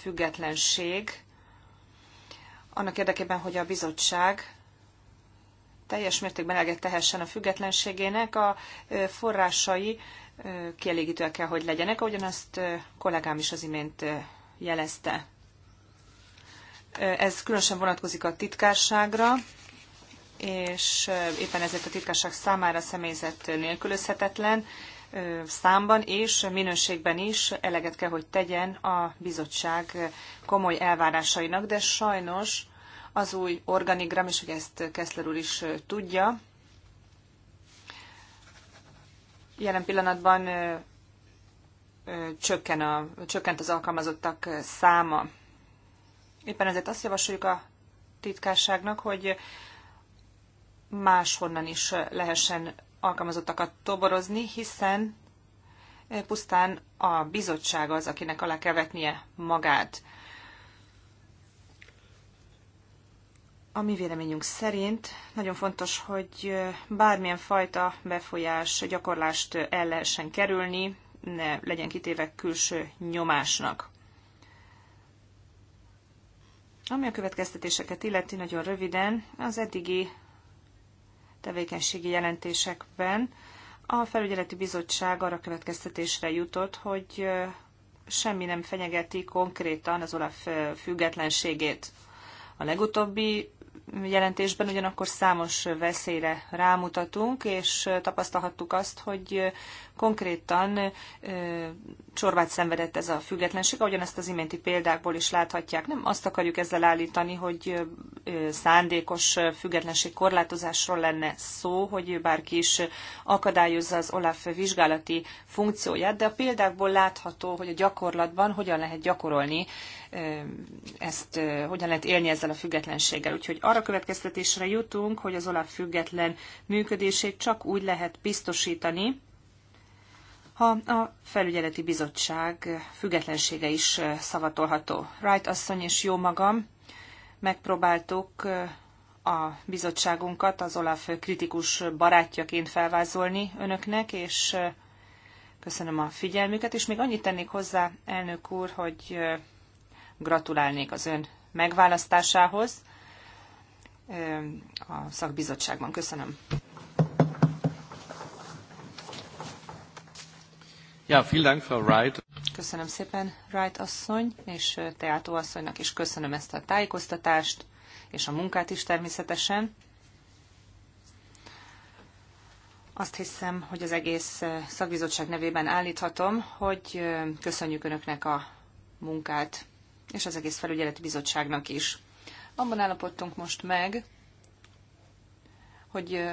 függetlenség, annak érdekében, hogy a bizottság teljes mértékben eleget tehessen a függetlenségének, a forrásai kielégítőek kell, hogy legyenek, ahogyan azt kollégám is az imént jelezte. Ez különösen vonatkozik a titkárságra, és éppen ezért a titkárság számára személyzet nélkülözhetetlen számban és minőségben is eleget kell, hogy tegyen a bizottság komoly elvárásainak, de sajnos az új organigram, és ugye ezt Keszler úr is tudja, jelen pillanatban csökken a, csökkent az alkalmazottak száma. Éppen ezért azt javasoljuk a titkárságnak, hogy máshonnan is lehessen alkalmazottakat toborozni, hiszen eh, pusztán a bizottság az, akinek alá kell vetnie magát. A mi véleményünk szerint nagyon fontos, hogy eh, bármilyen fajta befolyás, gyakorlást el lehessen kerülni, ne legyen kitéve külső nyomásnak. Ami a következtetéseket illeti, nagyon röviden, az eddigi tevékenységi jelentésekben a felügyeleti bizottság arra következtetésre jutott, hogy semmi nem fenyegeti konkrétan az OLAF függetlenségét. A legutóbbi jelentésben ugyanakkor számos veszélyre rámutatunk, és tapasztalhattuk azt, hogy konkrétan csorbát szenvedett ez a függetlenség, ahogyan ezt az iménti példákból is láthatják. Nem azt akarjuk ezzel állítani, hogy szándékos függetlenség korlátozásról lenne szó, hogy bárki is akadályozza az OLAF vizsgálati funkcióját, de a példákból látható, hogy a gyakorlatban hogyan lehet gyakorolni ezt, hogyan lehet élni ezzel a függetlenséggel. Úgyhogy arra következtetésre jutunk, hogy az OLAF független működését csak úgy lehet biztosítani, ha a felügyeleti bizottság függetlensége is szavatolható. Wright asszony és jó magam megpróbáltuk a bizottságunkat az Olaf kritikus barátjaként felvázolni önöknek, és köszönöm a figyelmüket, és még annyit tennék hozzá, elnök úr, hogy gratulálnék az ön megválasztásához a szakbizottságban. Köszönöm. Ja, vielen Dank, Frau Wright. Köszönöm szépen, Wright asszony, és Teátó asszonynak is köszönöm ezt a tájékoztatást, és a munkát is természetesen. Azt hiszem, hogy az egész szakbizottság nevében állíthatom, hogy köszönjük Önöknek a munkát, és az egész felügyeleti bizottságnak is. Abban állapodtunk most meg, hogy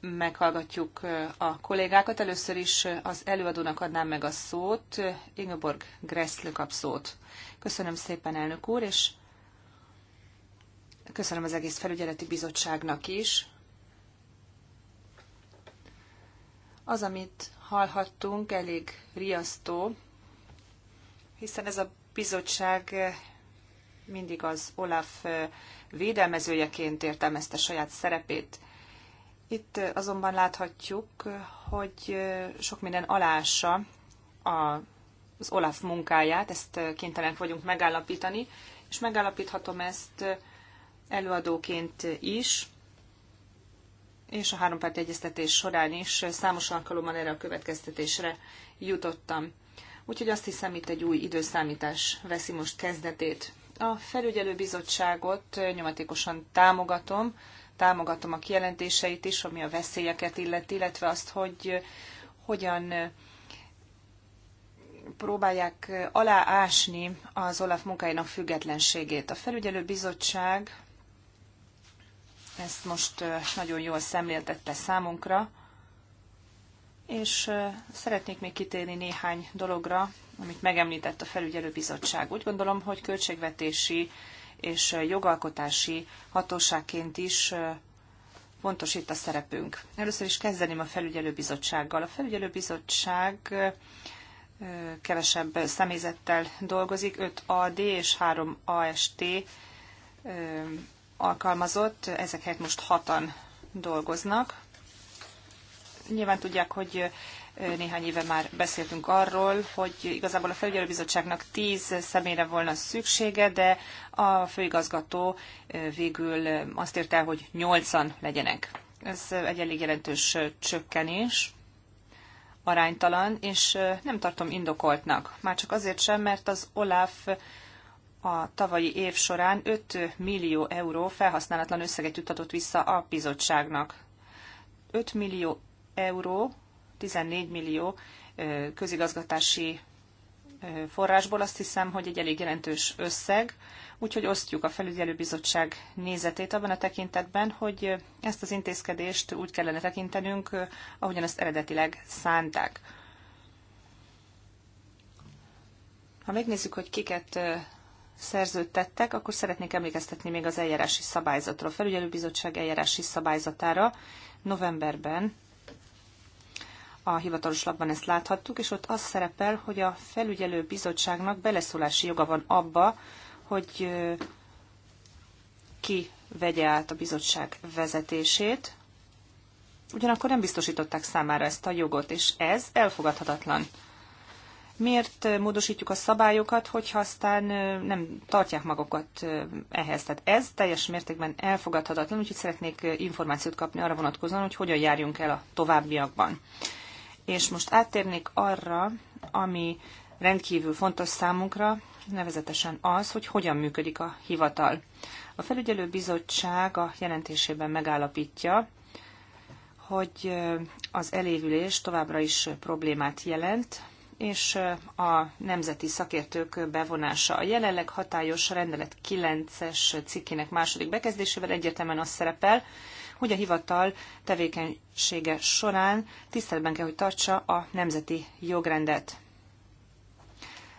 meghallgatjuk a kollégákat. Először is az előadónak adnám meg a szót, Ingeborg Gressle kap szót. Köszönöm szépen, elnök úr, és köszönöm az egész felügyeleti bizottságnak is. Az, amit hallhattunk, elég riasztó, hiszen ez a bizottság mindig az Olaf védelmezőjeként értelmezte saját szerepét. Itt azonban láthatjuk, hogy sok minden alássa az Olaf munkáját, ezt kénytelen vagyunk megállapítani, és megállapíthatom ezt előadóként is, és a hárompárti egyeztetés során is számos alkalommal erre a következtetésre jutottam. Úgyhogy azt hiszem, itt egy új időszámítás veszi most kezdetét. A felügyelőbizottságot nyomatékosan támogatom, támogatom a kijelentéseit is, ami a veszélyeket illeti, illetve azt, hogy eh, hogyan eh, próbálják eh, aláásni az Olaf munkáinak függetlenségét. A felügyelőbizottság ezt most nagyon jól szemléltette számunkra, és szeretnék még kitérni néhány dologra, amit megemlített a felügyelőbizottság. Úgy gondolom, hogy költségvetési és jogalkotási hatóságként is fontos itt a szerepünk. Először is kezdeném a felügyelőbizottsággal. A felügyelőbizottság kevesebb személyzettel dolgozik, 5 AD és 3 AST alkalmazott, ezek helyett most hatan dolgoznak. Nyilván tudják, hogy néhány éve már beszéltünk arról, hogy igazából a felügyelőbizottságnak tíz személyre volna szüksége, de a főigazgató végül azt írt el, hogy nyolcan legyenek. Ez egy elég jelentős csökkenés, aránytalan, és nem tartom indokoltnak. Már csak azért sem, mert az OLAF a tavalyi év során 5 millió euró felhasználatlan összeget juttatott vissza a bizottságnak. 5 millió euró 14 millió közigazgatási forrásból azt hiszem, hogy egy elég jelentős összeg, úgyhogy osztjuk a felügyelőbizottság nézetét abban a tekintetben, hogy ezt az intézkedést úgy kellene tekintenünk, ahogyan ezt eredetileg szánták. Ha megnézzük, hogy kiket szerződtettek, akkor szeretnék emlékeztetni még az eljárási szabályzatról. A felügyelőbizottság eljárási szabályzatára novemberben a hivatalos lapban ezt láthattuk, és ott az szerepel, hogy a felügyelő bizottságnak beleszólási joga van abba, hogy ki vegye át a bizottság vezetését, ugyanakkor nem biztosították számára ezt a jogot, és ez elfogadhatatlan. Miért módosítjuk a szabályokat, hogyha aztán nem tartják magukat ehhez? Tehát ez teljes mértékben elfogadhatatlan, úgyhogy szeretnék információt kapni arra vonatkozóan, hogy hogyan járjunk el a továbbiakban. És most áttérnék arra, ami rendkívül fontos számunkra, nevezetesen az, hogy hogyan működik a hivatal. A felügyelőbizottság a jelentésében megállapítja, hogy az elévülés továbbra is problémát jelent, és a nemzeti szakértők bevonása. A jelenleg hatályos rendelet 9-es cikkének második bekezdésével egyértelműen az szerepel, hogy a hivatal tevékenysége során tiszteletben kell, hogy tartsa a nemzeti jogrendet.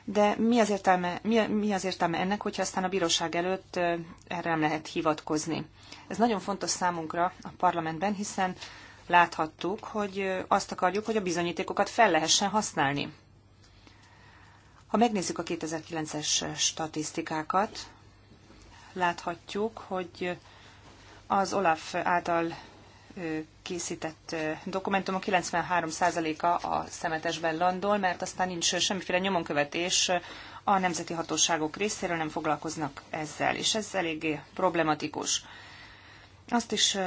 De mi az, értelme, mi, mi az értelme ennek, hogyha aztán a bíróság előtt erre nem lehet hivatkozni? Ez nagyon fontos számunkra a parlamentben, hiszen láthattuk, hogy azt akarjuk, hogy a bizonyítékokat fel lehessen használni. Ha megnézzük a 2009-es statisztikákat, láthatjuk, hogy az OLAF által készített dokumentumok 93%-a a szemetesben landol, mert aztán nincs semmiféle nyomonkövetés a nemzeti hatóságok részéről, nem foglalkoznak ezzel, és ez eléggé problematikus. Azt is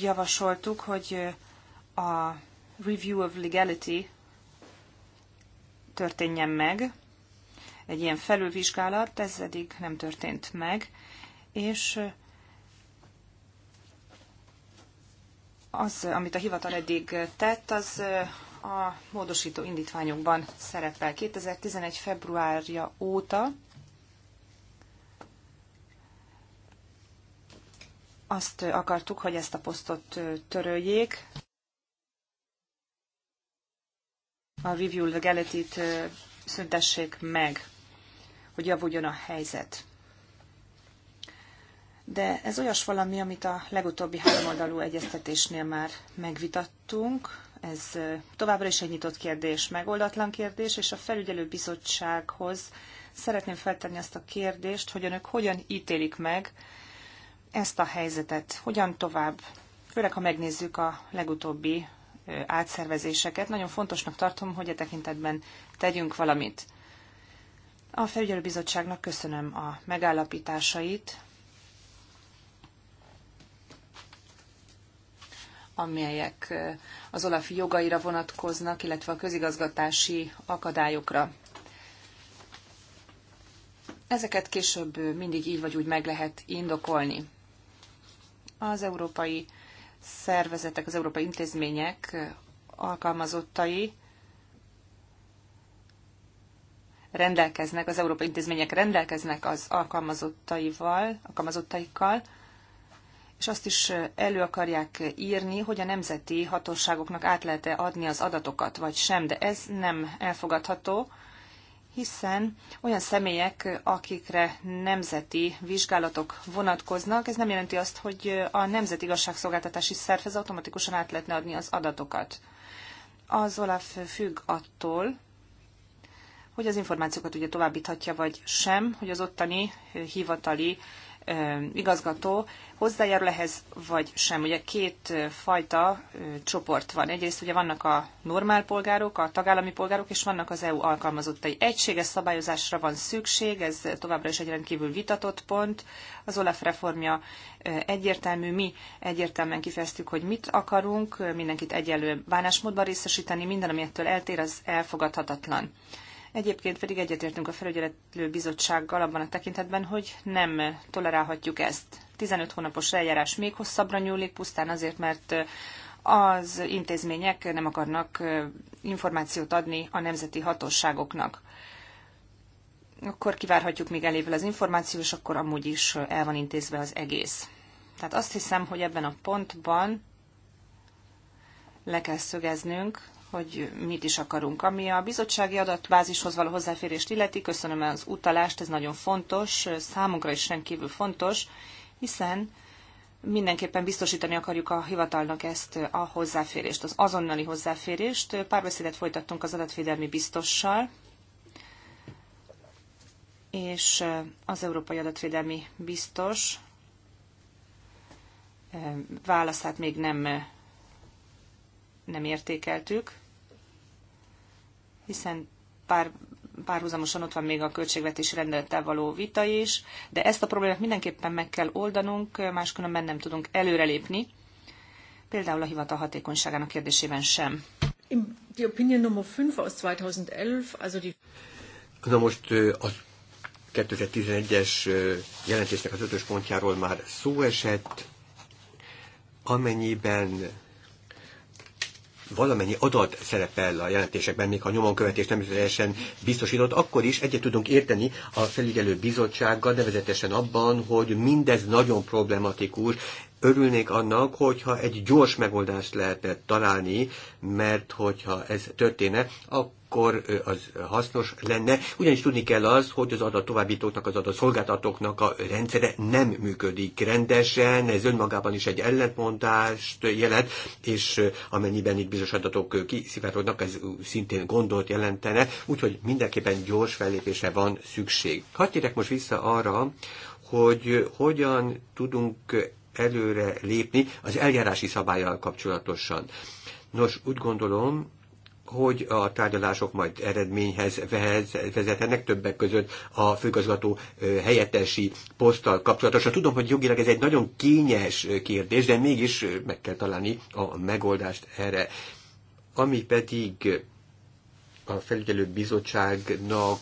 javasoltuk, hogy a Review of Legality történjen meg, egy ilyen felülvizsgálat, ez eddig nem történt meg, és az, amit a hivatal eddig tett, az a módosító indítványokban szerepel. 2011. februárja óta azt akartuk, hogy ezt a posztot töröljék. A review legality szüntessék meg, hogy javuljon a helyzet de ez olyas valami, amit a legutóbbi háromoldalú egyeztetésnél már megvitattunk. Ez továbbra is egy nyitott kérdés, megoldatlan kérdés, és a felügyelő bizottsághoz szeretném feltenni azt a kérdést, hogy önök hogyan ítélik meg ezt a helyzetet, hogyan tovább, főleg ha megnézzük a legutóbbi átszervezéseket. Nagyon fontosnak tartom, hogy a e tekintetben tegyünk valamit. A felügyelőbizottságnak köszönöm a megállapításait, amelyek az Olaf jogaira vonatkoznak, illetve a közigazgatási akadályokra. Ezeket később mindig így vagy úgy meg lehet indokolni. Az európai szervezetek, az európai intézmények alkalmazottai rendelkeznek, az európai intézmények rendelkeznek az alkalmazottaival, alkalmazottaikkal, és azt is elő akarják írni, hogy a nemzeti hatóságoknak át lehet-e adni az adatokat, vagy sem, de ez nem elfogadható, hiszen olyan személyek, akikre nemzeti vizsgálatok vonatkoznak, ez nem jelenti azt, hogy a Nemzeti Igazságszolgáltatási Szervez automatikusan át lehetne adni az adatokat. Az OLAF függ attól, hogy az információkat ugye továbbíthatja, vagy sem, hogy az ottani hivatali igazgató hozzájárul ehhez, vagy sem. Ugye két fajta csoport van. Egyrészt ugye vannak a normál polgárok, a tagállami polgárok, és vannak az EU alkalmazottai. Egységes szabályozásra van szükség, ez továbbra is egy rendkívül vitatott pont. Az OLAF reformja egyértelmű, mi egyértelműen kifejeztük, hogy mit akarunk, mindenkit egyelő bánásmódban részesíteni, minden, ami ettől eltér, az elfogadhatatlan. Egyébként pedig egyetértünk a felügyeletlő bizottsággal abban a tekintetben, hogy nem tolerálhatjuk ezt. 15 hónapos eljárás még hosszabbra nyúlik, pusztán azért, mert az intézmények nem akarnak információt adni a nemzeti hatóságoknak. Akkor kivárhatjuk még elével az információ, és akkor amúgy is el van intézve az egész. Tehát azt hiszem, hogy ebben a pontban le kell szögeznünk, hogy mit is akarunk. Ami a bizottsági adatbázishoz való hozzáférést illeti, köszönöm az utalást, ez nagyon fontos, számunkra is rendkívül fontos, hiszen mindenképpen biztosítani akarjuk a hivatalnak ezt a hozzáférést, az azonnali hozzáférést. Párbeszédet folytattunk az adatvédelmi biztossal, és az Európai Adatvédelmi Biztos eh, válaszát még nem, eh, nem értékeltük hiszen pár, párhuzamosan ott van még a költségvetési rendelettel való vita is, de ezt a problémát mindenképpen meg kell oldanunk, máskülönben nem tudunk előrelépni, például a hivatal hatékonyságának kérdésében sem. Die Opinion number 5 aus 2011, also die... Na most a 2011-es jelentésnek az ötös pontjáról már szó esett, amennyiben valamennyi adat szerepel a jelentésekben, még ha nyomonkövetés nem teljesen biztosított, akkor is egyet tudunk érteni a felügyelő bizottsággal, nevezetesen abban, hogy mindez nagyon problematikus, örülnék annak, hogyha egy gyors megoldást lehetne találni, mert hogyha ez történne, akkor az hasznos lenne. Ugyanis tudni kell az, hogy az adat továbbítóknak, az adat szolgáltatóknak a rendszere nem működik rendesen, ez önmagában is egy ellentmondást jelent, és amennyiben itt bizonyos adatok kiszivárodnak, ez szintén gondolt jelentene, úgyhogy mindenképpen gyors fellépése van szükség. Hadd most vissza arra, hogy hogyan tudunk előre lépni az eljárási szabályal kapcsolatosan. Nos, úgy gondolom, hogy a tárgyalások majd eredményhez vezethetnek többek között a főgazgató helyettesi poszttal kapcsolatosan. Tudom, hogy jogilag ez egy nagyon kényes kérdés, de mégis meg kell találni a megoldást erre. Ami pedig a bizottságnak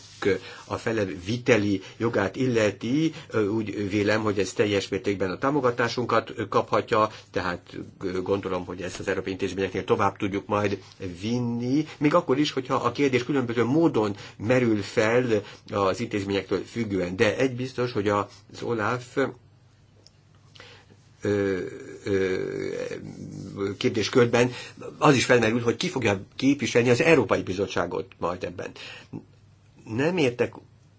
a fele viteli jogát illeti, úgy vélem, hogy ez teljes mértékben a támogatásunkat kaphatja, tehát gondolom, hogy ezt az Európai Intézményeknél tovább tudjuk majd vinni, még akkor is, hogyha a kérdés különböző módon merül fel az intézményektől függően. De egy biztos, hogy az Olaf kérdéskörben az is felmerül, hogy ki fogja képviselni az Európai Bizottságot majd ebben. Nem értek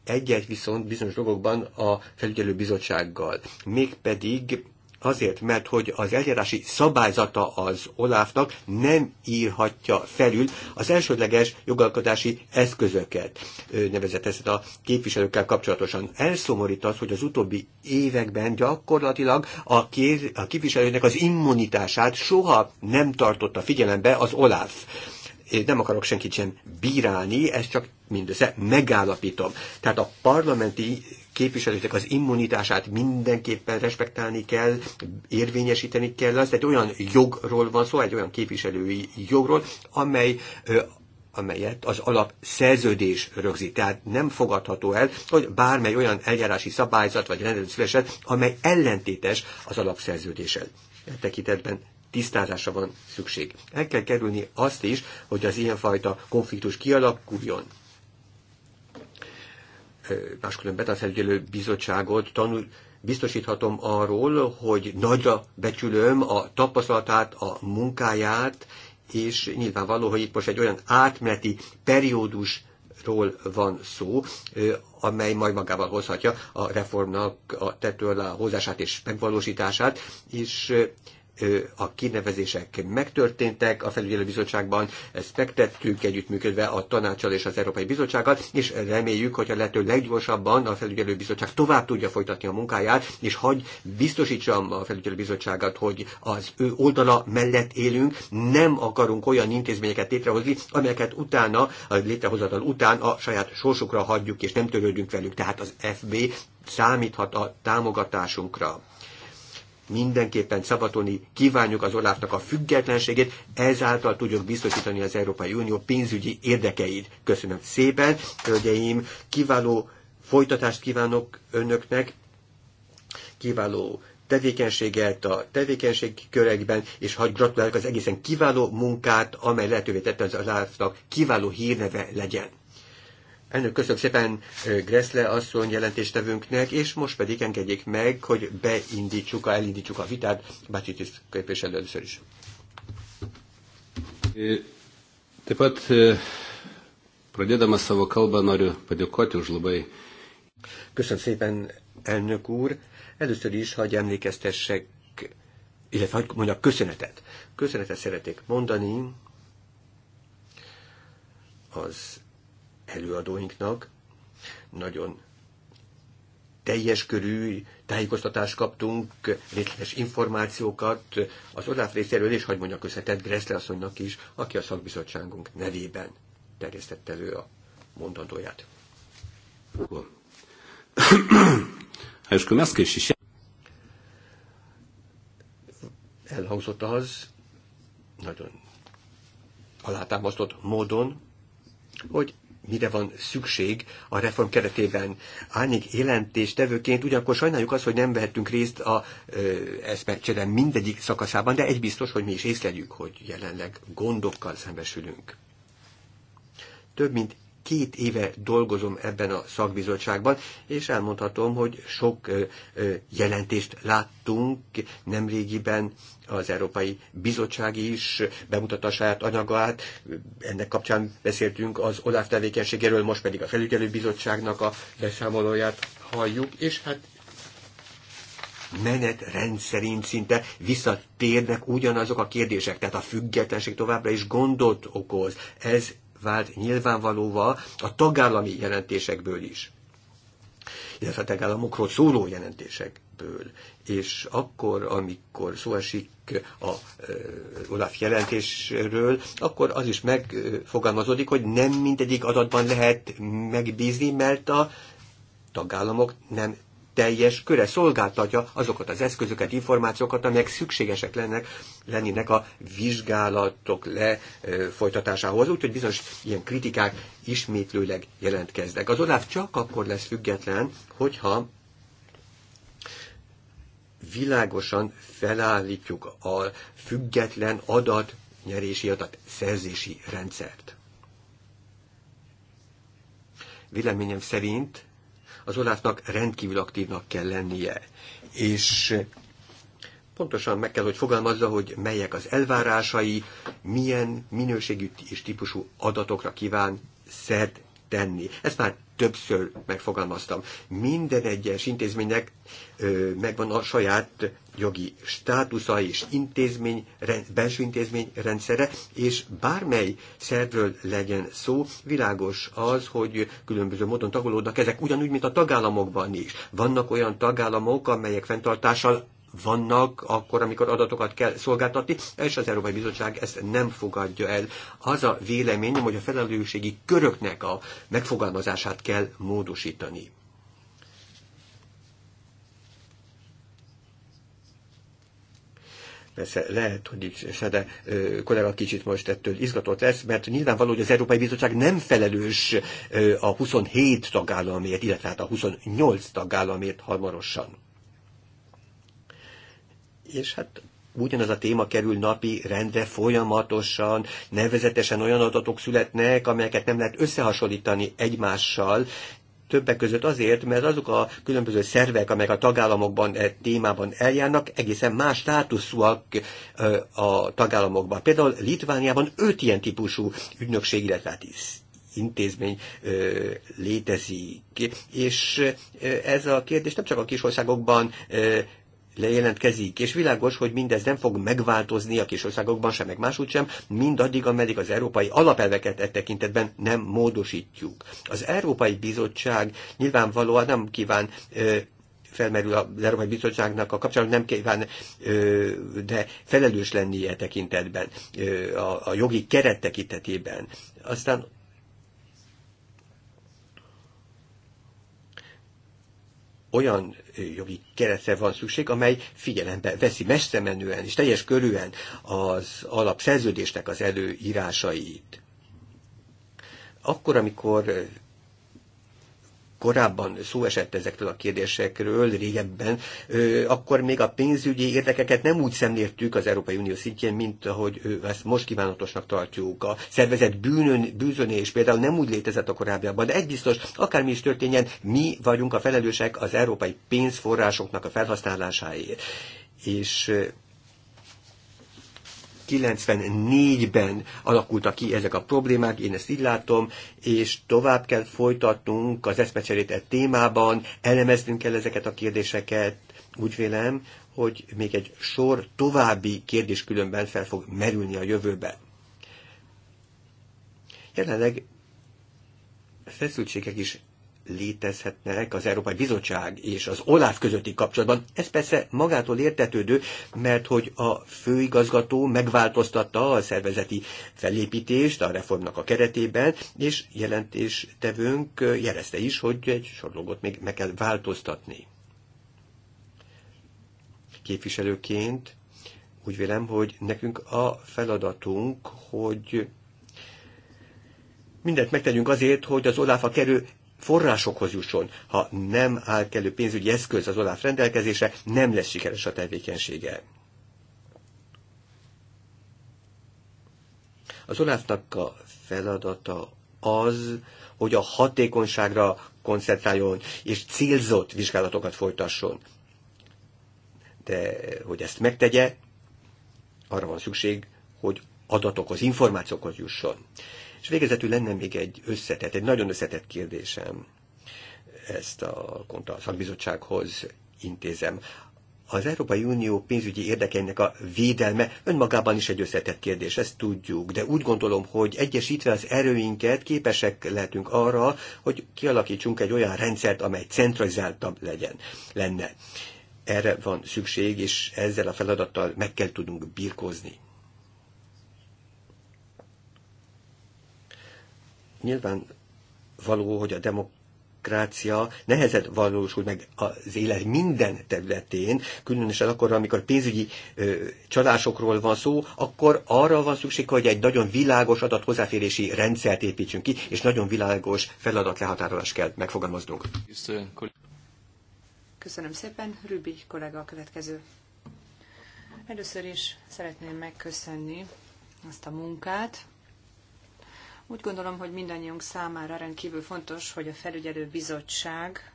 egyet viszont bizonyos dolgokban a felügyelő bizottsággal. Mégpedig Azért, mert hogy az eljárási szabályzata az Olafnak nem írhatja felül az elsődleges jogalkotási eszközöket, nevezetesen a képviselőkkel kapcsolatosan. Elszomorít az, hogy az utóbbi években gyakorlatilag a, kéz, a képviselőnek az immunitását soha nem tartotta figyelembe az Olaf. Én nem akarok senkit sem bírálni, ezt csak mindössze megállapítom. Tehát a parlamenti képviselőknek az immunitását mindenképpen respektálni kell, érvényesíteni kell. Az egy olyan jogról van szó, egy olyan képviselői jogról, amely amelyet az alap szerződés rögzít. Tehát nem fogadható el, hogy bármely olyan eljárási szabályzat vagy rendelet született, amely ellentétes az alapszerződéssel. E tekintetben tisztázásra van szükség. El kell kerülni azt is, hogy az ilyenfajta konfliktus kialakuljon máskülön a bizottságot tanul, biztosíthatom arról, hogy nagyra becsülöm a tapasztalatát, a munkáját, és nyilvánvaló, hogy itt most egy olyan átmeneti periódus ról van szó, amely majd magával hozhatja a reformnak a tetőr hozását és megvalósítását, és a kinevezések megtörténtek a felügyelő bizottságban, ezt megtettük együttműködve a tanácsal és az Európai Bizottsággal, és reméljük, hogy a lehető leggyorsabban a felügyelő bizottság tovább tudja folytatni a munkáját, és hagy biztosítsam a felügyelő bizottságot, hogy az ő oldala mellett élünk, nem akarunk olyan intézményeket létrehozni, amelyeket utána, a létrehozatal után a saját sorsukra hagyjuk, és nem törődünk velük. Tehát az FB számíthat a támogatásunkra mindenképpen szabatolni kívánjuk az Olafnak a függetlenségét, ezáltal tudjuk biztosítani az Európai Unió pénzügyi érdekeit. Köszönöm szépen, hölgyeim, kiváló folytatást kívánok önöknek, kiváló tevékenységet a tevékenység körekben, és hagy gratulálok az egészen kiváló munkát, amely lehetővé tette az Olafnak kiváló hírneve legyen. Elnök, köszönöm szépen Gressle asszony jelentéstevőnknek, és most pedig engedjék meg, hogy beindítsuk, elindítsuk a vitát. tiszt képviselő először is. Taip pat a savo kalbą noriu padėkoti už Köszönöm szépen, elnök úr. Először is, hogy emlékeztessek, illetve hogy mondjak köszönetet. Köszönetet szeretnék mondani az előadóinknak. Nagyon teljes körű tájékoztatást kaptunk, részletes információkat az Olaf részéről, és hagyd mondjak köszönetet Gressle asszonynak is, aki a szakbizottságunk nevében terjesztette elő a mondandóját. Elhangzott az, nagyon alátámasztott módon, hogy mire van szükség a reform keretében. Árnyék jelentés tevőként ugyanakkor sajnáljuk azt, hogy nem vehettünk részt a eszmecsere mindegyik szakaszában, de egy biztos, hogy mi is észleljük, hogy jelenleg gondokkal szembesülünk. Több mint két éve dolgozom ebben a szakbizottságban, és elmondhatom, hogy sok jelentést láttunk nemrégiben, az Európai Bizottság is bemutatta saját anyagát, ennek kapcsán beszéltünk az OLAF tevékenységéről, most pedig a felügyelőbizottságnak a beszámolóját halljuk, és hát menet rendszerint szinte visszatérnek ugyanazok a kérdések, tehát a függetlenség továbbra is gondot okoz. Ez vált nyilvánvalóvá a tagállami jelentésekből is illetve tagállamokról szóló jelentésekből. És akkor, amikor szó esik a Olaf jelentésről, akkor az is megfogalmazódik, hogy nem mindegyik adatban lehet megbízni, mert a tagállamok nem teljes köre szolgáltatja azokat az eszközöket, információkat, amelyek szükségesek lennek, lennének a vizsgálatok lefolytatásához, úgyhogy bizonyos ilyen kritikák ismétlőleg jelentkeznek. Az OLAF csak akkor lesz független, hogyha világosan felállítjuk a független adat nyerési adat szerzési rendszert. Véleményem szerint az olásznak rendkívül aktívnak kell lennie. És pontosan meg kell, hogy fogalmazza, hogy melyek az elvárásai, milyen minőségű és típusú adatokra kíván szert tenni. Ezt már többször megfogalmaztam. Minden egyes intézménynek megvan a saját jogi státusza és intézmény, belső rendszere, és bármely szervről legyen szó, világos az, hogy különböző módon tagolódnak ezek, ugyanúgy, mint a tagállamokban is. Vannak olyan tagállamok, amelyek fenntartással vannak akkor, amikor adatokat kell szolgáltatni, és az Európai Bizottság ezt nem fogadja el. Az a véleményem, hogy a felelősségi köröknek a megfogalmazását kell módosítani. persze lehet, hogy itt Sede kollega kicsit most ettől izgatott lesz, mert nyilvánvaló, hogy az Európai Bizottság nem felelős a 27 tagállamért, illetve hát a 28 tagállamért hamarosan és hát ugyanaz a téma kerül napi rendre folyamatosan, nevezetesen olyan adatok születnek, amelyeket nem lehet összehasonlítani egymással, többek között azért, mert azok a különböző szervek, amelyek a tagállamokban e témában eljárnak, egészen más státuszúak a tagállamokban. Például Litvániában öt ilyen típusú ügynökség, illetve hát intézmény ö, létezik. És ö, ez a kérdés nem csak a országokban ö, Lejelentkezik és világos, hogy mindez nem fog megváltozni a kis országokban sem, meg máshogy sem, mindaddig, ameddig az európai alapelveket e tekintetben nem módosítjuk. Az Európai Bizottság nyilvánvalóan nem kíván ö, felmerül az Európai Bizottságnak a kapcsolat, nem kíván de felelős lennie tekintetben, a jogi keret tekintetében. Aztán olyan jogi keretre van szükség, amely figyelembe veszi messze menően és teljes körűen az alapszerződésnek az előírásait. Akkor, amikor korábban szó esett ezekről a kérdésekről régebben, akkor még a pénzügyi érdekeket nem úgy szemléltük az Európai Unió szintjén, mint ahogy ezt most kívánatosnak tartjuk. A szervezet bűnön, bűzönés például nem úgy létezett a korábbiakban, de egy biztos, akármi is történjen, mi vagyunk a felelősek az európai pénzforrásoknak a felhasználásáért. És 94-ben alakultak ki ezek a problémák, én ezt így látom, és tovább kell folytatnunk az eszmecserített e témában, elemeznünk kell ezeket a kérdéseket. Úgy vélem, hogy még egy sor további kérdés különben fel fog merülni a jövőben. Jelenleg feszültségek is létezhetnek az Európai Bizottság és az OLAF közötti kapcsolatban. Ez persze magától értetődő, mert hogy a főigazgató megváltoztatta a szervezeti felépítést a reformnak a keretében, és jelentéstevőnk jelezte is, hogy egy sor dolgot még meg kell változtatni. Képviselőként úgy vélem, hogy nekünk a feladatunk, hogy mindent megtegyünk azért, hogy az Oláfa kerül forrásokhoz jusson. Ha nem áll kellő pénzügyi eszköz az OLAF rendelkezése, nem lesz sikeres a tevékenysége. Az Olafnak a feladata az, hogy a hatékonyságra koncentráljon és célzott vizsgálatokat folytasson. De hogy ezt megtegye, arra van szükség, hogy adatokhoz, információkhoz jusson. És végezetül lenne még egy összetett, egy nagyon összetett kérdésem ezt a, konta szakbizottsághoz intézem. Az Európai Unió pénzügyi érdekeinek a védelme önmagában is egy összetett kérdés, ezt tudjuk, de úgy gondolom, hogy egyesítve az erőinket képesek lehetünk arra, hogy kialakítsunk egy olyan rendszert, amely centralizáltabb legyen, lenne. Erre van szükség, és ezzel a feladattal meg kell tudnunk birkozni. Nyilván való, hogy a demokrácia nehezen valósul meg az élet minden területén, különösen akkor, amikor pénzügyi ö, csalásokról van szó, akkor arra van szükség, hogy egy nagyon világos adathozáférési rendszert építsünk ki, és nagyon világos feladatlehatárolást kell megfogalmaznunk. Köszönöm szépen. Rübi kollega a következő. Először is szeretném megköszönni azt a munkát, úgy gondolom, hogy mindannyiunk számára rendkívül fontos, hogy a felügyelő bizottság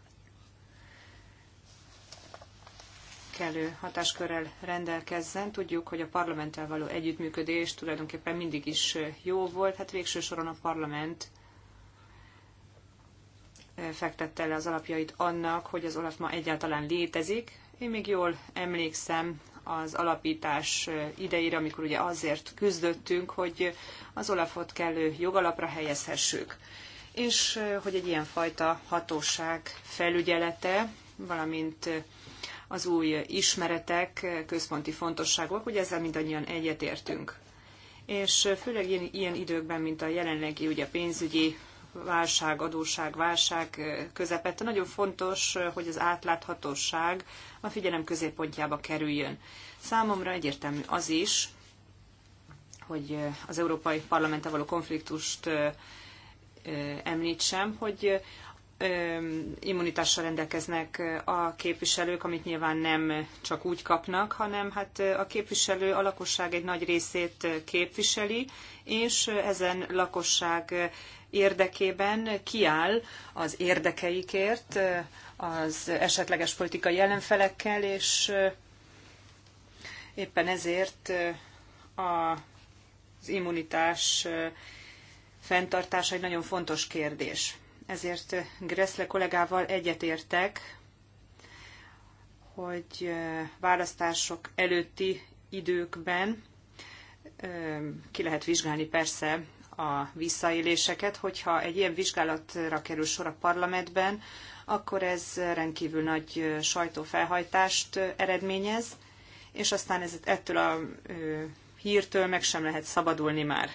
kellő hatáskörrel rendelkezzen. Tudjuk, hogy a parlamenttel való együttműködés tulajdonképpen mindig is jó volt. Hát végső soron a parlament fektette le az alapjait annak, hogy az Olaf ma egyáltalán létezik. Én még jól emlékszem az alapítás idejére, amikor ugye azért küzdöttünk, hogy az Olafot kellő jogalapra helyezhessük. És hogy egy ilyenfajta hatóság felügyelete, valamint az új ismeretek központi fontosságok, ugye ezzel mindannyian egyetértünk. És főleg ilyen, ilyen időkben, mint a jelenlegi ugye pénzügyi válság, adóság, válság közepette nagyon fontos, hogy az átláthatóság a figyelem középpontjába kerüljön. Számomra egyértelmű az is, hogy az Európai Parlamenttel való konfliktust említsem, hogy immunitással rendelkeznek a képviselők, amit nyilván nem csak úgy kapnak, hanem hát a képviselő a lakosság egy nagy részét képviseli, és ezen lakosság érdekében kiáll az érdekeikért, az esetleges politikai ellenfelekkel, és eh, éppen ezért eh, az immunitás eh, fenntartása egy nagyon fontos kérdés. Ezért Gressle kollégával egyetértek, hogy választások előtti időkben ki lehet vizsgálni persze a visszaéléseket, hogyha egy ilyen vizsgálatra kerül sor a parlamentben, akkor ez rendkívül nagy sajtófelhajtást eredményez, és aztán ez, ettől a hírtől meg sem lehet szabadulni már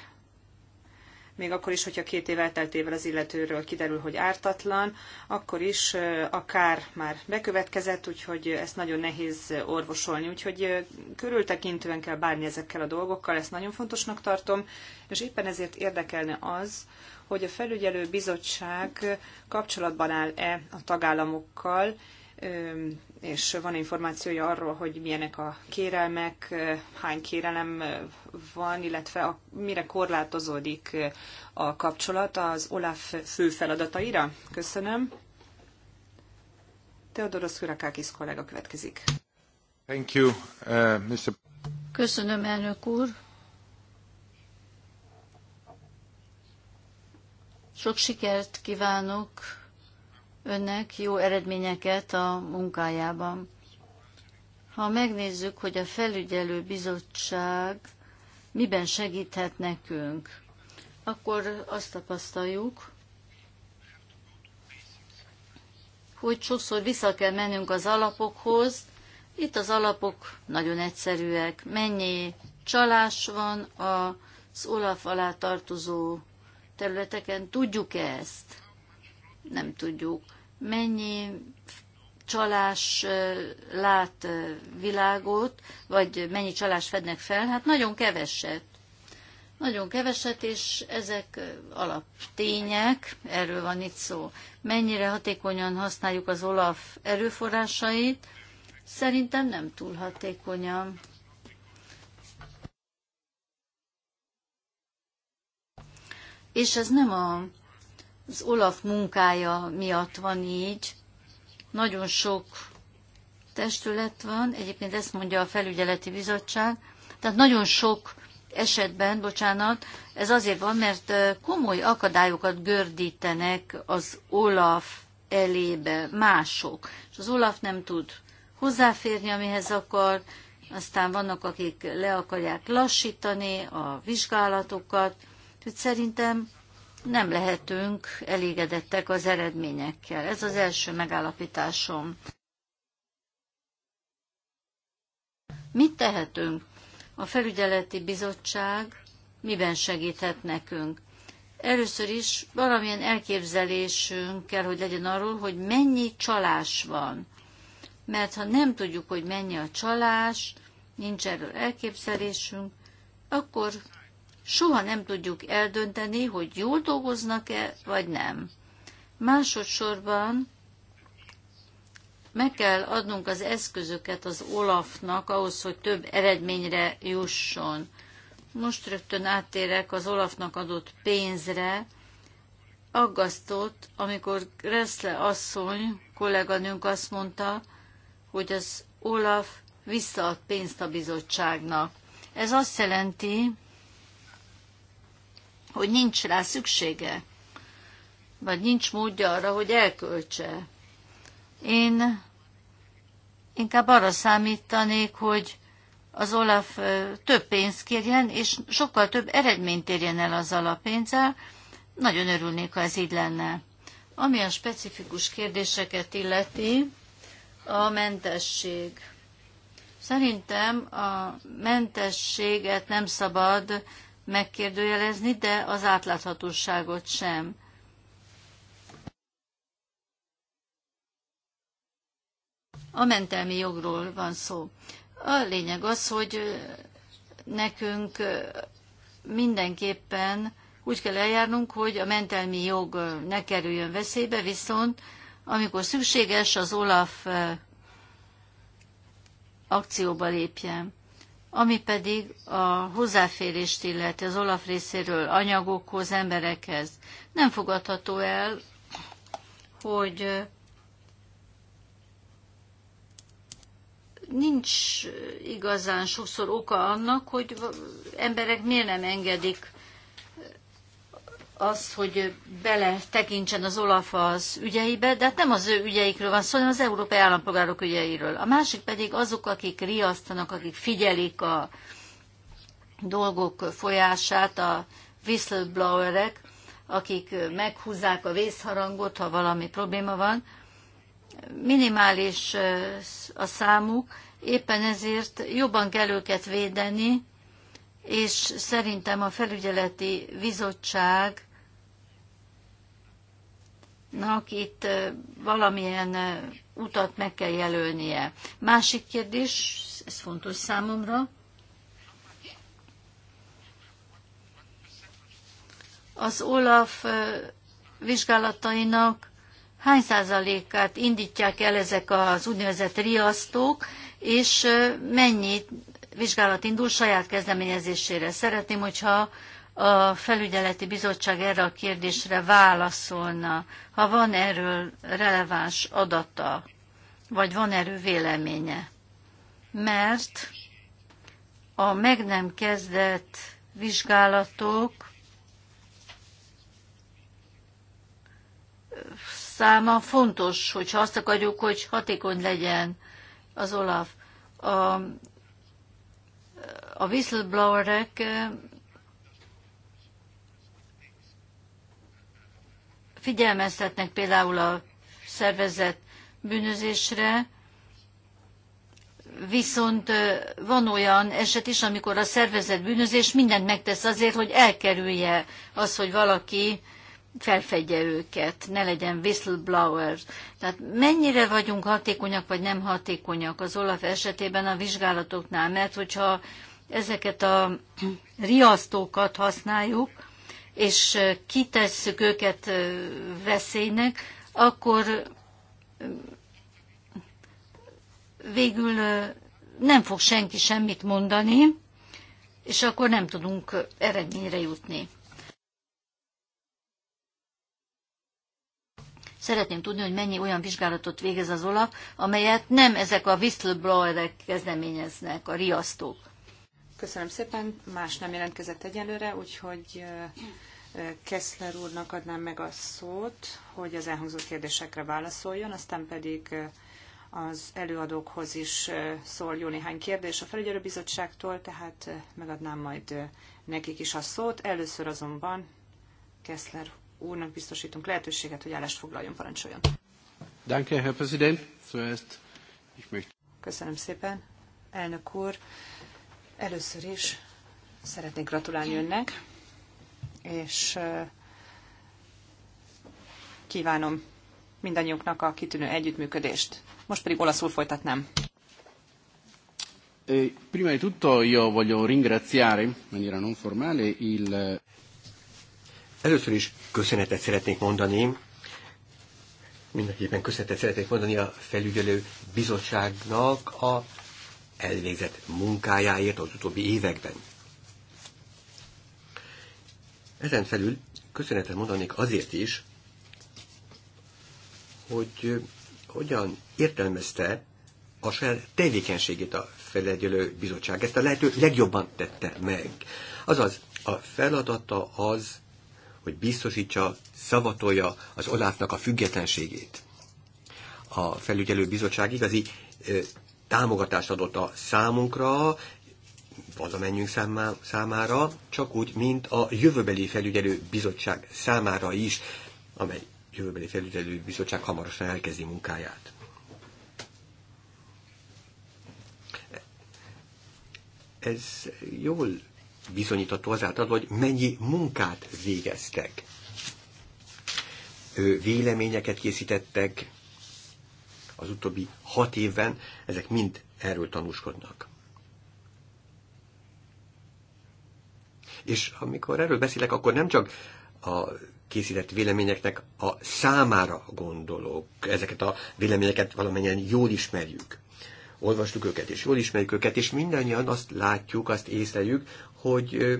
még akkor is, hogyha két év elteltével az illetőről kiderül, hogy ártatlan, akkor is a kár már bekövetkezett, úgyhogy ezt nagyon nehéz orvosolni. Úgyhogy körültekintően kell bánni ezekkel a dolgokkal, ezt nagyon fontosnak tartom, és éppen ezért érdekelne az, hogy a felügyelő bizottság kapcsolatban áll-e a tagállamokkal, és van információja arról, hogy milyenek a kérelmek, hány kérelem van, illetve a, mire korlátozódik a kapcsolat az OLAF fő feladataira? Köszönöm. Teodoros Hürakákis kollega következik. Thank you, uh, Mr. Köszönöm, elnök úr. Sok sikert kívánok önnek jó eredményeket a munkájában. Ha megnézzük, hogy a felügyelő bizottság miben segíthet nekünk, akkor azt tapasztaljuk, hogy sokszor vissza kell mennünk az alapokhoz. Itt az alapok nagyon egyszerűek. Mennyi csalás van az Olaf alá tartozó területeken? Tudjuk -e ezt? Nem tudjuk mennyi csalás lát világot, vagy mennyi csalás fednek fel, hát nagyon keveset. Nagyon keveset, és ezek alaptények, erről van itt szó. Mennyire hatékonyan használjuk az OLAF erőforrásait, szerintem nem túl hatékonyan. És ez nem a az Olaf munkája miatt van így. Nagyon sok testület van, egyébként ezt mondja a felügyeleti bizottság, tehát nagyon sok esetben, bocsánat, ez azért van, mert komoly akadályokat gördítenek az Olaf elébe mások, és az Olaf nem tud hozzáférni, amihez akar, aztán vannak, akik le akarják lassítani a vizsgálatokat, hogy szerintem nem lehetünk elégedettek az eredményekkel. Ez az első megállapításom. Mit tehetünk? A felügyeleti bizottság miben segíthet nekünk? Először is valamilyen elképzelésünk kell, hogy legyen arról, hogy mennyi csalás van. Mert ha nem tudjuk, hogy mennyi a csalás, nincs erről elképzelésünk, akkor soha nem tudjuk eldönteni, hogy jól dolgoznak-e, vagy nem. Másodszorban meg kell adnunk az eszközöket az Olafnak ahhoz, hogy több eredményre jusson. Most rögtön áttérek az Olafnak adott pénzre. Aggasztott, amikor Gressle asszony, kolléganőnk azt mondta, hogy az Olaf visszaad pénzt a bizottságnak. Ez azt jelenti, hogy nincs rá szüksége, vagy nincs módja arra, hogy elköltse. Én inkább arra számítanék, hogy az Olaf több pénzt kérjen, és sokkal több eredményt érjen el az alapénzzel. Nagyon örülnék, ha ez így lenne. Ami a specifikus kérdéseket illeti, a mentesség. Szerintem a mentességet nem szabad megkérdőjelezni, de az átláthatóságot sem. A mentelmi jogról van szó. A lényeg az, hogy nekünk mindenképpen úgy kell eljárnunk, hogy a mentelmi jog ne kerüljön veszélybe, viszont amikor szükséges, az Olaf akcióba lépjen. Ami pedig a hozzáférést illeti az Olaf részéről anyagokhoz, emberekhez. Nem fogadható el, hogy nincs igazán sokszor oka annak, hogy emberek miért nem engedik az, hogy bele tekintsen az Olaf az ügyeibe, de hát nem az ő ügyeikről van szó, hanem az európai állampolgárok ügyeiről. A másik pedig azok, akik riasztanak, akik figyelik a dolgok folyását, a whistleblowerek, akik meghúzzák a vészharangot, ha valami probléma van. Minimális a számuk, éppen ezért jobban kell őket védeni, és szerintem a felügyeleti bizottság itt valamilyen utat meg kell jelölnie. Másik kérdés, ez fontos számomra, az Olaf vizsgálatainak hány százalékát indítják el ezek az úgynevezett riasztók, és mennyit vizsgálat indul saját kezdeményezésére. Szeretném, hogyha a felügyeleti bizottság erre a kérdésre válaszolna, ha van erről releváns adata, vagy van erről véleménye. Mert a meg nem kezdett vizsgálatok száma fontos, hogyha azt akarjuk, hogy hatékony legyen az OLAF. A a whistleblowerek figyelmeztetnek például a szervezet bűnözésre, viszont van olyan eset is, amikor a szervezet bűnözés mindent megtesz azért, hogy elkerülje az, hogy valaki felfedje őket, ne legyen whistleblower. Tehát mennyire vagyunk hatékonyak, vagy nem hatékonyak az Olaf esetében a vizsgálatoknál, mert hogyha ezeket a riasztókat használjuk, és kitesszük őket veszélynek, akkor végül nem fog senki semmit mondani, és akkor nem tudunk eredményre jutni. Szeretném tudni, hogy mennyi olyan vizsgálatot végez az OLAF, amelyet nem ezek a whistleblowerek kezdeményeznek, a riasztók. Köszönöm szépen. Más nem jelentkezett egyelőre, úgyhogy Keszler úrnak adnám meg a szót, hogy az elhangzott kérdésekre válaszoljon, aztán pedig az előadókhoz is szól jó néhány kérdés a felügyelőbizottságtól, tehát megadnám majd nekik is a szót. Először azonban Keszler úrnak biztosítunk lehetőséget, hogy állást foglaljon, parancsoljon. Danke, Herr Präsident. Zuerst ich möchte... Köszönöm szépen, elnök úr. Először is szeretnék gratulálni önnek, és kívánom mindannyiunknak a kitűnő együttműködést. Most pedig olaszul folytatnám. E, prima di tutto io voglio ringraziare, in maniera non formale, il... Eh, Először is köszönetet szeretnék mondani, mindenképpen köszönetet szeretnék mondani a felügyelő bizottságnak a elvégzett munkájáért az utóbbi években. Ezen felül köszönetet mondanék azért is, hogy hogyan értelmezte a saját tevékenységét a felelgyelő bizottság. Ezt a lehető legjobban tette meg. Azaz, a feladata az, hogy biztosítsa, szavatolja az Olafnak a függetlenségét. A felügyelő bizottság igazi támogatást adott a számunkra, valamennyünk számára, csak úgy, mint a jövőbeli felügyelő bizottság számára is, amely jövőbeli felügyelő bizottság hamarosan elkezdi munkáját. Ez jól bizonyítható azáltal, hogy mennyi munkát végeztek. Ő véleményeket készítettek, az utóbbi hat évben, ezek mind erről tanúskodnak. És amikor erről beszélek, akkor nem csak a készített véleményeknek a számára gondolok. Ezeket a véleményeket valamennyien jól ismerjük. Olvastuk őket, és jól ismerjük őket, és mindannyian azt látjuk, azt észleljük, hogy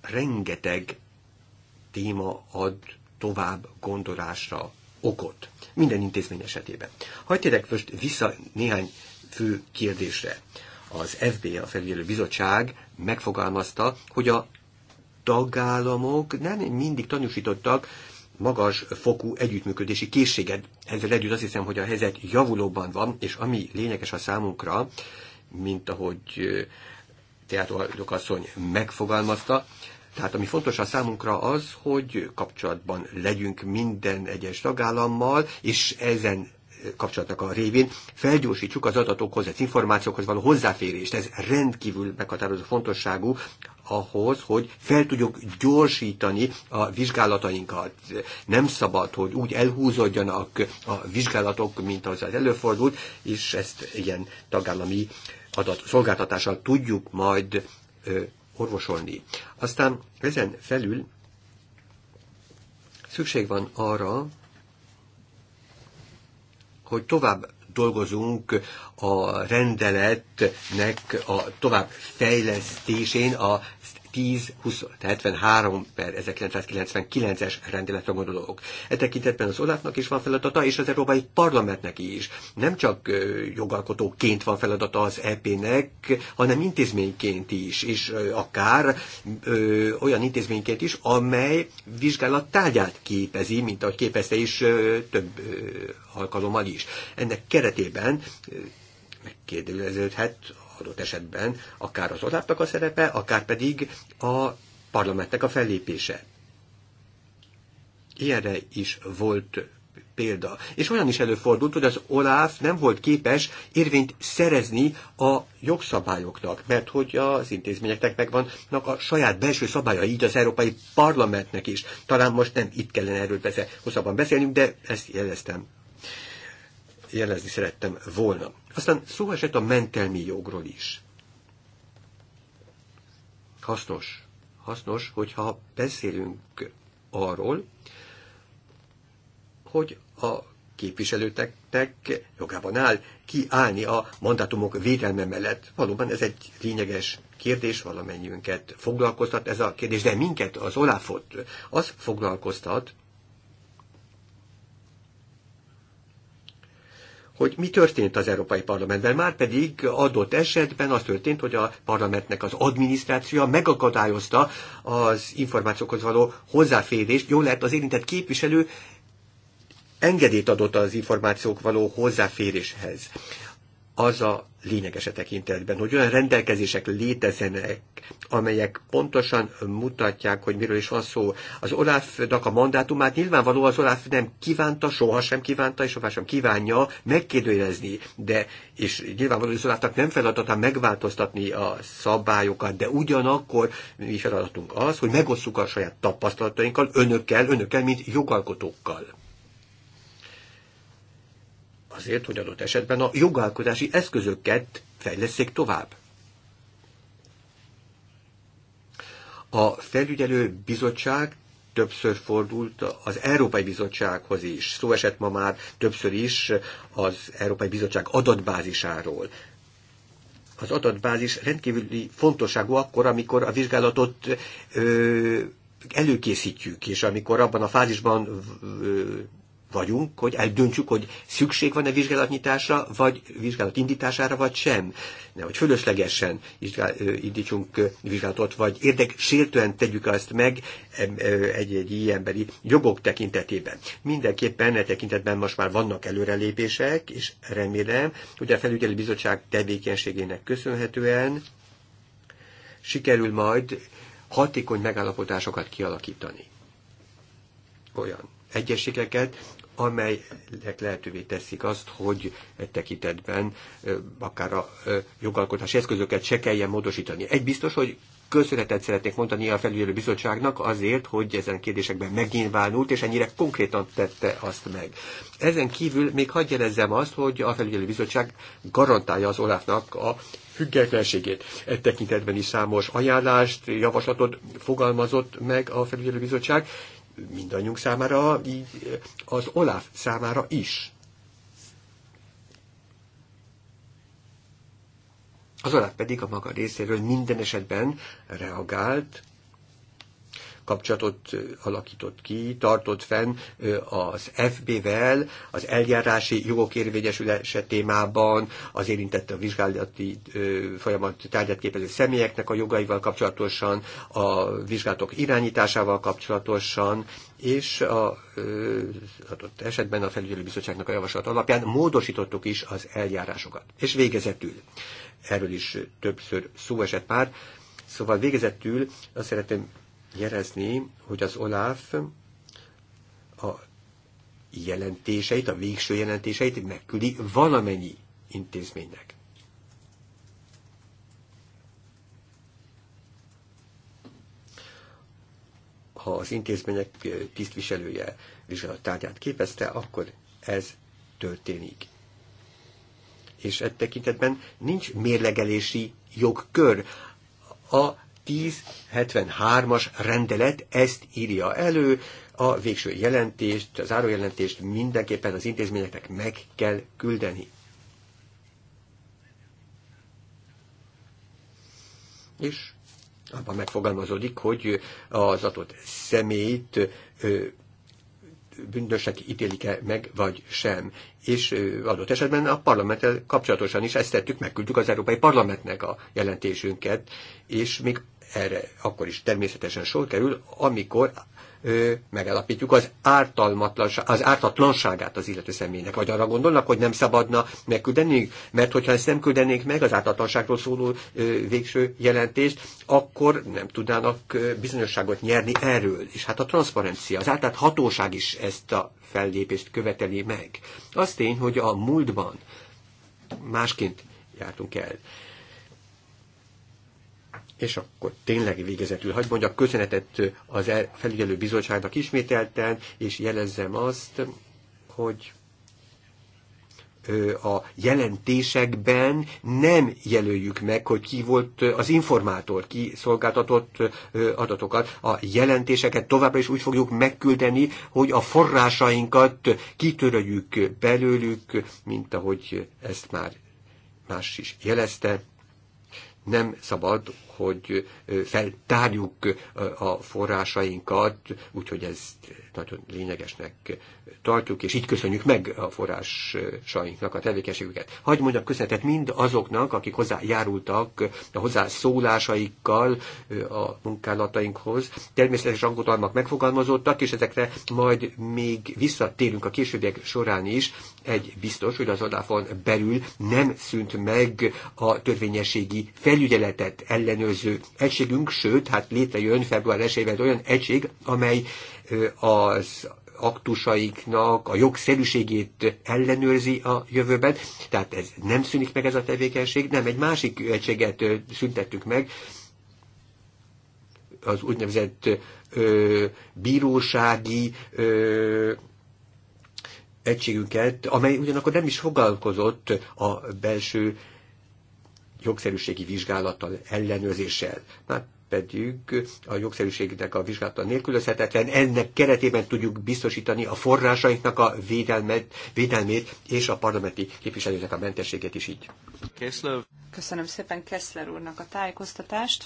rengeteg téma ad tovább gondolásra okot minden intézmény esetében. Hagy térek most vissza néhány fő kérdésre. Az FB a felügyelő bizottság megfogalmazta, hogy a tagállamok nem mindig tanúsítottak magas fokú együttműködési készséget. Ezzel együtt azt hiszem, hogy a helyzet javulóban van, és ami lényeges a számunkra, mint ahogy eh, Teátor asszony megfogalmazta, tehát ami fontos a számunkra az, hogy kapcsolatban legyünk minden egyes tagállammal, és ezen kapcsolatnak a révén felgyorsítsuk az adatokhoz, az információkhoz való hozzáférést. Ez rendkívül meghatározó fontosságú ahhoz, hogy fel tudjuk gyorsítani a vizsgálatainkat. Nem szabad, hogy úgy elhúzódjanak a vizsgálatok, mint az előfordult, és ezt ilyen tagállami adatszolgáltatással tudjuk majd orvosolni. Aztán ezen felül szükség van arra, hogy tovább dolgozunk a rendeletnek a tovább fejlesztésén, az 10-20, 73 per 1999-es rendeletre gondolok. E tekintetben az Olafnak is van feladata, és az Európai Parlamentnek is. Nem csak jogalkotóként van feladata az EP-nek, hanem intézményként is, és akár ö, olyan intézményként is, amely vizsgálat tárgyát képezi, mint ahogy képezte is ö, több ö, alkalommal is. Ennek keretében megkérdőjeleződhet adott esetben akár az olápnak a szerepe, akár pedig a parlamentnek a fellépése. Ilyenre is volt példa. És olyan is előfordult, hogy az Olaf nem volt képes érvényt szerezni a jogszabályoknak, mert hogy az intézményeknek megvannak a saját belső szabálya, így az Európai Parlamentnek is. Talán most nem itt kellene erről persze hosszabban beszélnünk, de ezt jeleztem jelezni szerettem volna. Aztán szó esett a mentelmi jogról is. Hasznos, hasznos, hogyha beszélünk arról, hogy a képviselőteknek jogában áll kiállni a mandátumok védelme mellett. Valóban ez egy lényeges kérdés, valamennyiünket foglalkoztat ez a kérdés, de minket, az Olafot, az foglalkoztat, hogy mi történt az Európai Parlamentben. Már pedig adott esetben az történt, hogy a parlamentnek az adminisztrációja megakadályozta az információkhoz való hozzáférést. Jól lehet az érintett képviselő engedélyt adott az információk való hozzáféréshez az a lényeges tekintetben, hogy olyan rendelkezések létezenek, amelyek pontosan mutatják, hogy miről is van szó. Az Olafnak a mandátumát nyilvánvaló az Olaf nem kívánta, sohasem kívánta, és sohasem kívánja megkérdőjelezni, de és nyilvánvaló, hogy az Olafnak nem feladata megváltoztatni a szabályokat, de ugyanakkor mi feladatunk az, hogy megosszuk a saját tapasztalatainkkal önökkel, önökkel, mint jogalkotókkal azért, hogy adott esetben a jogalkotási eszközöket fejleszék tovább. A felügyelő bizottság többször fordult az Európai Bizottsághoz is. Szó esett ma már többször is az Európai Bizottság adatbázisáról. Az adatbázis rendkívüli fontosságú akkor, amikor a vizsgálatot ö, előkészítjük, és amikor abban a fázisban vagyunk, hogy eldöntsük, hogy szükség van-e vizsgálatnyitásra, vagy vizsgálat indítására, vagy sem. Ne, hogy fölöslegesen indítsunk vizsgálatot, vagy érdek sértően tegyük azt meg egy-egy ilyen emberi jogok tekintetében. Mindenképpen e tekintetben most már vannak előrelépések, és remélem, hogy a felügyelő bizottság tevékenységének köszönhetően sikerül majd hatékony megállapotásokat kialakítani. Olyan egyességeket, amelyek lehetővé teszik azt, hogy e tekintetben akár a jogalkotási eszközöket se kelljen módosítani. Egy biztos, hogy köszönetet szeretnék mondani a felügyelő bizottságnak azért, hogy ezen kérdésekben megnyilvánult, és ennyire konkrétan tette azt meg. Ezen kívül még hagyj jelezzem azt, hogy a felügyelő bizottság garantálja az Olafnak a függetlenségét. E tekintetben is számos ajánlást, javaslatot fogalmazott meg a felügyelő bizottság, mindannyiunk számára, így az Olaf számára is. Az Olaf pedig a maga részéről minden esetben reagált, kapcsolatot alakított ki, tartott fenn az FB-vel, az eljárási jogok érvényesülése témában, az érintett a vizsgálati folyamat tárgyat képező személyeknek a jogaival kapcsolatosan, a vizsgálatok irányításával kapcsolatosan, és a adott esetben a felügyelő bizottságnak a javaslat alapján módosítottuk is az eljárásokat. És végezetül, erről is többször szó esett már, szóval végezetül azt szeretném jelezni, hogy az OLAF a jelentéseit, a végső jelentéseit megküldi valamennyi intézménynek. Ha az intézmények tisztviselője tárgyát képezte, akkor ez történik. És ettekintetben tekintetben nincs mérlegelési jogkör. A 1073-as rendelet ezt írja elő, a végső jelentést, az árójelentést mindenképpen az intézményeknek meg kell küldeni. És abban megfogalmazódik, hogy az adott személyt bűnösnek ítélik-e meg, vagy sem. És adott esetben a parlamenttel kapcsolatosan is ezt tettük, megküldtük az Európai Parlamentnek a jelentésünket, és még erre akkor is természetesen sor kerül, amikor ö, megállapítjuk az, az ártatlanságát az illető személynek. Vagy arra gondolnak, hogy nem szabadna megküldeni, mert hogyha ezt nem küldenék meg az ártatlanságról szóló ö, végső jelentést, akkor nem tudnának ö, bizonyosságot nyerni erről. És hát a transzparencia, az hatóság is ezt a fellépést követeli meg. Az tény, hogy a múltban másként jártunk el. És akkor tényleg végezetül hagyd mondjak köszönetet az e felügyelő bizottságnak ismételten, és jelezzem azt, hogy a jelentésekben nem jelöljük meg, hogy ki volt az informátor, ki szolgáltatott adatokat. A jelentéseket továbbra is úgy fogjuk megküldeni, hogy a forrásainkat kitöröljük belőlük, mint ahogy ezt már más is jelezte. Nem szabad, hogy feltárjuk a forrásainkat, úgyhogy ezt nagyon lényegesnek tartjuk, és így köszönjük meg a forrásainknak a tevékenységüket. Hagy mondjak köszönetet mind azoknak, akik hozzájárultak a hozzászólásaikkal a munkálatainkhoz. Természetes aggodalmak megfogalmazottak, és ezekre majd még visszatérünk a későbbiek során is. Egy biztos, hogy az adáfon belül nem szűnt meg a törvényességi felügyeletet ellenőrző ellenőrző egységünk, sőt, hát létrejön február 1 olyan egység, amely az aktusaiknak a jogszerűségét ellenőrzi a jövőben, tehát ez nem szűnik meg ez a tevékenység, nem, egy másik egységet szüntettük meg, az úgynevezett ö, bírósági ö, egységünket, amely ugyanakkor nem is foglalkozott a belső jogszerűségi vizsgálattal, ellenőrzéssel. Már pedig a jogszerűségnek a vizsgálata nélkülözhetetlen. Ennek keretében tudjuk biztosítani a forrásainknak a védelmet, védelmét és a parlamenti képviselőnek a mentességét is így. Kessler. Köszönöm szépen Kessler úrnak a tájékoztatást.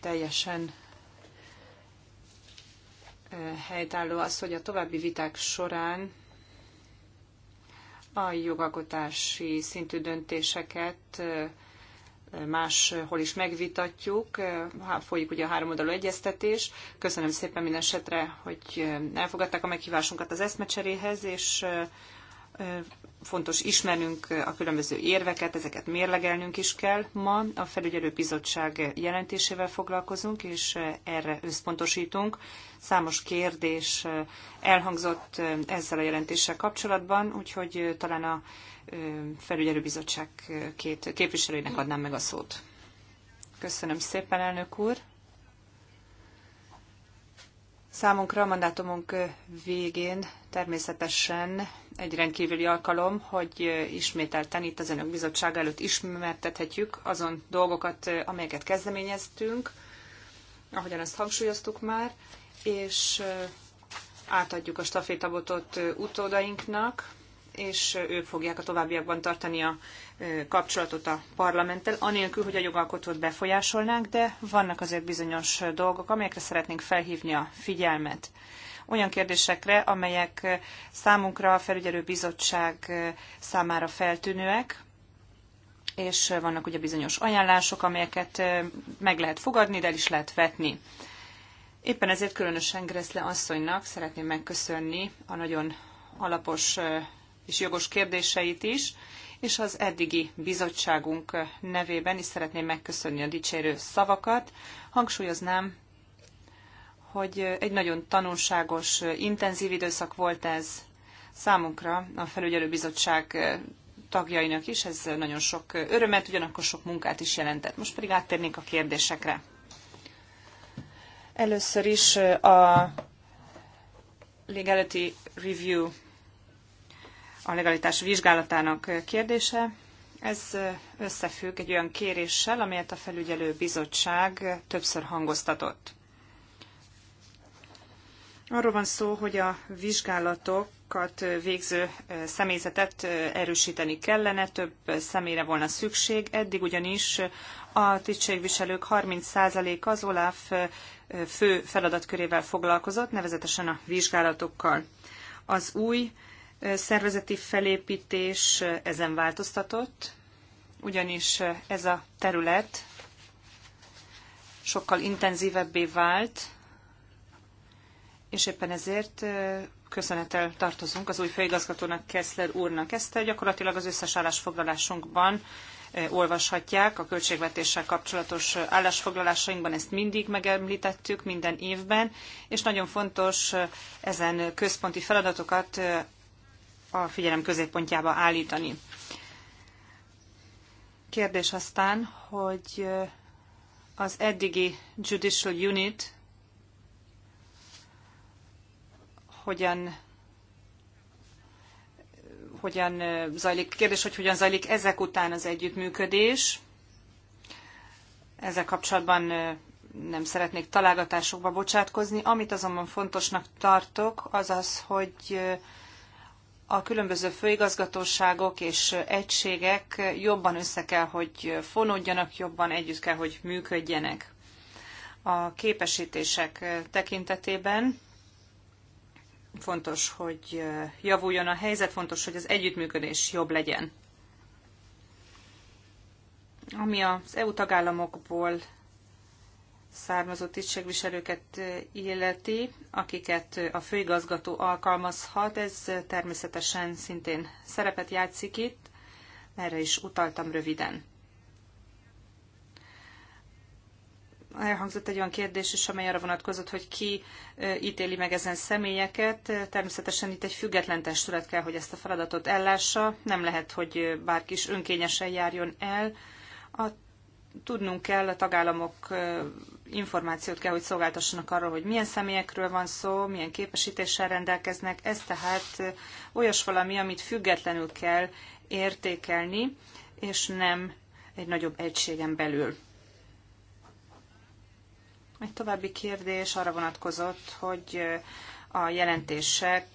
Teljesen eh, helytálló az, hogy a további viták során a jogalkotási szintű döntéseket máshol is megvitatjuk. Folyik ugye a háromoldalú egyeztetés. Köszönöm szépen minden esetre, hogy elfogadták a meghívásunkat az eszmecseréhez, és fontos ismernünk a különböző érveket, ezeket mérlegelnünk is kell. Ma a felügyelőbizottság jelentésével foglalkozunk, és erre összpontosítunk. Számos kérdés elhangzott ezzel a jelentéssel kapcsolatban, úgyhogy talán a felügyelőbizottság két képviselőinek adnám meg a szót. Köszönöm szépen, elnök úr! Számunkra a mandátumunk végén Természetesen egy rendkívüli alkalom, hogy ismételten itt az Önök bizottság előtt ismertethetjük azon dolgokat, amelyeket kezdeményeztünk, ahogyan ezt hangsúlyoztuk már, és átadjuk a stafétabotot utódainknak, és ők fogják a továbbiakban tartani a kapcsolatot a parlamenttel, anélkül, hogy a jogalkotót befolyásolnánk, de vannak azért bizonyos dolgok, amelyekre szeretnénk felhívni a figyelmet olyan kérdésekre, amelyek számunkra a felügyelő bizottság számára feltűnőek, és vannak ugye bizonyos ajánlások, amelyeket meg lehet fogadni, de el is lehet vetni. Éppen ezért különösen Greszle asszonynak szeretném megköszönni a nagyon alapos és jogos kérdéseit is, és az eddigi bizottságunk nevében is szeretném megköszönni a dicsérő szavakat. Hangsúlyoznám, hogy egy nagyon tanulságos, intenzív időszak volt ez számunkra, a felügyelőbizottság tagjainak is, ez nagyon sok örömet, ugyanakkor sok munkát is jelentett. Most pedig áttérnék a kérdésekre. Először is a legality review, a legalitás vizsgálatának kérdése. Ez összefügg egy olyan kéréssel, amelyet a felügyelő bizottság többször hangoztatott. Arról van szó, hogy a vizsgálatokat végző személyzetet erősíteni kellene, több személyre volna szükség. Eddig ugyanis a tisztségviselők 30% az OLAF fő feladatkörével foglalkozott, nevezetesen a vizsgálatokkal. Az új szervezeti felépítés ezen változtatott, ugyanis ez a terület sokkal intenzívebbé vált, és éppen ezért köszönettel tartozunk az új főigazgatónak, Keszler úrnak. Ezt gyakorlatilag az összes állásfoglalásunkban olvashatják a költségvetéssel kapcsolatos állásfoglalásainkban, ezt mindig megemlítettük minden évben, és nagyon fontos ezen központi feladatokat a figyelem középpontjába állítani. Kérdés aztán, hogy az eddigi Judicial Unit hogyan hogyan zajlik, kérdés, hogy hogyan zajlik ezek után az együttműködés. Ezzel kapcsolatban nem szeretnék találgatásokba bocsátkozni. Amit azonban fontosnak tartok, az az, hogy a különböző főigazgatóságok és egységek jobban össze kell, hogy fonódjanak, jobban együtt kell, hogy működjenek. A képesítések tekintetében Fontos, hogy javuljon a helyzet, fontos, hogy az együttműködés jobb legyen. Ami az EU tagállamokból származó tisztségviselőket illeti, akiket a főigazgató alkalmazhat, ez természetesen szintén szerepet játszik itt, erre is utaltam röviden. elhangzott egy olyan kérdés is, amely arra vonatkozott, hogy ki ítéli meg ezen személyeket. Természetesen itt egy független testület kell, hogy ezt a feladatot ellássa. Nem lehet, hogy bárki is önkényesen járjon el. A, tudnunk kell, a tagállamok információt kell, hogy szolgáltassanak arról, hogy milyen személyekről van szó, milyen képesítéssel rendelkeznek. Ez tehát olyas valami, amit függetlenül kell értékelni, és nem egy nagyobb egységen belül. Egy további kérdés arra vonatkozott, hogy a jelentések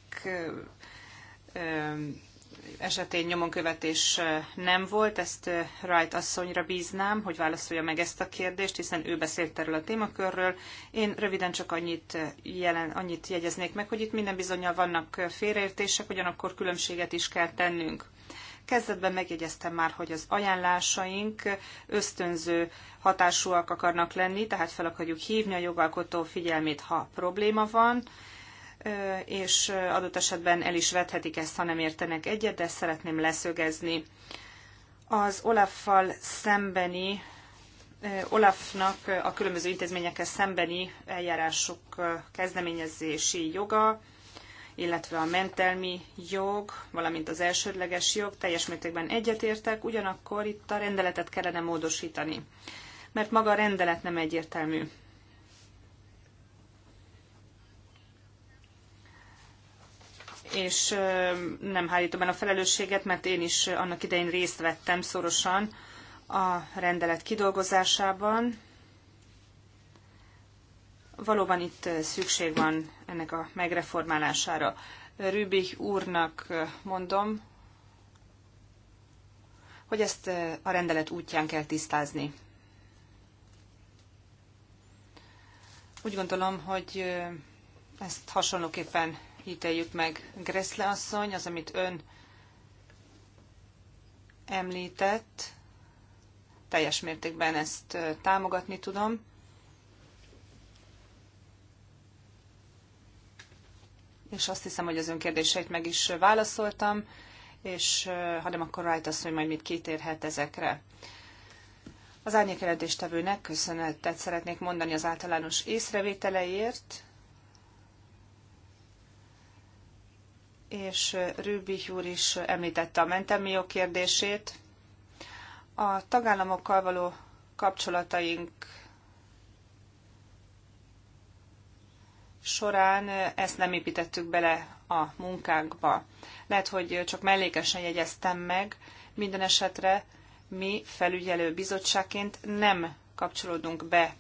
esetén nyomonkövetés nem volt, ezt Wright asszonyra bíznám, hogy válaszolja meg ezt a kérdést, hiszen ő beszélt erről a témakörről. Én röviden csak annyit, jelen, annyit jegyeznék meg, hogy itt minden bizonyal vannak félreértések, ugyanakkor különbséget is kell tennünk. Kezdetben megjegyeztem már, hogy az ajánlásaink ösztönző hatásúak akarnak lenni, tehát fel akarjuk hívni a jogalkotó figyelmét, ha probléma van, és adott esetben el is vethetik ezt, ha nem értenek egyet, de szeretném leszögezni. Az Olaffal szembeni Olafnak a különböző intézményekkel szembeni eljárások kezdeményezési joga, illetve a mentelmi jog, valamint az elsődleges jog teljes mértékben egyetértek, ugyanakkor itt a rendeletet kellene módosítani, mert maga a rendelet nem egyértelmű. és nem hárítom el a felelősséget, mert én is annak idején részt vettem szorosan a rendelet kidolgozásában, valóban itt eh, szükség van ennek a megreformálására. Rübik úrnak eh, mondom, hogy ezt eh, a rendelet útján kell tisztázni. Úgy gondolom, hogy ezt hasonlóképpen ítéljük meg Greszle asszony, az, amit ön említett, teljes mértékben ezt támogatni tudom. és azt hiszem, hogy az ön kérdéseit meg is válaszoltam, és ha nem, akkor rájt azt, hogy majd mit kitérhet ezekre. Az árnyékeledéstevőnek köszönetet szeretnék mondani az általános észrevételeiért, és Rübi úr is említette a jó kérdését. A tagállamokkal való kapcsolataink során ezt nem építettük bele a munkánkba. Lehet, hogy csak mellékesen jegyeztem meg, minden esetre mi felügyelő bizottságként nem kapcsolódunk be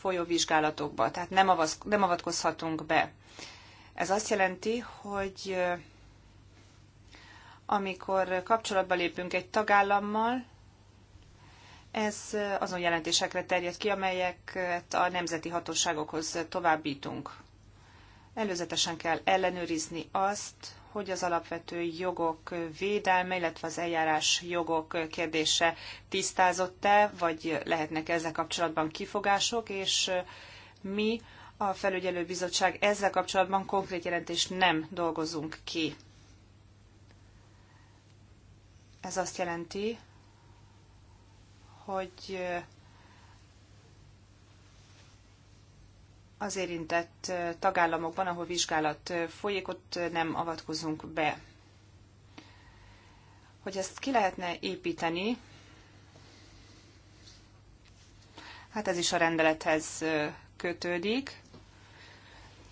folyóvizsgálatokba, tehát nem, avaz, nem avatkozhatunk be. Ez azt jelenti, hogy eh, amikor kapcsolatba lépünk egy tagállammal, ez azon jelentésekre terjed ki, amelyeket a nemzeti hatóságokhoz továbbítunk. Előzetesen kell ellenőrizni azt, hogy az alapvető jogok védelme, illetve az eljárás jogok kérdése tisztázott-e, vagy lehetnek ezzel kapcsolatban kifogások, és mi a felügyelőbizottság ezzel kapcsolatban konkrét jelentést nem dolgozunk ki. Ez azt jelenti, hogy eh, az érintett eh, tagállamokban, ahol vizsgálat eh, folyik, ott nem avatkozunk be. Hogy ezt ki lehetne építeni, hát ez is a rendelethez kötődik,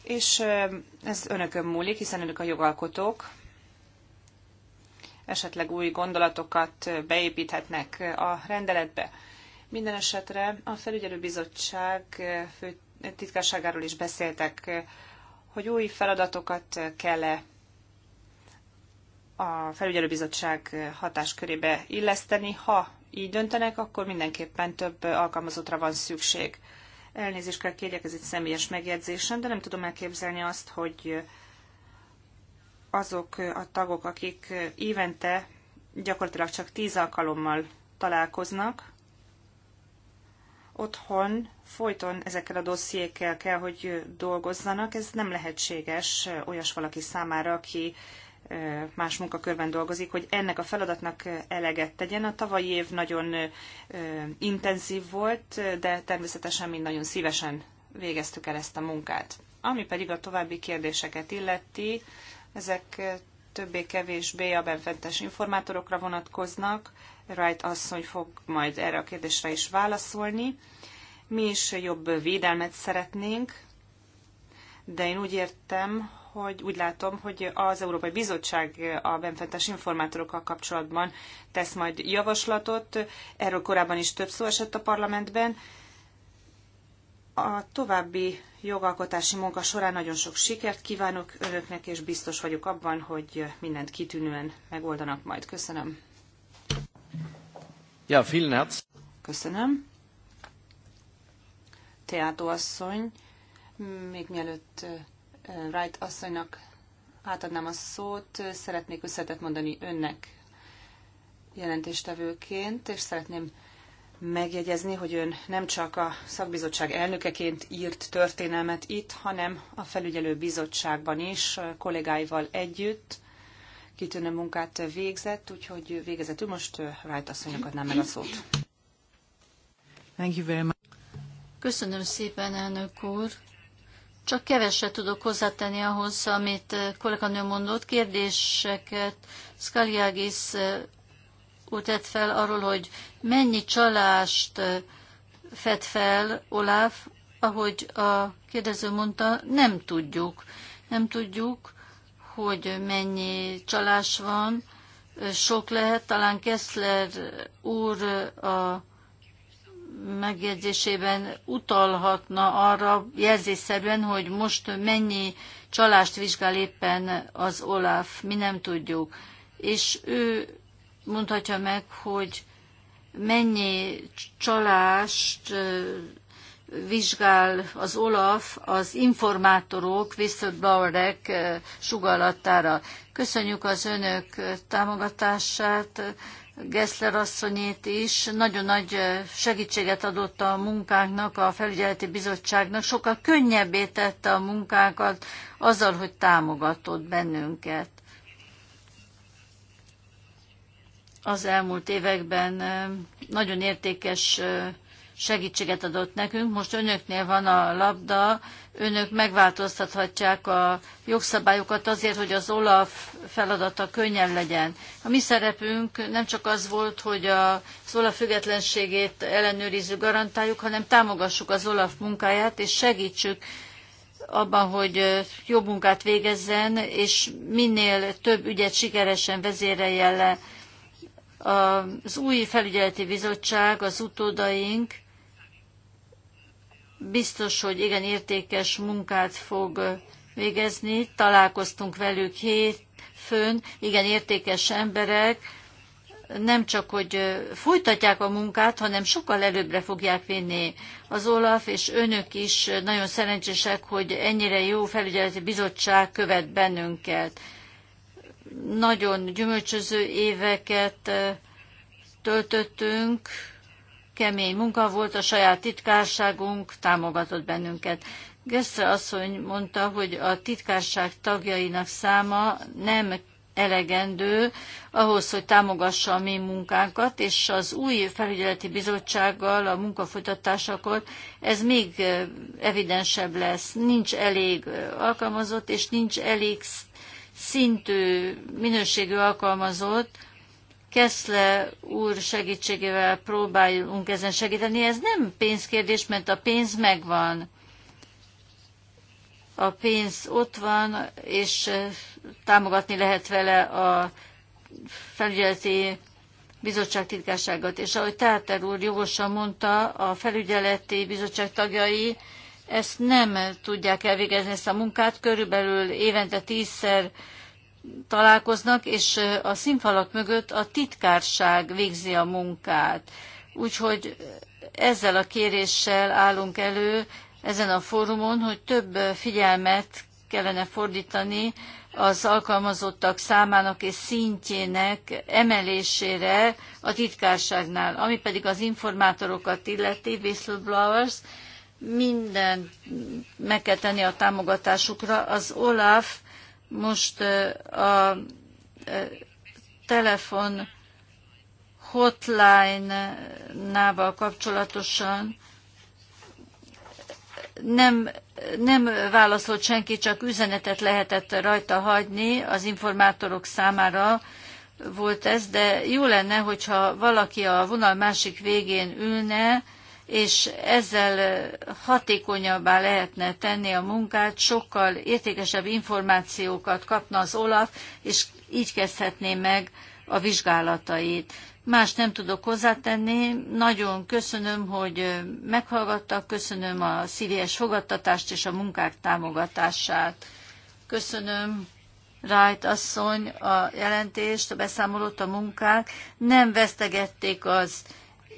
és ez önökön múlik, hiszen önök a jogalkotók, esetleg új gondolatokat beépíthetnek a rendeletbe. Minden esetre a felügyelőbizottság fő titkárságáról is beszéltek, hogy új feladatokat kell-e a felügyelőbizottság hatáskörébe illeszteni. Ha így döntenek, akkor mindenképpen több alkalmazottra van szükség. Elnézést kell kérjek, ez egy személyes megjegyzésem, de nem tudom elképzelni azt, hogy azok a tagok, akik évente gyakorlatilag csak tíz alkalommal találkoznak, otthon folyton ezekkel a dossziékkel kell, hogy dolgozzanak. Ez nem lehetséges olyas valaki számára, aki más munkakörben dolgozik, hogy ennek a feladatnak eleget tegyen. A tavalyi év nagyon intenzív volt, de természetesen mind nagyon szívesen végeztük el ezt a munkát. Ami pedig a további kérdéseket illeti, ezek többé-kevésbé a benfentes informátorokra vonatkoznak. Wright asszony fog majd erre a kérdésre is válaszolni. Mi is jobb védelmet szeretnénk, de én úgy értem, hogy úgy látom, hogy az Európai Bizottság a benfentes informátorokkal kapcsolatban tesz majd javaslatot. Erről korábban is több szó esett a parlamentben. A további jogalkotási munka során nagyon sok sikert kívánok önöknek, és biztos vagyok abban, hogy mindent kitűnően megoldanak majd. Köszönöm. Ja, vielen herz. Köszönöm. Teátó asszony, még mielőtt Wright asszonynak átadnám a szót, szeretnék összetett mondani önnek jelentéstevőként, és szeretném megjegyezni, hogy ön nem csak a szakbizottság elnökeként írt történelmet itt, hanem a felügyelő bizottságban is kollégáival együtt kitűnő munkát végzett, úgyhogy végezetül most Wright asszonynak adnám meg a szót. Thank you very much. Köszönöm szépen, elnök úr. Csak keveset tudok hozzátenni ahhoz, amit kolléganő mondott. Kérdéseket Skaliagis tett fel arról, hogy mennyi csalást fed fel Olaf, ahogy a kérdező mondta, nem tudjuk. Nem tudjuk, hogy mennyi csalás van, sok lehet, talán Kessler úr a megjegyzésében utalhatna arra jelzésszerűen, hogy most mennyi csalást vizsgál éppen az Olaf, mi nem tudjuk. És ő mondhatja meg, hogy mennyi csalást vizsgál az Olaf az informátorok, whistleblowerek sugallattára. Köszönjük az önök támogatását, Gessler asszonyét is. Nagyon nagy segítséget adott a munkánknak, a felügyeleti bizottságnak. Sokkal könnyebbé tette a munkánkat azzal, hogy támogatott bennünket. az elmúlt években nagyon értékes segítséget adott nekünk. Most önöknél van a labda, önök megváltoztathatják a jogszabályokat azért, hogy az OLAF feladata könnyen legyen. A mi szerepünk nem csak az volt, hogy az OLAF függetlenségét ellenőrizzük, garantáljuk, hanem támogassuk az OLAF munkáját, és segítsük abban, hogy jobb munkát végezzen, és minél több ügyet sikeresen vezérelje le az új felügyeleti bizottság, az utódaink biztos, hogy igen értékes munkát fog végezni. Találkoztunk velük hétfőn, igen értékes emberek, nem csak, hogy folytatják a munkát, hanem sokkal előbbre fogják vinni. Az Olaf és önök is nagyon szerencsések, hogy ennyire jó felügyeleti bizottság követ bennünket nagyon gyümölcsöző éveket töltöttünk, kemény munka volt, a saját titkárságunk támogatott bennünket. Göszre asszony mondta, hogy a titkárság tagjainak száma nem elegendő ahhoz, hogy támogassa a mi munkánkat, és az új felügyeleti bizottsággal, a munkafolytatásakor ez még evidensebb lesz. Nincs elég alkalmazott, és nincs elég szintű, minőségű alkalmazott, Keszle úr segítségével próbálunk ezen segíteni. Ez nem pénzkérdés, mert a pénz megvan. A pénz ott van, és támogatni lehet vele a felügyeleti bizottság titkárságot. És ahogy Táter úr jogosan mondta, a felügyeleti bizottság tagjai ezt nem tudják elvégezni, ezt a munkát. Körülbelül évente tízszer találkoznak, és a színfalak mögött a titkárság végzi a munkát. Úgyhogy ezzel a kéréssel állunk elő ezen a fórumon, hogy több figyelmet kellene fordítani az alkalmazottak számának és szintjének emelésére a titkárságnál, ami pedig az informátorokat illeti, whistleblowers, minden meg kell tenni a támogatásukra. Az Olaf most a telefon hotline-nával kapcsolatosan nem, nem válaszolt senki, csak üzenetet lehetett rajta hagyni az informátorok számára volt ez, de jó lenne, hogyha valaki a vonal másik végén ülne, és ezzel hatékonyabbá lehetne tenni a munkát, sokkal értékesebb információkat kapna az Olaf, és így kezdhetné meg a vizsgálatait. Más nem tudok hozzátenni. Nagyon köszönöm, hogy meghallgattak, köszönöm a szívélyes fogadtatást és a munkák támogatását. Köszönöm. Rájt asszony a jelentést, a beszámolót, a munkák, nem vesztegették az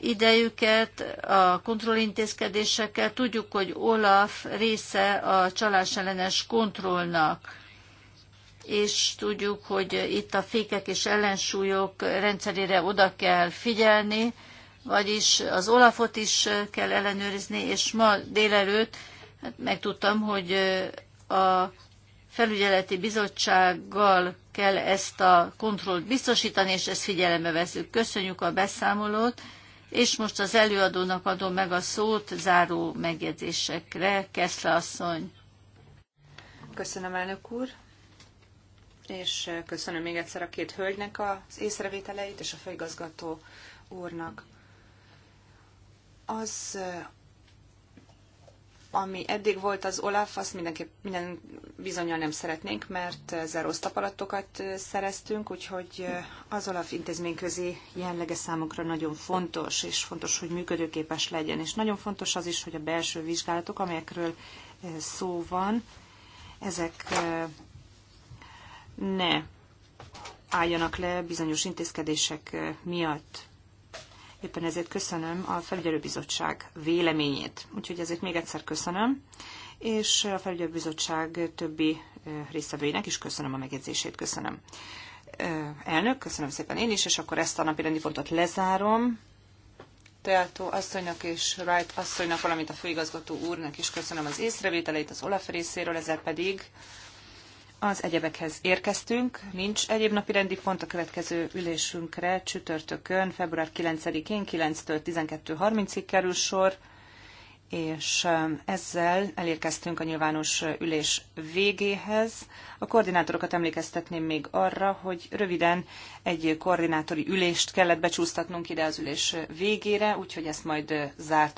idejüket, a kontrollintézkedésekkel. Tudjuk, hogy Olaf része a csalás ellenes kontrollnak, és tudjuk, hogy itt a fékek és ellensúlyok rendszerére oda kell figyelni, vagyis az Olafot is kell ellenőrizni, és ma délelőtt hát megtudtam, hogy a felügyeleti bizottsággal kell ezt a kontrollt biztosítani, és ezt figyelembe veszük. Köszönjük a beszámolót. És most az előadónak adom meg a szót záró megjegyzésekre. Keszle asszony. Köszönöm, elnök úr, és köszönöm még egyszer a két hölgynek az észrevételeit, és a főigazgató úrnak. Az ami eddig volt az Olaf, azt mindenki, minden bizonyal nem szeretnénk, mert ezzel eh, rossz tapalatokat eh, szereztünk, úgyhogy eh, az Olaf intézményközi jellege számokra nagyon fontos, és fontos, hogy működőképes legyen. És nagyon fontos az is, hogy a belső vizsgálatok, amelyekről szó van, ezek ne álljanak le bizonyos intézkedések miatt. Éppen ezért köszönöm a felügyelőbizottság véleményét. Úgyhogy ezért még egyszer köszönöm, és a felügyelőbizottság többi résztvevőinek is köszönöm a megjegyzését. Köszönöm. Elnök, köszönöm szépen én is, és akkor ezt a napi rendi pontot lezárom. Teátó asszonynak és Wright asszonynak, valamint a főigazgató úrnak is köszönöm az észrevételeit az Olaf részéről, ezzel pedig az egyebekhez érkeztünk. Nincs egyéb napi rendi pont a következő ülésünkre csütörtökön, február 9-én 9-től 12.30-ig kerül sor, és um, ezzel elérkeztünk a nyilvános ülés végéhez. A koordinátorokat emlékeztetném még arra, hogy röviden egy koordinátori ülést kellett becsúsztatnunk ide az ülés végére, úgyhogy ezt majd uh, zárt